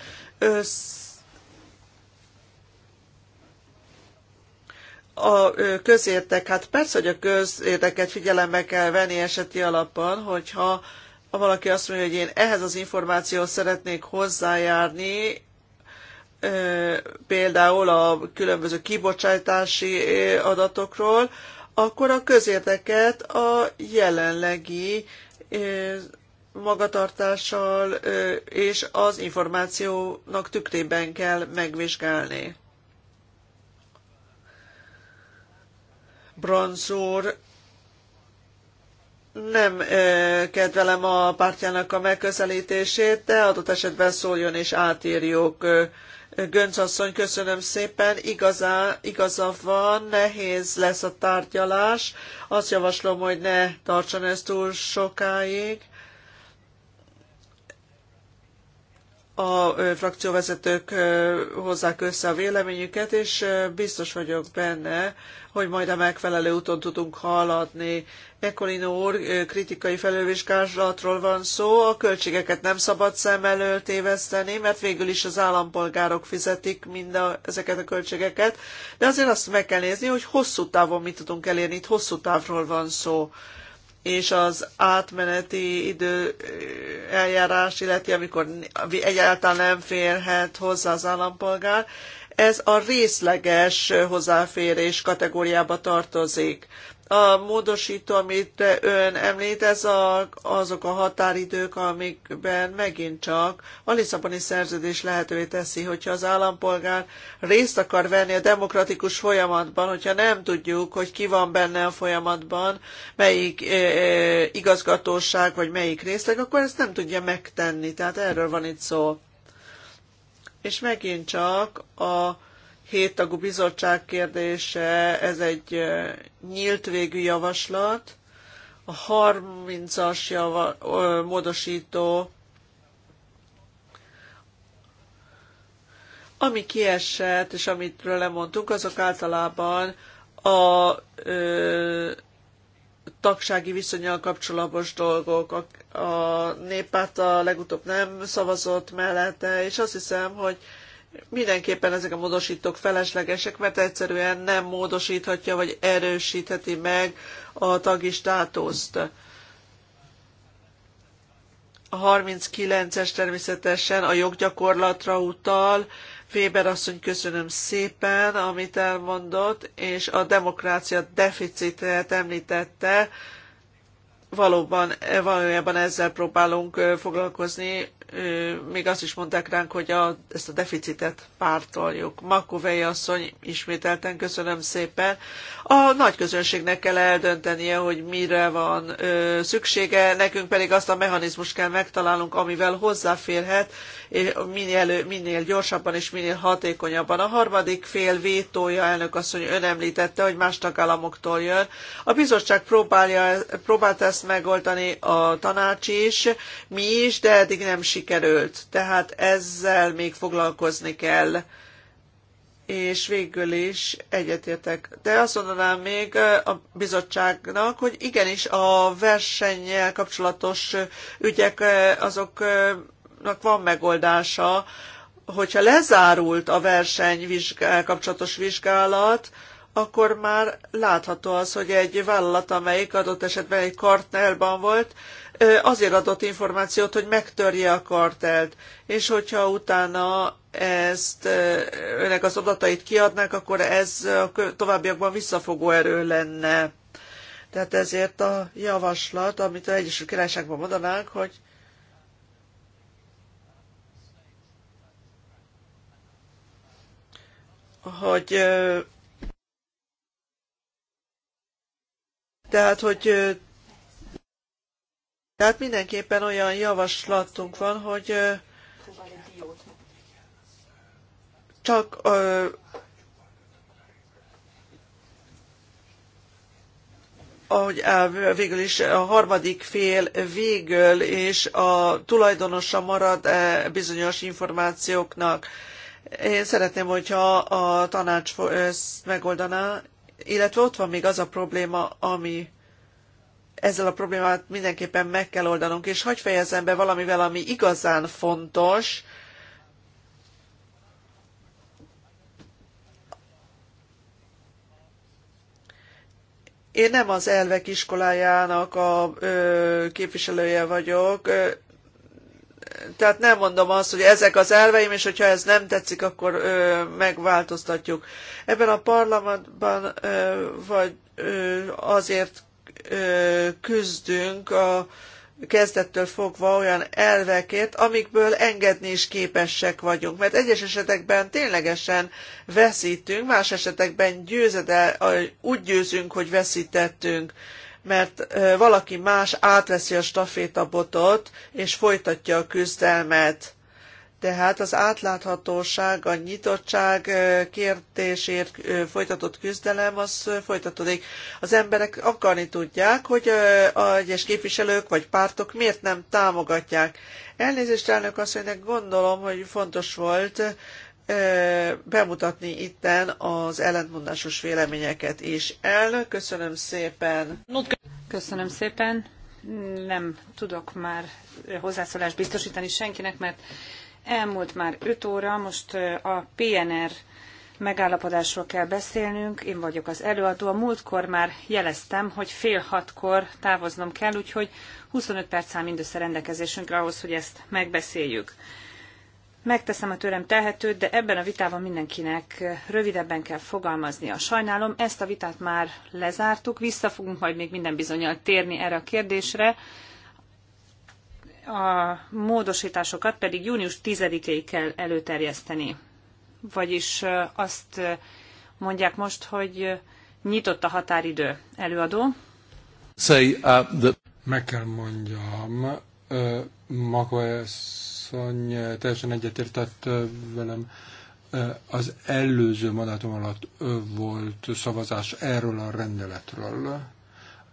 a közérdek, hát persze, hogy a közérdeket figyelembe kell venni eseti alapban, hogyha ha valaki azt mondja, hogy én ehhez az információhoz szeretnék hozzájárni, például a különböző kibocsátási adatokról, akkor a közérdeket a jelenlegi magatartással és az információnak tükrében kell megvizsgálni. bronzúr nem e, kedvelem a pártjának a megközelítését, de adott esetben szóljon és átírjuk. E, Gönc asszony, köszönöm szépen, Igazá, igaza van, nehéz lesz a tárgyalás. Azt javaslom, hogy ne tartson ezt túl sokáig. a frakcióvezetők hozzák össze a véleményüket, és biztos vagyok benne, hogy majd a megfelelő úton tudunk haladni. Ekolino úr kritikai felülvizsgálatról van szó, a költségeket nem szabad szem előtt téveszteni, mert végül is az állampolgárok fizetik mind a, ezeket a költségeket, de azért azt meg kell nézni, hogy hosszú távon mit tudunk elérni, itt hosszú távról van szó és az átmeneti idő eh, eljárás illeti, amikor egyáltalán nem férhet hozzá az állampolgár, ez a részleges hozzáférés kategóriába tartozik. A módosító, amit ön említ, ez a, azok a határidők, amikben megint csak a Lisszaboni szerződés lehetővé teszi, hogyha az állampolgár részt akar venni a demokratikus folyamatban, hogyha nem tudjuk, hogy ki van benne a folyamatban, melyik e, e, igazgatóság vagy melyik részleg, akkor ezt nem tudja megtenni. Tehát erről van itt szó. És megint csak a héttagú bizottság kérdése, ez egy nyílt végű javaslat. A 30-as java, módosító, ami kiesett, és amitről lemondtunk, azok általában a ö, tagsági viszonyal kapcsolatos dolgok. A, a néppárt a legutóbb nem szavazott mellette, és azt hiszem, hogy Mindenképpen ezek a módosítók feleslegesek, mert egyszerűen nem módosíthatja vagy erősítheti meg a tagi státuszt. A 39-es természetesen a joggyakorlatra utal. Féber asszony, köszönöm szépen, amit elmondott, és a demokrácia deficitet említette. Valóban, valójában ezzel próbálunk foglalkozni még azt is mondták ránk, hogy a, ezt a deficitet pártoljuk. Makovei asszony, ismételten köszönöm szépen. A nagy közönségnek kell eldöntenie, hogy mire van ö, szüksége, nekünk pedig azt a mechanizmust kell megtalálnunk, amivel hozzáférhet, és minél, minél gyorsabban és minél hatékonyabban. A harmadik fél vétója elnök asszony ön említette, hogy más tagállamoktól jön. A bizottság próbálja, próbált ezt megoldani a tanács is, mi is, de eddig nem sikerült sikerült. Tehát ezzel még foglalkozni kell. És végül is egyetértek. De azt mondanám még a bizottságnak, hogy igenis a versennyel kapcsolatos ügyek azoknak van megoldása, hogyha lezárult a verseny kapcsolatos vizsgálat, akkor már látható az, hogy egy vállalat, amelyik adott esetben egy kartnerban volt, azért adott információt, hogy megtörje a kartelt, és hogyha utána ezt önnek az adatait kiadnák, akkor ez a továbbiakban visszafogó erő lenne. Tehát ezért a javaslat, amit az Egyesült Királyságban mondanánk, hogy hogy tehát, hogy tehát mindenképpen olyan javaslatunk van, hogy csak ahogy végül is a harmadik fél végül és a tulajdonosa marad e, bizonyos információknak. Én szeretném, hogyha a tanács ezt megoldaná, illetve ott van még az a probléma, ami ezzel a problémát mindenképpen meg kell oldanunk, és hagyj fejezem be valamivel, ami igazán fontos, Én nem az elvek iskolájának a ö, képviselője vagyok, ö, tehát nem mondom azt, hogy ezek az elveim, és hogyha ez nem tetszik, akkor ö, megváltoztatjuk. Ebben a parlamentben ö, vagy ö, azért küzdünk a kezdettől fogva olyan elvekért, amikből engedni is képesek vagyunk. Mert egyes esetekben ténylegesen veszítünk, más esetekben győzedel, úgy győzünk, hogy veszítettünk mert valaki más átveszi a stafétabotot, és folytatja a küzdelmet. Tehát az átláthatóság, a nyitottság kérdésért folytatott küzdelem, az folytatódik. Az emberek akarni tudják, hogy egyes képviselők vagy pártok miért nem támogatják. Elnézést, elnök asszonynak gondolom, hogy fontos volt bemutatni itten az ellentmondásos véleményeket is. Elnök, köszönöm szépen! Köszönöm szépen! Nem tudok már hozzászólást biztosítani senkinek, mert Elmúlt már 5 óra, most a PNR megállapodásról kell beszélnünk. Én vagyok az előadó. A múltkor már jeleztem, hogy fél hatkor távoznom kell, úgyhogy 25 perc áll mindössze rendelkezésünkre ahhoz, hogy ezt megbeszéljük. Megteszem a tőlem telhetőt, de ebben a vitában mindenkinek rövidebben kell fogalmaznia. Sajnálom, ezt a vitát már lezártuk, vissza fogunk majd még minden bizonyal térni erre a kérdésre, a módosításokat pedig június 10-ig kell előterjeszteni. Vagyis azt mondják most, hogy nyitott a határidő. Előadó? Say, uh, the... Meg kell mondjam, uh, Makoeszony teljesen egyetértett velem. az előző mandátum alatt volt szavazás erről a rendeletről,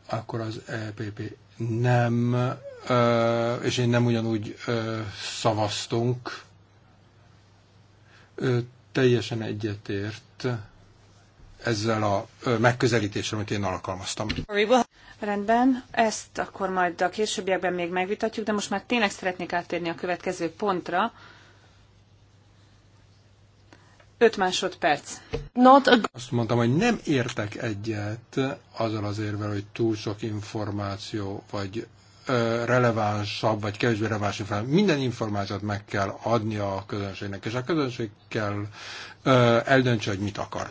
akkor az EPP nem és én nem ugyanúgy szavaztunk. Teljesen egyetért ezzel a megközelítéssel, amit én alkalmaztam. Rendben, ezt akkor majd a későbbiekben még megvitatjuk, de most már tényleg szeretnék áttérni a következő pontra. 5 másodperc. Not a... Azt mondtam, hogy nem értek egyet azzal az érvel, hogy túl sok információ vagy relevánsabb vagy kevésbé releváns információ. Minden információt meg kell adni a közönségnek, és a közönség kell eldöntse, hogy mit akar.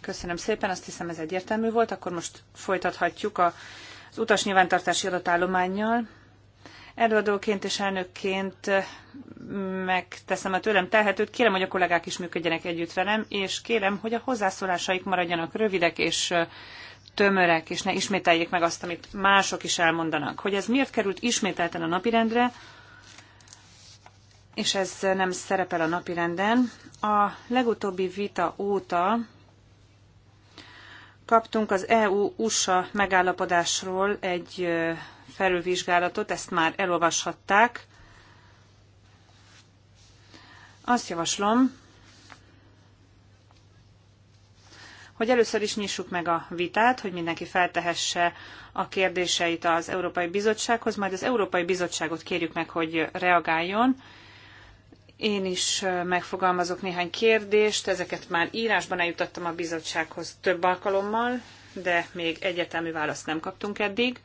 Köszönöm szépen, azt hiszem ez egyértelmű volt. Akkor most folytathatjuk a, az utas nyilvántartási adatállományjal. Előadóként és elnökként megteszem a tőlem telhetőt. Kérem, hogy a kollégák is működjenek együtt velem, és kérem, hogy a hozzászólásaik maradjanak rövidek és tömörek, és ne ismételjék meg azt, amit mások is elmondanak. Hogy ez miért került ismételten a napirendre, és ez nem szerepel a napirenden. A legutóbbi vita óta kaptunk az EU-USA megállapodásról egy felülvizsgálatot, ezt már elolvashatták. Azt javaslom, hogy először is nyissuk meg a vitát, hogy mindenki feltehesse a kérdéseit az Európai Bizottsághoz, majd az Európai Bizottságot kérjük meg, hogy reagáljon. Én is megfogalmazok néhány kérdést, ezeket már írásban eljuttattam a bizottsághoz több alkalommal, de még egyetemű választ nem kaptunk eddig.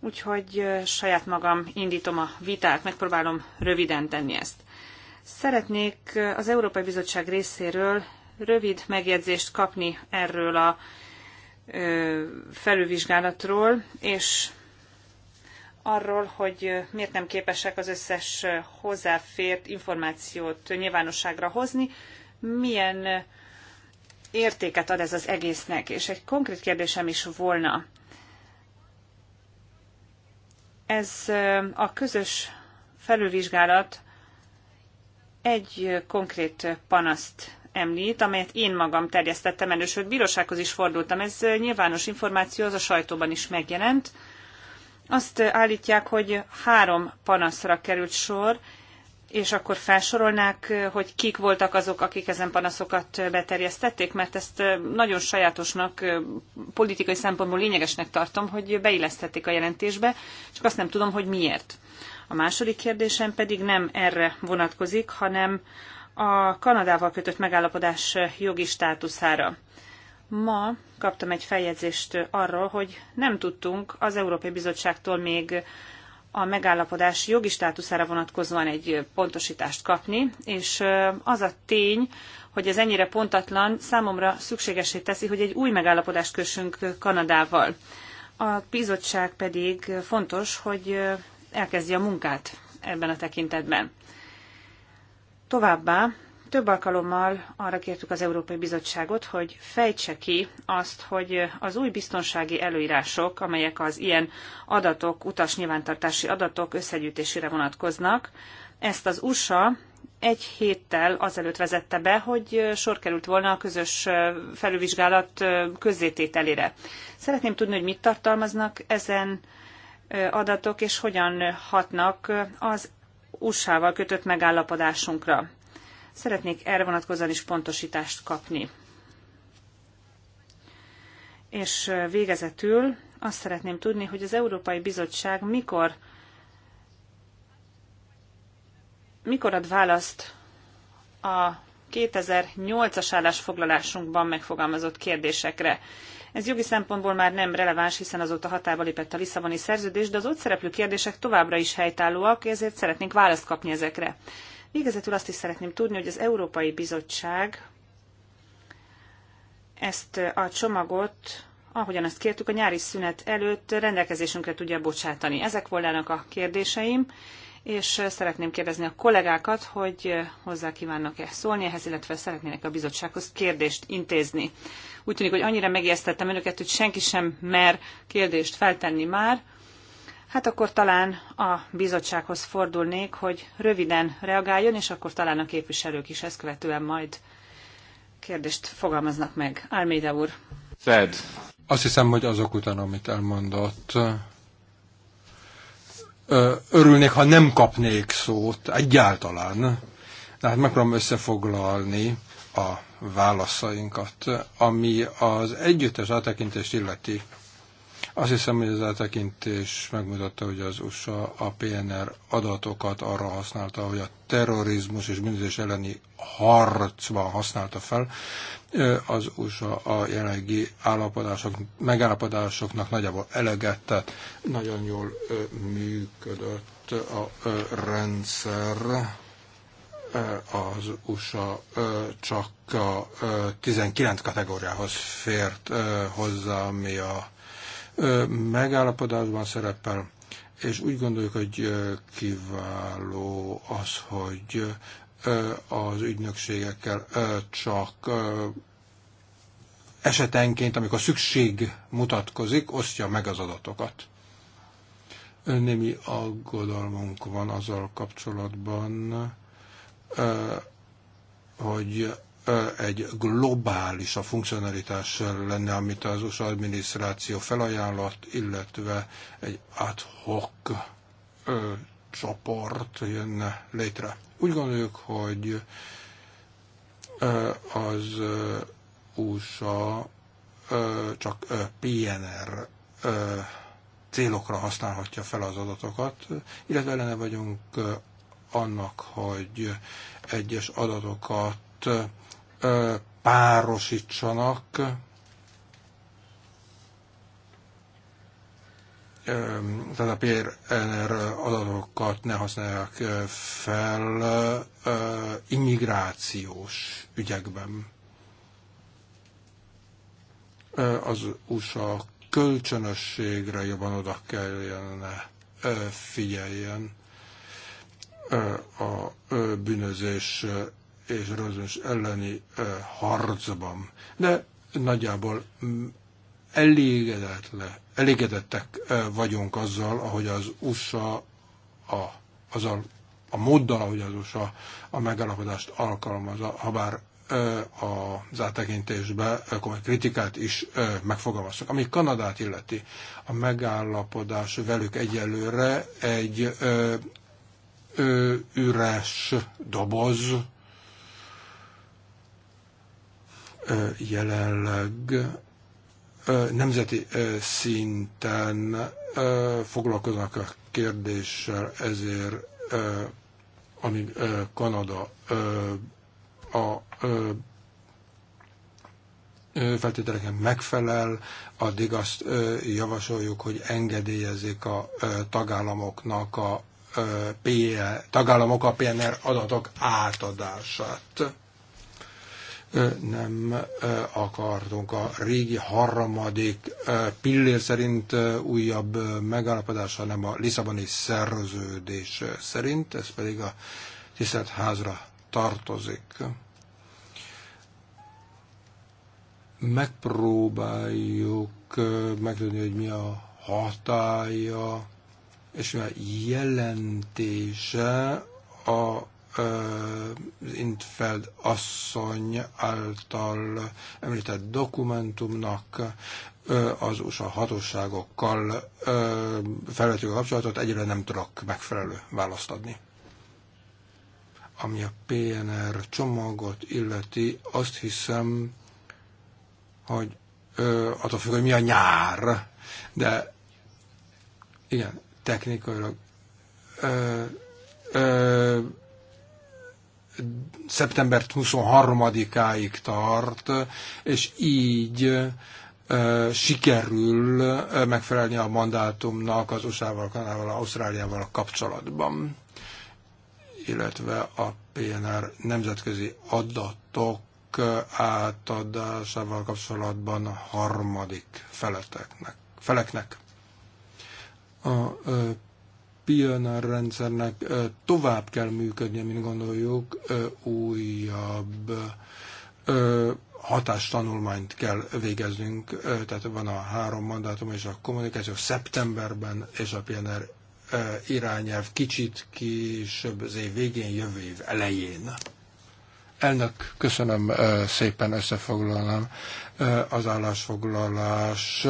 Úgyhogy saját magam indítom a vitát, megpróbálom röviden tenni ezt. Szeretnék az Európai Bizottság részéről rövid megjegyzést kapni erről a felülvizsgálatról, és arról, hogy miért nem képesek az összes hozzáfért információt nyilvánosságra hozni, milyen értéket ad ez az egésznek. És egy konkrét kérdésem is volna. Ez a közös felülvizsgálat egy konkrét panaszt említ, amelyet én magam terjesztettem elő, sőt bírósághoz is fordultam. Ez nyilvános információ, az a sajtóban is megjelent. Azt állítják, hogy három panaszra került sor, és akkor felsorolnák, hogy kik voltak azok, akik ezen panaszokat beterjesztették, mert ezt nagyon sajátosnak, politikai szempontból lényegesnek tartom, hogy beillesztették a jelentésbe, csak azt nem tudom, hogy miért. A második kérdésem pedig nem erre vonatkozik, hanem a Kanadával kötött megállapodás jogi státuszára. Ma kaptam egy feljegyzést arról, hogy nem tudtunk az Európai Bizottságtól még a megállapodás jogi státuszára vonatkozóan egy pontosítást kapni, és az a tény, hogy ez ennyire pontatlan, számomra szükségesé teszi, hogy egy új megállapodást kössünk Kanadával. A bizottság pedig fontos, hogy elkezdje a munkát ebben a tekintetben. Továbbá több alkalommal arra kértük az Európai Bizottságot, hogy fejtse ki azt, hogy az új biztonsági előírások, amelyek az ilyen adatok, utasnyilvántartási adatok összegyűjtésére vonatkoznak, ezt az USA egy héttel azelőtt vezette be, hogy sor került volna a közös felülvizsgálat közzétételére. Szeretném tudni, hogy mit tartalmaznak ezen adatok, és hogyan hatnak az USA-val kötött megállapodásunkra. Szeretnék erre vonatkozóan is pontosítást kapni. És végezetül azt szeretném tudni, hogy az Európai Bizottság mikor, mikor ad választ a 2008-as állásfoglalásunkban megfogalmazott kérdésekre. Ez jogi szempontból már nem releváns, hiszen azóta hatába lépett a Lisszaboni szerződés, de az ott szereplő kérdések továbbra is helytállóak, ezért szeretnénk választ kapni ezekre. Végezetül azt is szeretném tudni, hogy az Európai Bizottság ezt a csomagot, ahogyan azt kértük, a nyári szünet előtt rendelkezésünkre tudja bocsátani. Ezek volnának a kérdéseim, és szeretném kérdezni a kollégákat, hogy hozzá kívánnak-e szólni ehhez, illetve szeretnének a bizottsághoz kérdést intézni. Úgy tűnik, hogy annyira megijesztettem önöket, hogy senki sem mer kérdést feltenni már. Hát akkor talán a bizottsághoz fordulnék, hogy röviden reagáljon, és akkor talán a képviselők is ezt követően majd kérdést fogalmaznak meg. Álméde úr. Fed. Azt hiszem, hogy azok után, amit elmondott, örülnék, ha nem kapnék szót egyáltalán. Tehát megpróbálom összefoglalni a válaszainkat, ami az együttes áttekintést illeti. Azt hiszem, hogy az áttekintés megmutatta, hogy az USA a PNR adatokat arra használta, hogy a terrorizmus és bűnözés elleni harcban használta fel, az USA a jelenlegi állapodások, megállapodásoknak nagyjából eleget tett, nagyon jól működött a rendszer. Az USA csak a 19 kategóriához fért hozzá, ami a megállapodásban szerepel és úgy gondoljuk, hogy kiváló az, hogy az ügynökségekkel, csak esetenként, amikor szükség mutatkozik, osztja meg az adatokat. Önnémi aggodalmunk van azzal kapcsolatban, hogy egy globális a funkcionalitás lenne, amit az USA adminisztráció felajánlott, illetve egy ad hoc csoport jönne létre. Úgy gondoljuk, hogy az USA csak PNR célokra használhatja fel az adatokat, illetve ellene vagyunk annak, hogy egyes adatokat párosítsanak tehát a PNR adatokat ne használják fel immigrációs ügyekben. Az USA kölcsönösségre jobban oda kellene figyeljen a bűnözés és rozmus elleni harcban. De nagyjából mm, elégedetlen elégedettek vagyunk azzal, ahogy az USA a, azzal a móddal, ahogy az USA a megállapodást alkalmazza, ha bár az áttekintésbe komoly kritikát is megfogalmaztak. Ami Kanadát illeti, a megállapodás velük egyelőre egy ö, ö, üres doboz, jelenleg nemzeti szinten foglalkoznak a kérdéssel, ezért amíg Kanada a feltételeken megfelel, addig azt javasoljuk, hogy engedélyezzék a tagállamoknak a PL, tagállamok a PNR adatok átadását nem akartunk a régi harmadik pillér szerint újabb megállapodás, hanem a Lisszaboni szerződés szerint, ez pedig a tisztelt házra tartozik. Megpróbáljuk megtudni, hogy mi a hatája és mi a jelentése a az Intfeld asszony által említett dokumentumnak az USA hatóságokkal felvetjük a kapcsolatot, egyre nem tudok megfelelő választ adni. Ami a PNR csomagot illeti, azt hiszem, hogy attól függ, hogy mi a nyár, de igen, technikailag szeptember 23-áig tart, és így sikerül megfelelni a mandátumnak az USA-val, Kanával, Ausztráliával kapcsolatban, illetve a PNR nemzetközi adatok átadásával kapcsolatban a harmadik feleteknek, feleknek. A PNR rendszernek tovább kell működnie, mint gondoljuk, újabb hatástanulmányt kell végeznünk, tehát van a három mandátum és a kommunikáció szeptemberben, és a PNR irányelv kicsit később az év végén, jövő év elején. Elnök, köszönöm szépen, összefoglalnám az állásfoglalás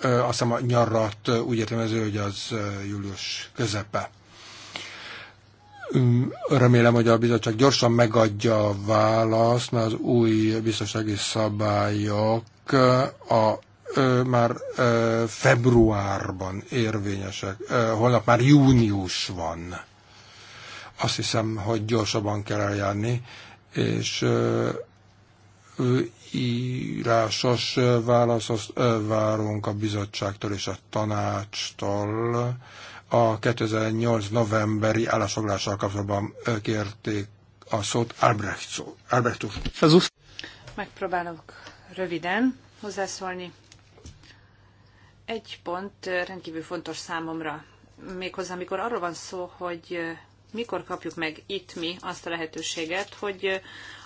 azt hiszem a nyarat úgy értelmező, hogy az július közepe. Remélem, hogy a bizottság gyorsan megadja a választ, mert az új biztonsági szabályok a ö, már ö, februárban érvényesek, ö, holnap már június van. Azt hiszem, hogy gyorsabban kell eljárni, és ö, írásos válasz, azt várunk a bizottságtól és a tanácstól. A 2008 novemberi állásfoglással kapcsolatban kérték a szót Albrecht, úr. Megpróbálok röviden hozzászólni. Egy pont rendkívül fontos számomra, méghozzá amikor arról van szó, hogy mikor kapjuk meg itt mi azt a lehetőséget, hogy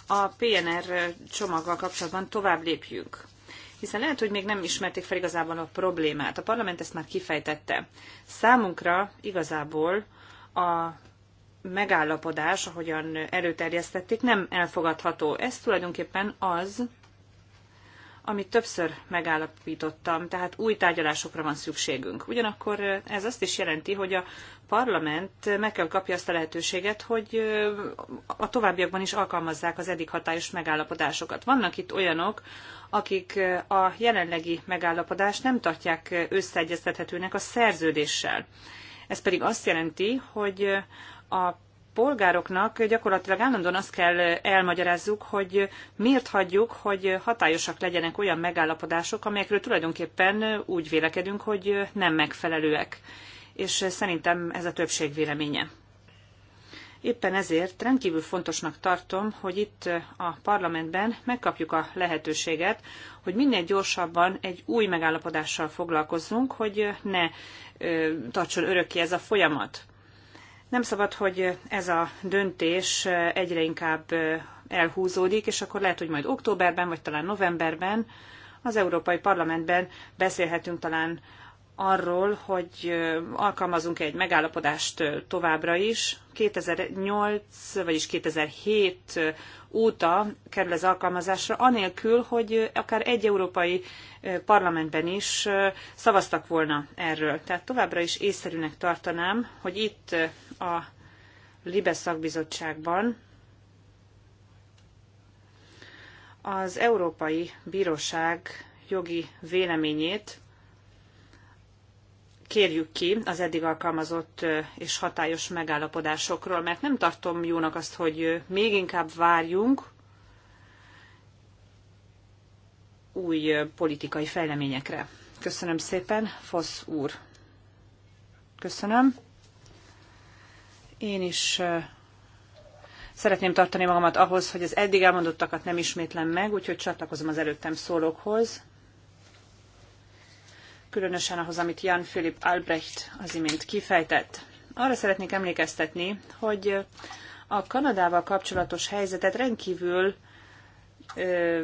a PNR csomaggal kapcsolatban tovább lépjünk. Hiszen lehet, hogy még nem ismerték fel igazából a problémát. A parlament ezt már kifejtette. Számunkra igazából a megállapodás, ahogyan előterjesztették, nem elfogadható. Ez tulajdonképpen az, amit többször megállapítottam, tehát új tárgyalásokra van szükségünk. Ugyanakkor ez azt is jelenti, hogy a parlament meg kell kapja azt a lehetőséget, hogy a továbbiakban is alkalmazzák az eddig hatályos megállapodásokat. Vannak itt olyanok, akik a jelenlegi megállapodást nem tartják összeegyeztethetőnek a szerződéssel. Ez pedig azt jelenti, hogy a polgároknak gyakorlatilag állandóan azt kell elmagyarázzuk, hogy miért hagyjuk, hogy hatályosak legyenek olyan megállapodások, amelyekről tulajdonképpen úgy vélekedünk, hogy nem megfelelőek. És szerintem ez a többség véleménye. Éppen ezért rendkívül fontosnak tartom, hogy itt a parlamentben megkapjuk a lehetőséget, hogy minél gyorsabban egy új megállapodással foglalkozzunk, hogy ne tartson örökké ez a folyamat nem szabad, hogy ez a döntés egyre inkább elhúzódik, és akkor lehet, hogy majd októberben, vagy talán novemberben az Európai Parlamentben beszélhetünk talán arról, hogy alkalmazunk -e egy megállapodást továbbra is. 2008, vagyis 2007 óta kerül ez alkalmazásra, anélkül, hogy akár egy európai parlamentben is szavaztak volna erről. Tehát továbbra is észszerűnek tartanám, hogy itt a Libe szakbizottságban az Európai Bíróság jogi véleményét kérjük ki az eddig alkalmazott és hatályos megállapodásokról, mert nem tartom jónak azt, hogy még inkább várjunk új politikai fejleményekre. Köszönöm szépen, Fosz úr. Köszönöm. Én is szeretném tartani magamat ahhoz, hogy az eddig elmondottakat nem ismétlem meg, úgyhogy csatlakozom az előttem szólókhoz különösen ahhoz, amit Jan Philipp Albrecht az imént kifejtett. Arra szeretnék emlékeztetni, hogy a Kanadával kapcsolatos helyzetet rendkívül ö,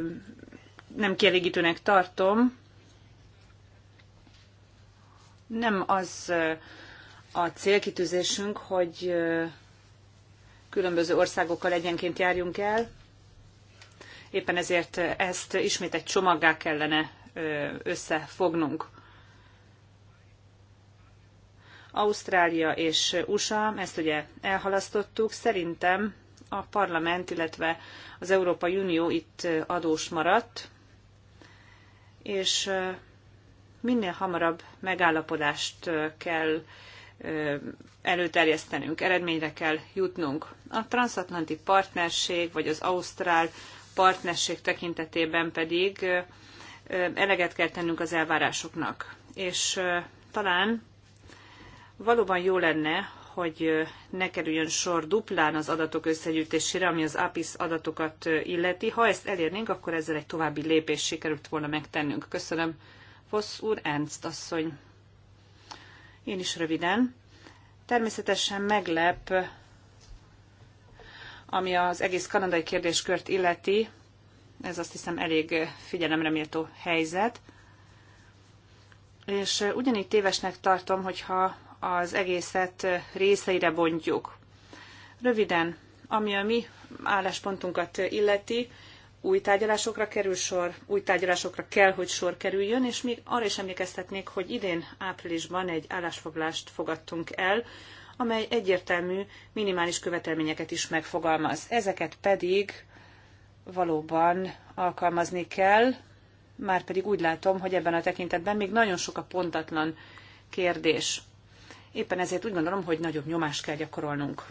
nem kielégítőnek tartom. Nem az a célkitűzésünk, hogy különböző országokkal egyenként járjunk el. Éppen ezért ezt ismét egy csomaggá kellene összefognunk. Ausztrália és USA, ezt ugye elhalasztottuk. Szerintem a parlament, illetve az Európai Unió itt adós maradt, és minél hamarabb megállapodást kell előterjesztenünk, eredményre kell jutnunk. A transatlanti partnerség, vagy az ausztrál partnerség tekintetében pedig eleget kell tennünk az elvárásoknak. És talán Valóban jó lenne, hogy ne kerüljön sor duplán az adatok összegyűjtésére, ami az APIS adatokat illeti. Ha ezt elérnénk, akkor ezzel egy további lépés sikerült volna megtennünk. Köszönöm. Fosz úr, Ernst asszony. Én is röviden. Természetesen meglep, ami az egész kanadai kérdéskört illeti, ez azt hiszem elég figyelemreméltó helyzet. És ugyanígy tévesnek tartom, hogyha az egészet részeire bontjuk. Röviden, ami a mi álláspontunkat illeti, új tárgyalásokra kerül sor, új tárgyalásokra kell, hogy sor kerüljön, és még arra is emlékeztetnék, hogy idén áprilisban egy állásfoglást fogadtunk el, amely egyértelmű minimális követelményeket is megfogalmaz. Ezeket pedig valóban alkalmazni kell, már pedig úgy látom, hogy ebben a tekintetben még nagyon sok a pontatlan kérdés. Éppen ezért úgy gondolom, hogy nagyobb nyomást kell gyakorolnunk.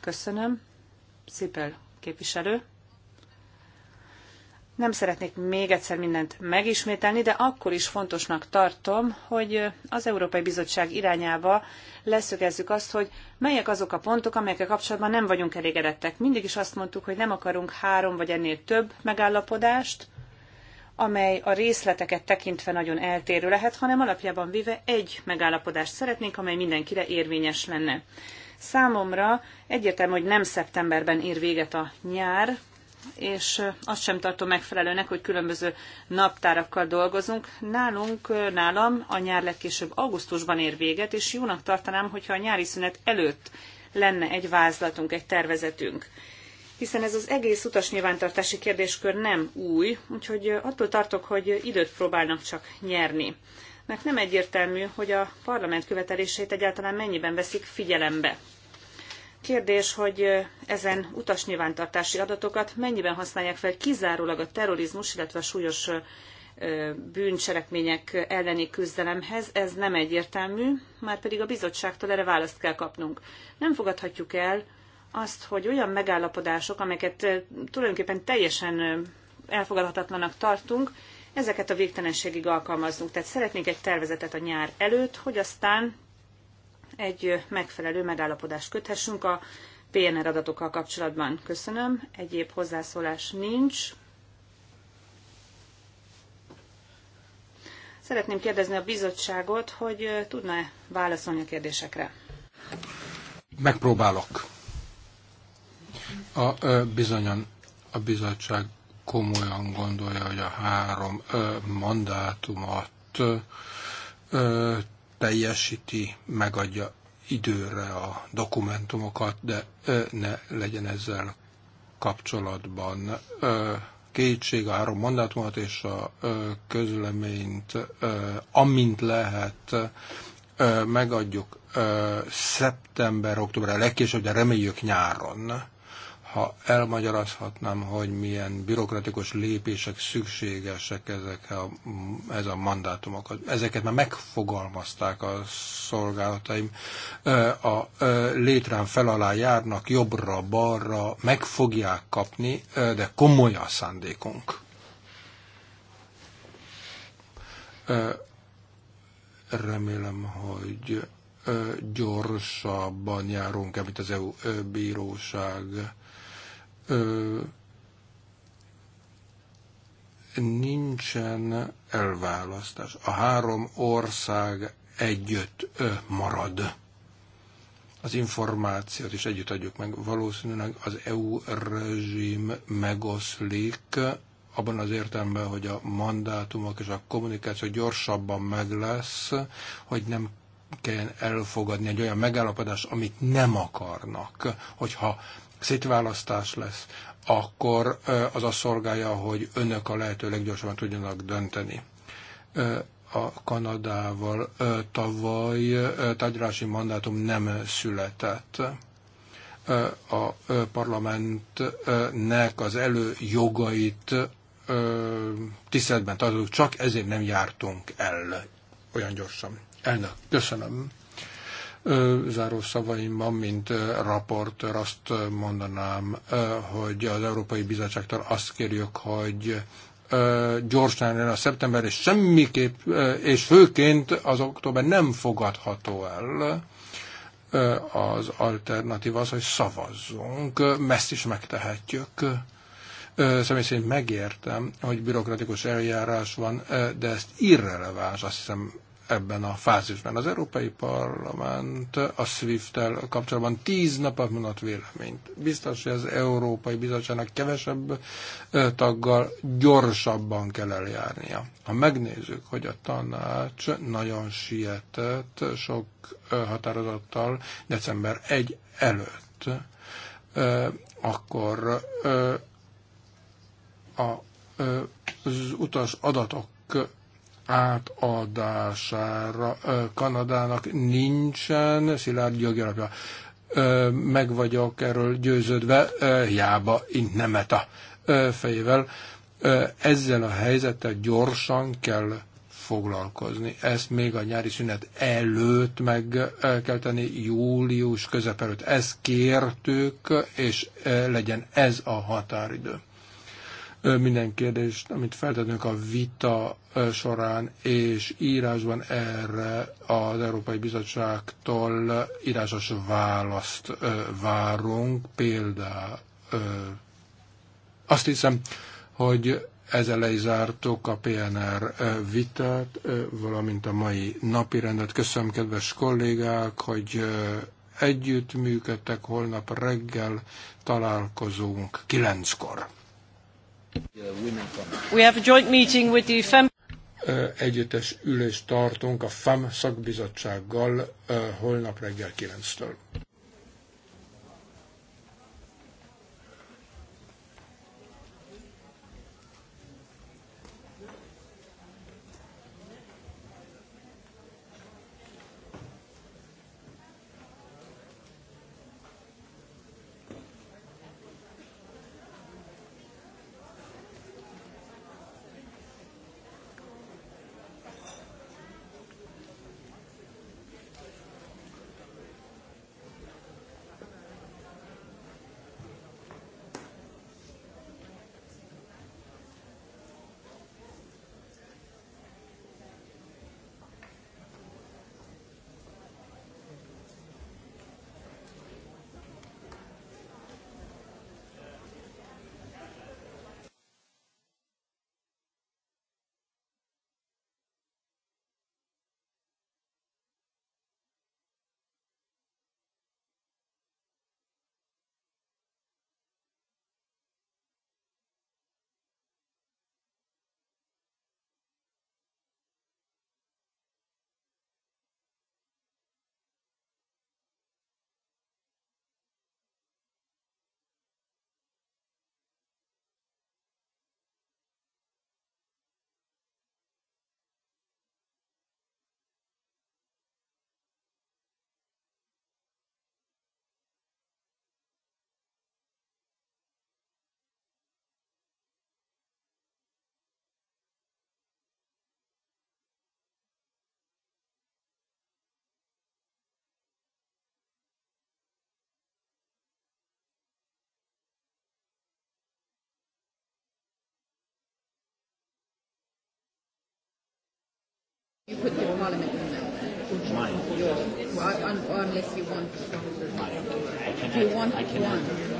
Köszönöm. Szépen képviselő. Nem szeretnék még egyszer mindent megismételni, de akkor is fontosnak tartom, hogy az Európai Bizottság irányába leszögezzük azt, hogy melyek azok a pontok, amelyekkel kapcsolatban nem vagyunk elégedettek. Mindig is azt mondtuk, hogy nem akarunk három vagy ennél több megállapodást, amely a részleteket tekintve nagyon eltérő lehet, hanem alapjában véve egy megállapodást szeretnénk, amely mindenkire érvényes lenne. Számomra egyértelmű, hogy nem szeptemberben ér véget a nyár, és azt sem tartom megfelelőnek, hogy különböző naptárakkal dolgozunk. Nálunk, nálam a nyár legkésőbb augusztusban ér véget, és jónak tartanám, hogyha a nyári szünet előtt lenne egy vázlatunk, egy tervezetünk hiszen ez az egész utas nyilvántartási kérdéskör nem új, úgyhogy attól tartok, hogy időt próbálnak csak nyerni. Mert nem egyértelmű, hogy a parlament követeléseit egyáltalán mennyiben veszik figyelembe. Kérdés, hogy ezen utasnyilvántartási adatokat mennyiben használják fel kizárólag a terrorizmus, illetve a súlyos bűncselekmények elleni küzdelemhez, ez nem egyértelmű, már pedig a bizottságtól erre választ kell kapnunk. Nem fogadhatjuk el, azt, hogy olyan megállapodások, amelyeket tulajdonképpen teljesen elfogadhatatlanak tartunk, ezeket a végtelenségig alkalmazzunk. Tehát szeretnénk egy tervezetet a nyár előtt, hogy aztán egy megfelelő megállapodást köthessünk a PNR adatokkal kapcsolatban. Köszönöm. Egyéb hozzászólás nincs. Szeretném kérdezni a bizottságot, hogy tudna-e válaszolni a kérdésekre. Megpróbálok. A bizonyan a bizottság komolyan gondolja, hogy a három mandátumot teljesíti, megadja időre a dokumentumokat, de ne legyen ezzel kapcsolatban kétség a három mandátumot és a közleményt, amint lehet, megadjuk szeptember, október, legkésőbb, de reméljük nyáron ha elmagyarázhatnám, hogy milyen bürokratikus lépések szükségesek ezek a, ez a mandátumok. Ezeket már megfogalmazták a szolgálataim. A létrán fel alá járnak, jobbra, balra, meg fogják kapni, de komoly a szándékunk. Remélem, hogy gyorsabban járunk, amit az EU bíróság nincsen elválasztás. A három ország együtt marad. Az információt is együtt adjuk meg. Valószínűleg az EU rezsim megoszlik abban az értelemben, hogy a mandátumok és a kommunikáció gyorsabban meg lesz, hogy nem kell elfogadni egy olyan megállapodást, amit nem akarnak. Hogyha szétválasztás lesz, akkor az a szolgálja, hogy önök a lehető leggyorsabban tudjanak dönteni. A Kanadával tavaly tárgyalási mandátum nem született a parlamentnek az előjogait tiszteletben tartottuk, csak ezért nem jártunk el olyan gyorsan. Elnök, köszönöm. Záró szavaimban, mint raportőr azt mondanám, hogy az Európai Bizottságtól azt kérjük, hogy gyorsan jön a szeptember, és semmiképp, és főként az október nem fogadható el. Az alternatív az, hogy szavazzunk, ezt is megtehetjük. Személy szerint megértem, hogy bürokratikus eljárás van, de ezt irreleváns, azt hiszem ebben a fázisban. Az Európai Parlament a SWIFT-tel kapcsolatban tíz nap alatt véleményt. Biztos, hogy az Európai Bizottságnak kevesebb taggal gyorsabban kell eljárnia. Ha megnézzük, hogy a tanács nagyon sietett sok határozattal december 1 előtt, akkor a, az utas adatok átadására Kanadának nincsen szilárd jogi alapja. Meg vagyok erről győződve, hiába int a fejével. Ezzel a helyzettel gyorsan kell foglalkozni. Ezt még a nyári szünet előtt meg kell tenni, július közep előtt. Ezt kértük, és legyen ez a határidő. Minden kérdést, amit feltetünk a vita során és írásban erre az Európai Bizottságtól írásos választ várunk. Például azt hiszem, hogy ezzel lezártuk a PNR vitát, valamint a mai napi rendet. Köszönöm, kedves kollégák, hogy együtt működtek, holnap reggel találkozunk kilenckor. We have a joint meeting with the FEM. Együttes ülést tartunk a FEM szakbizottsággal holnap reggel 9-től. You put the parliament in there. Mine. Yours. Well, unless you want. Mine. I can, Do you want I can, one?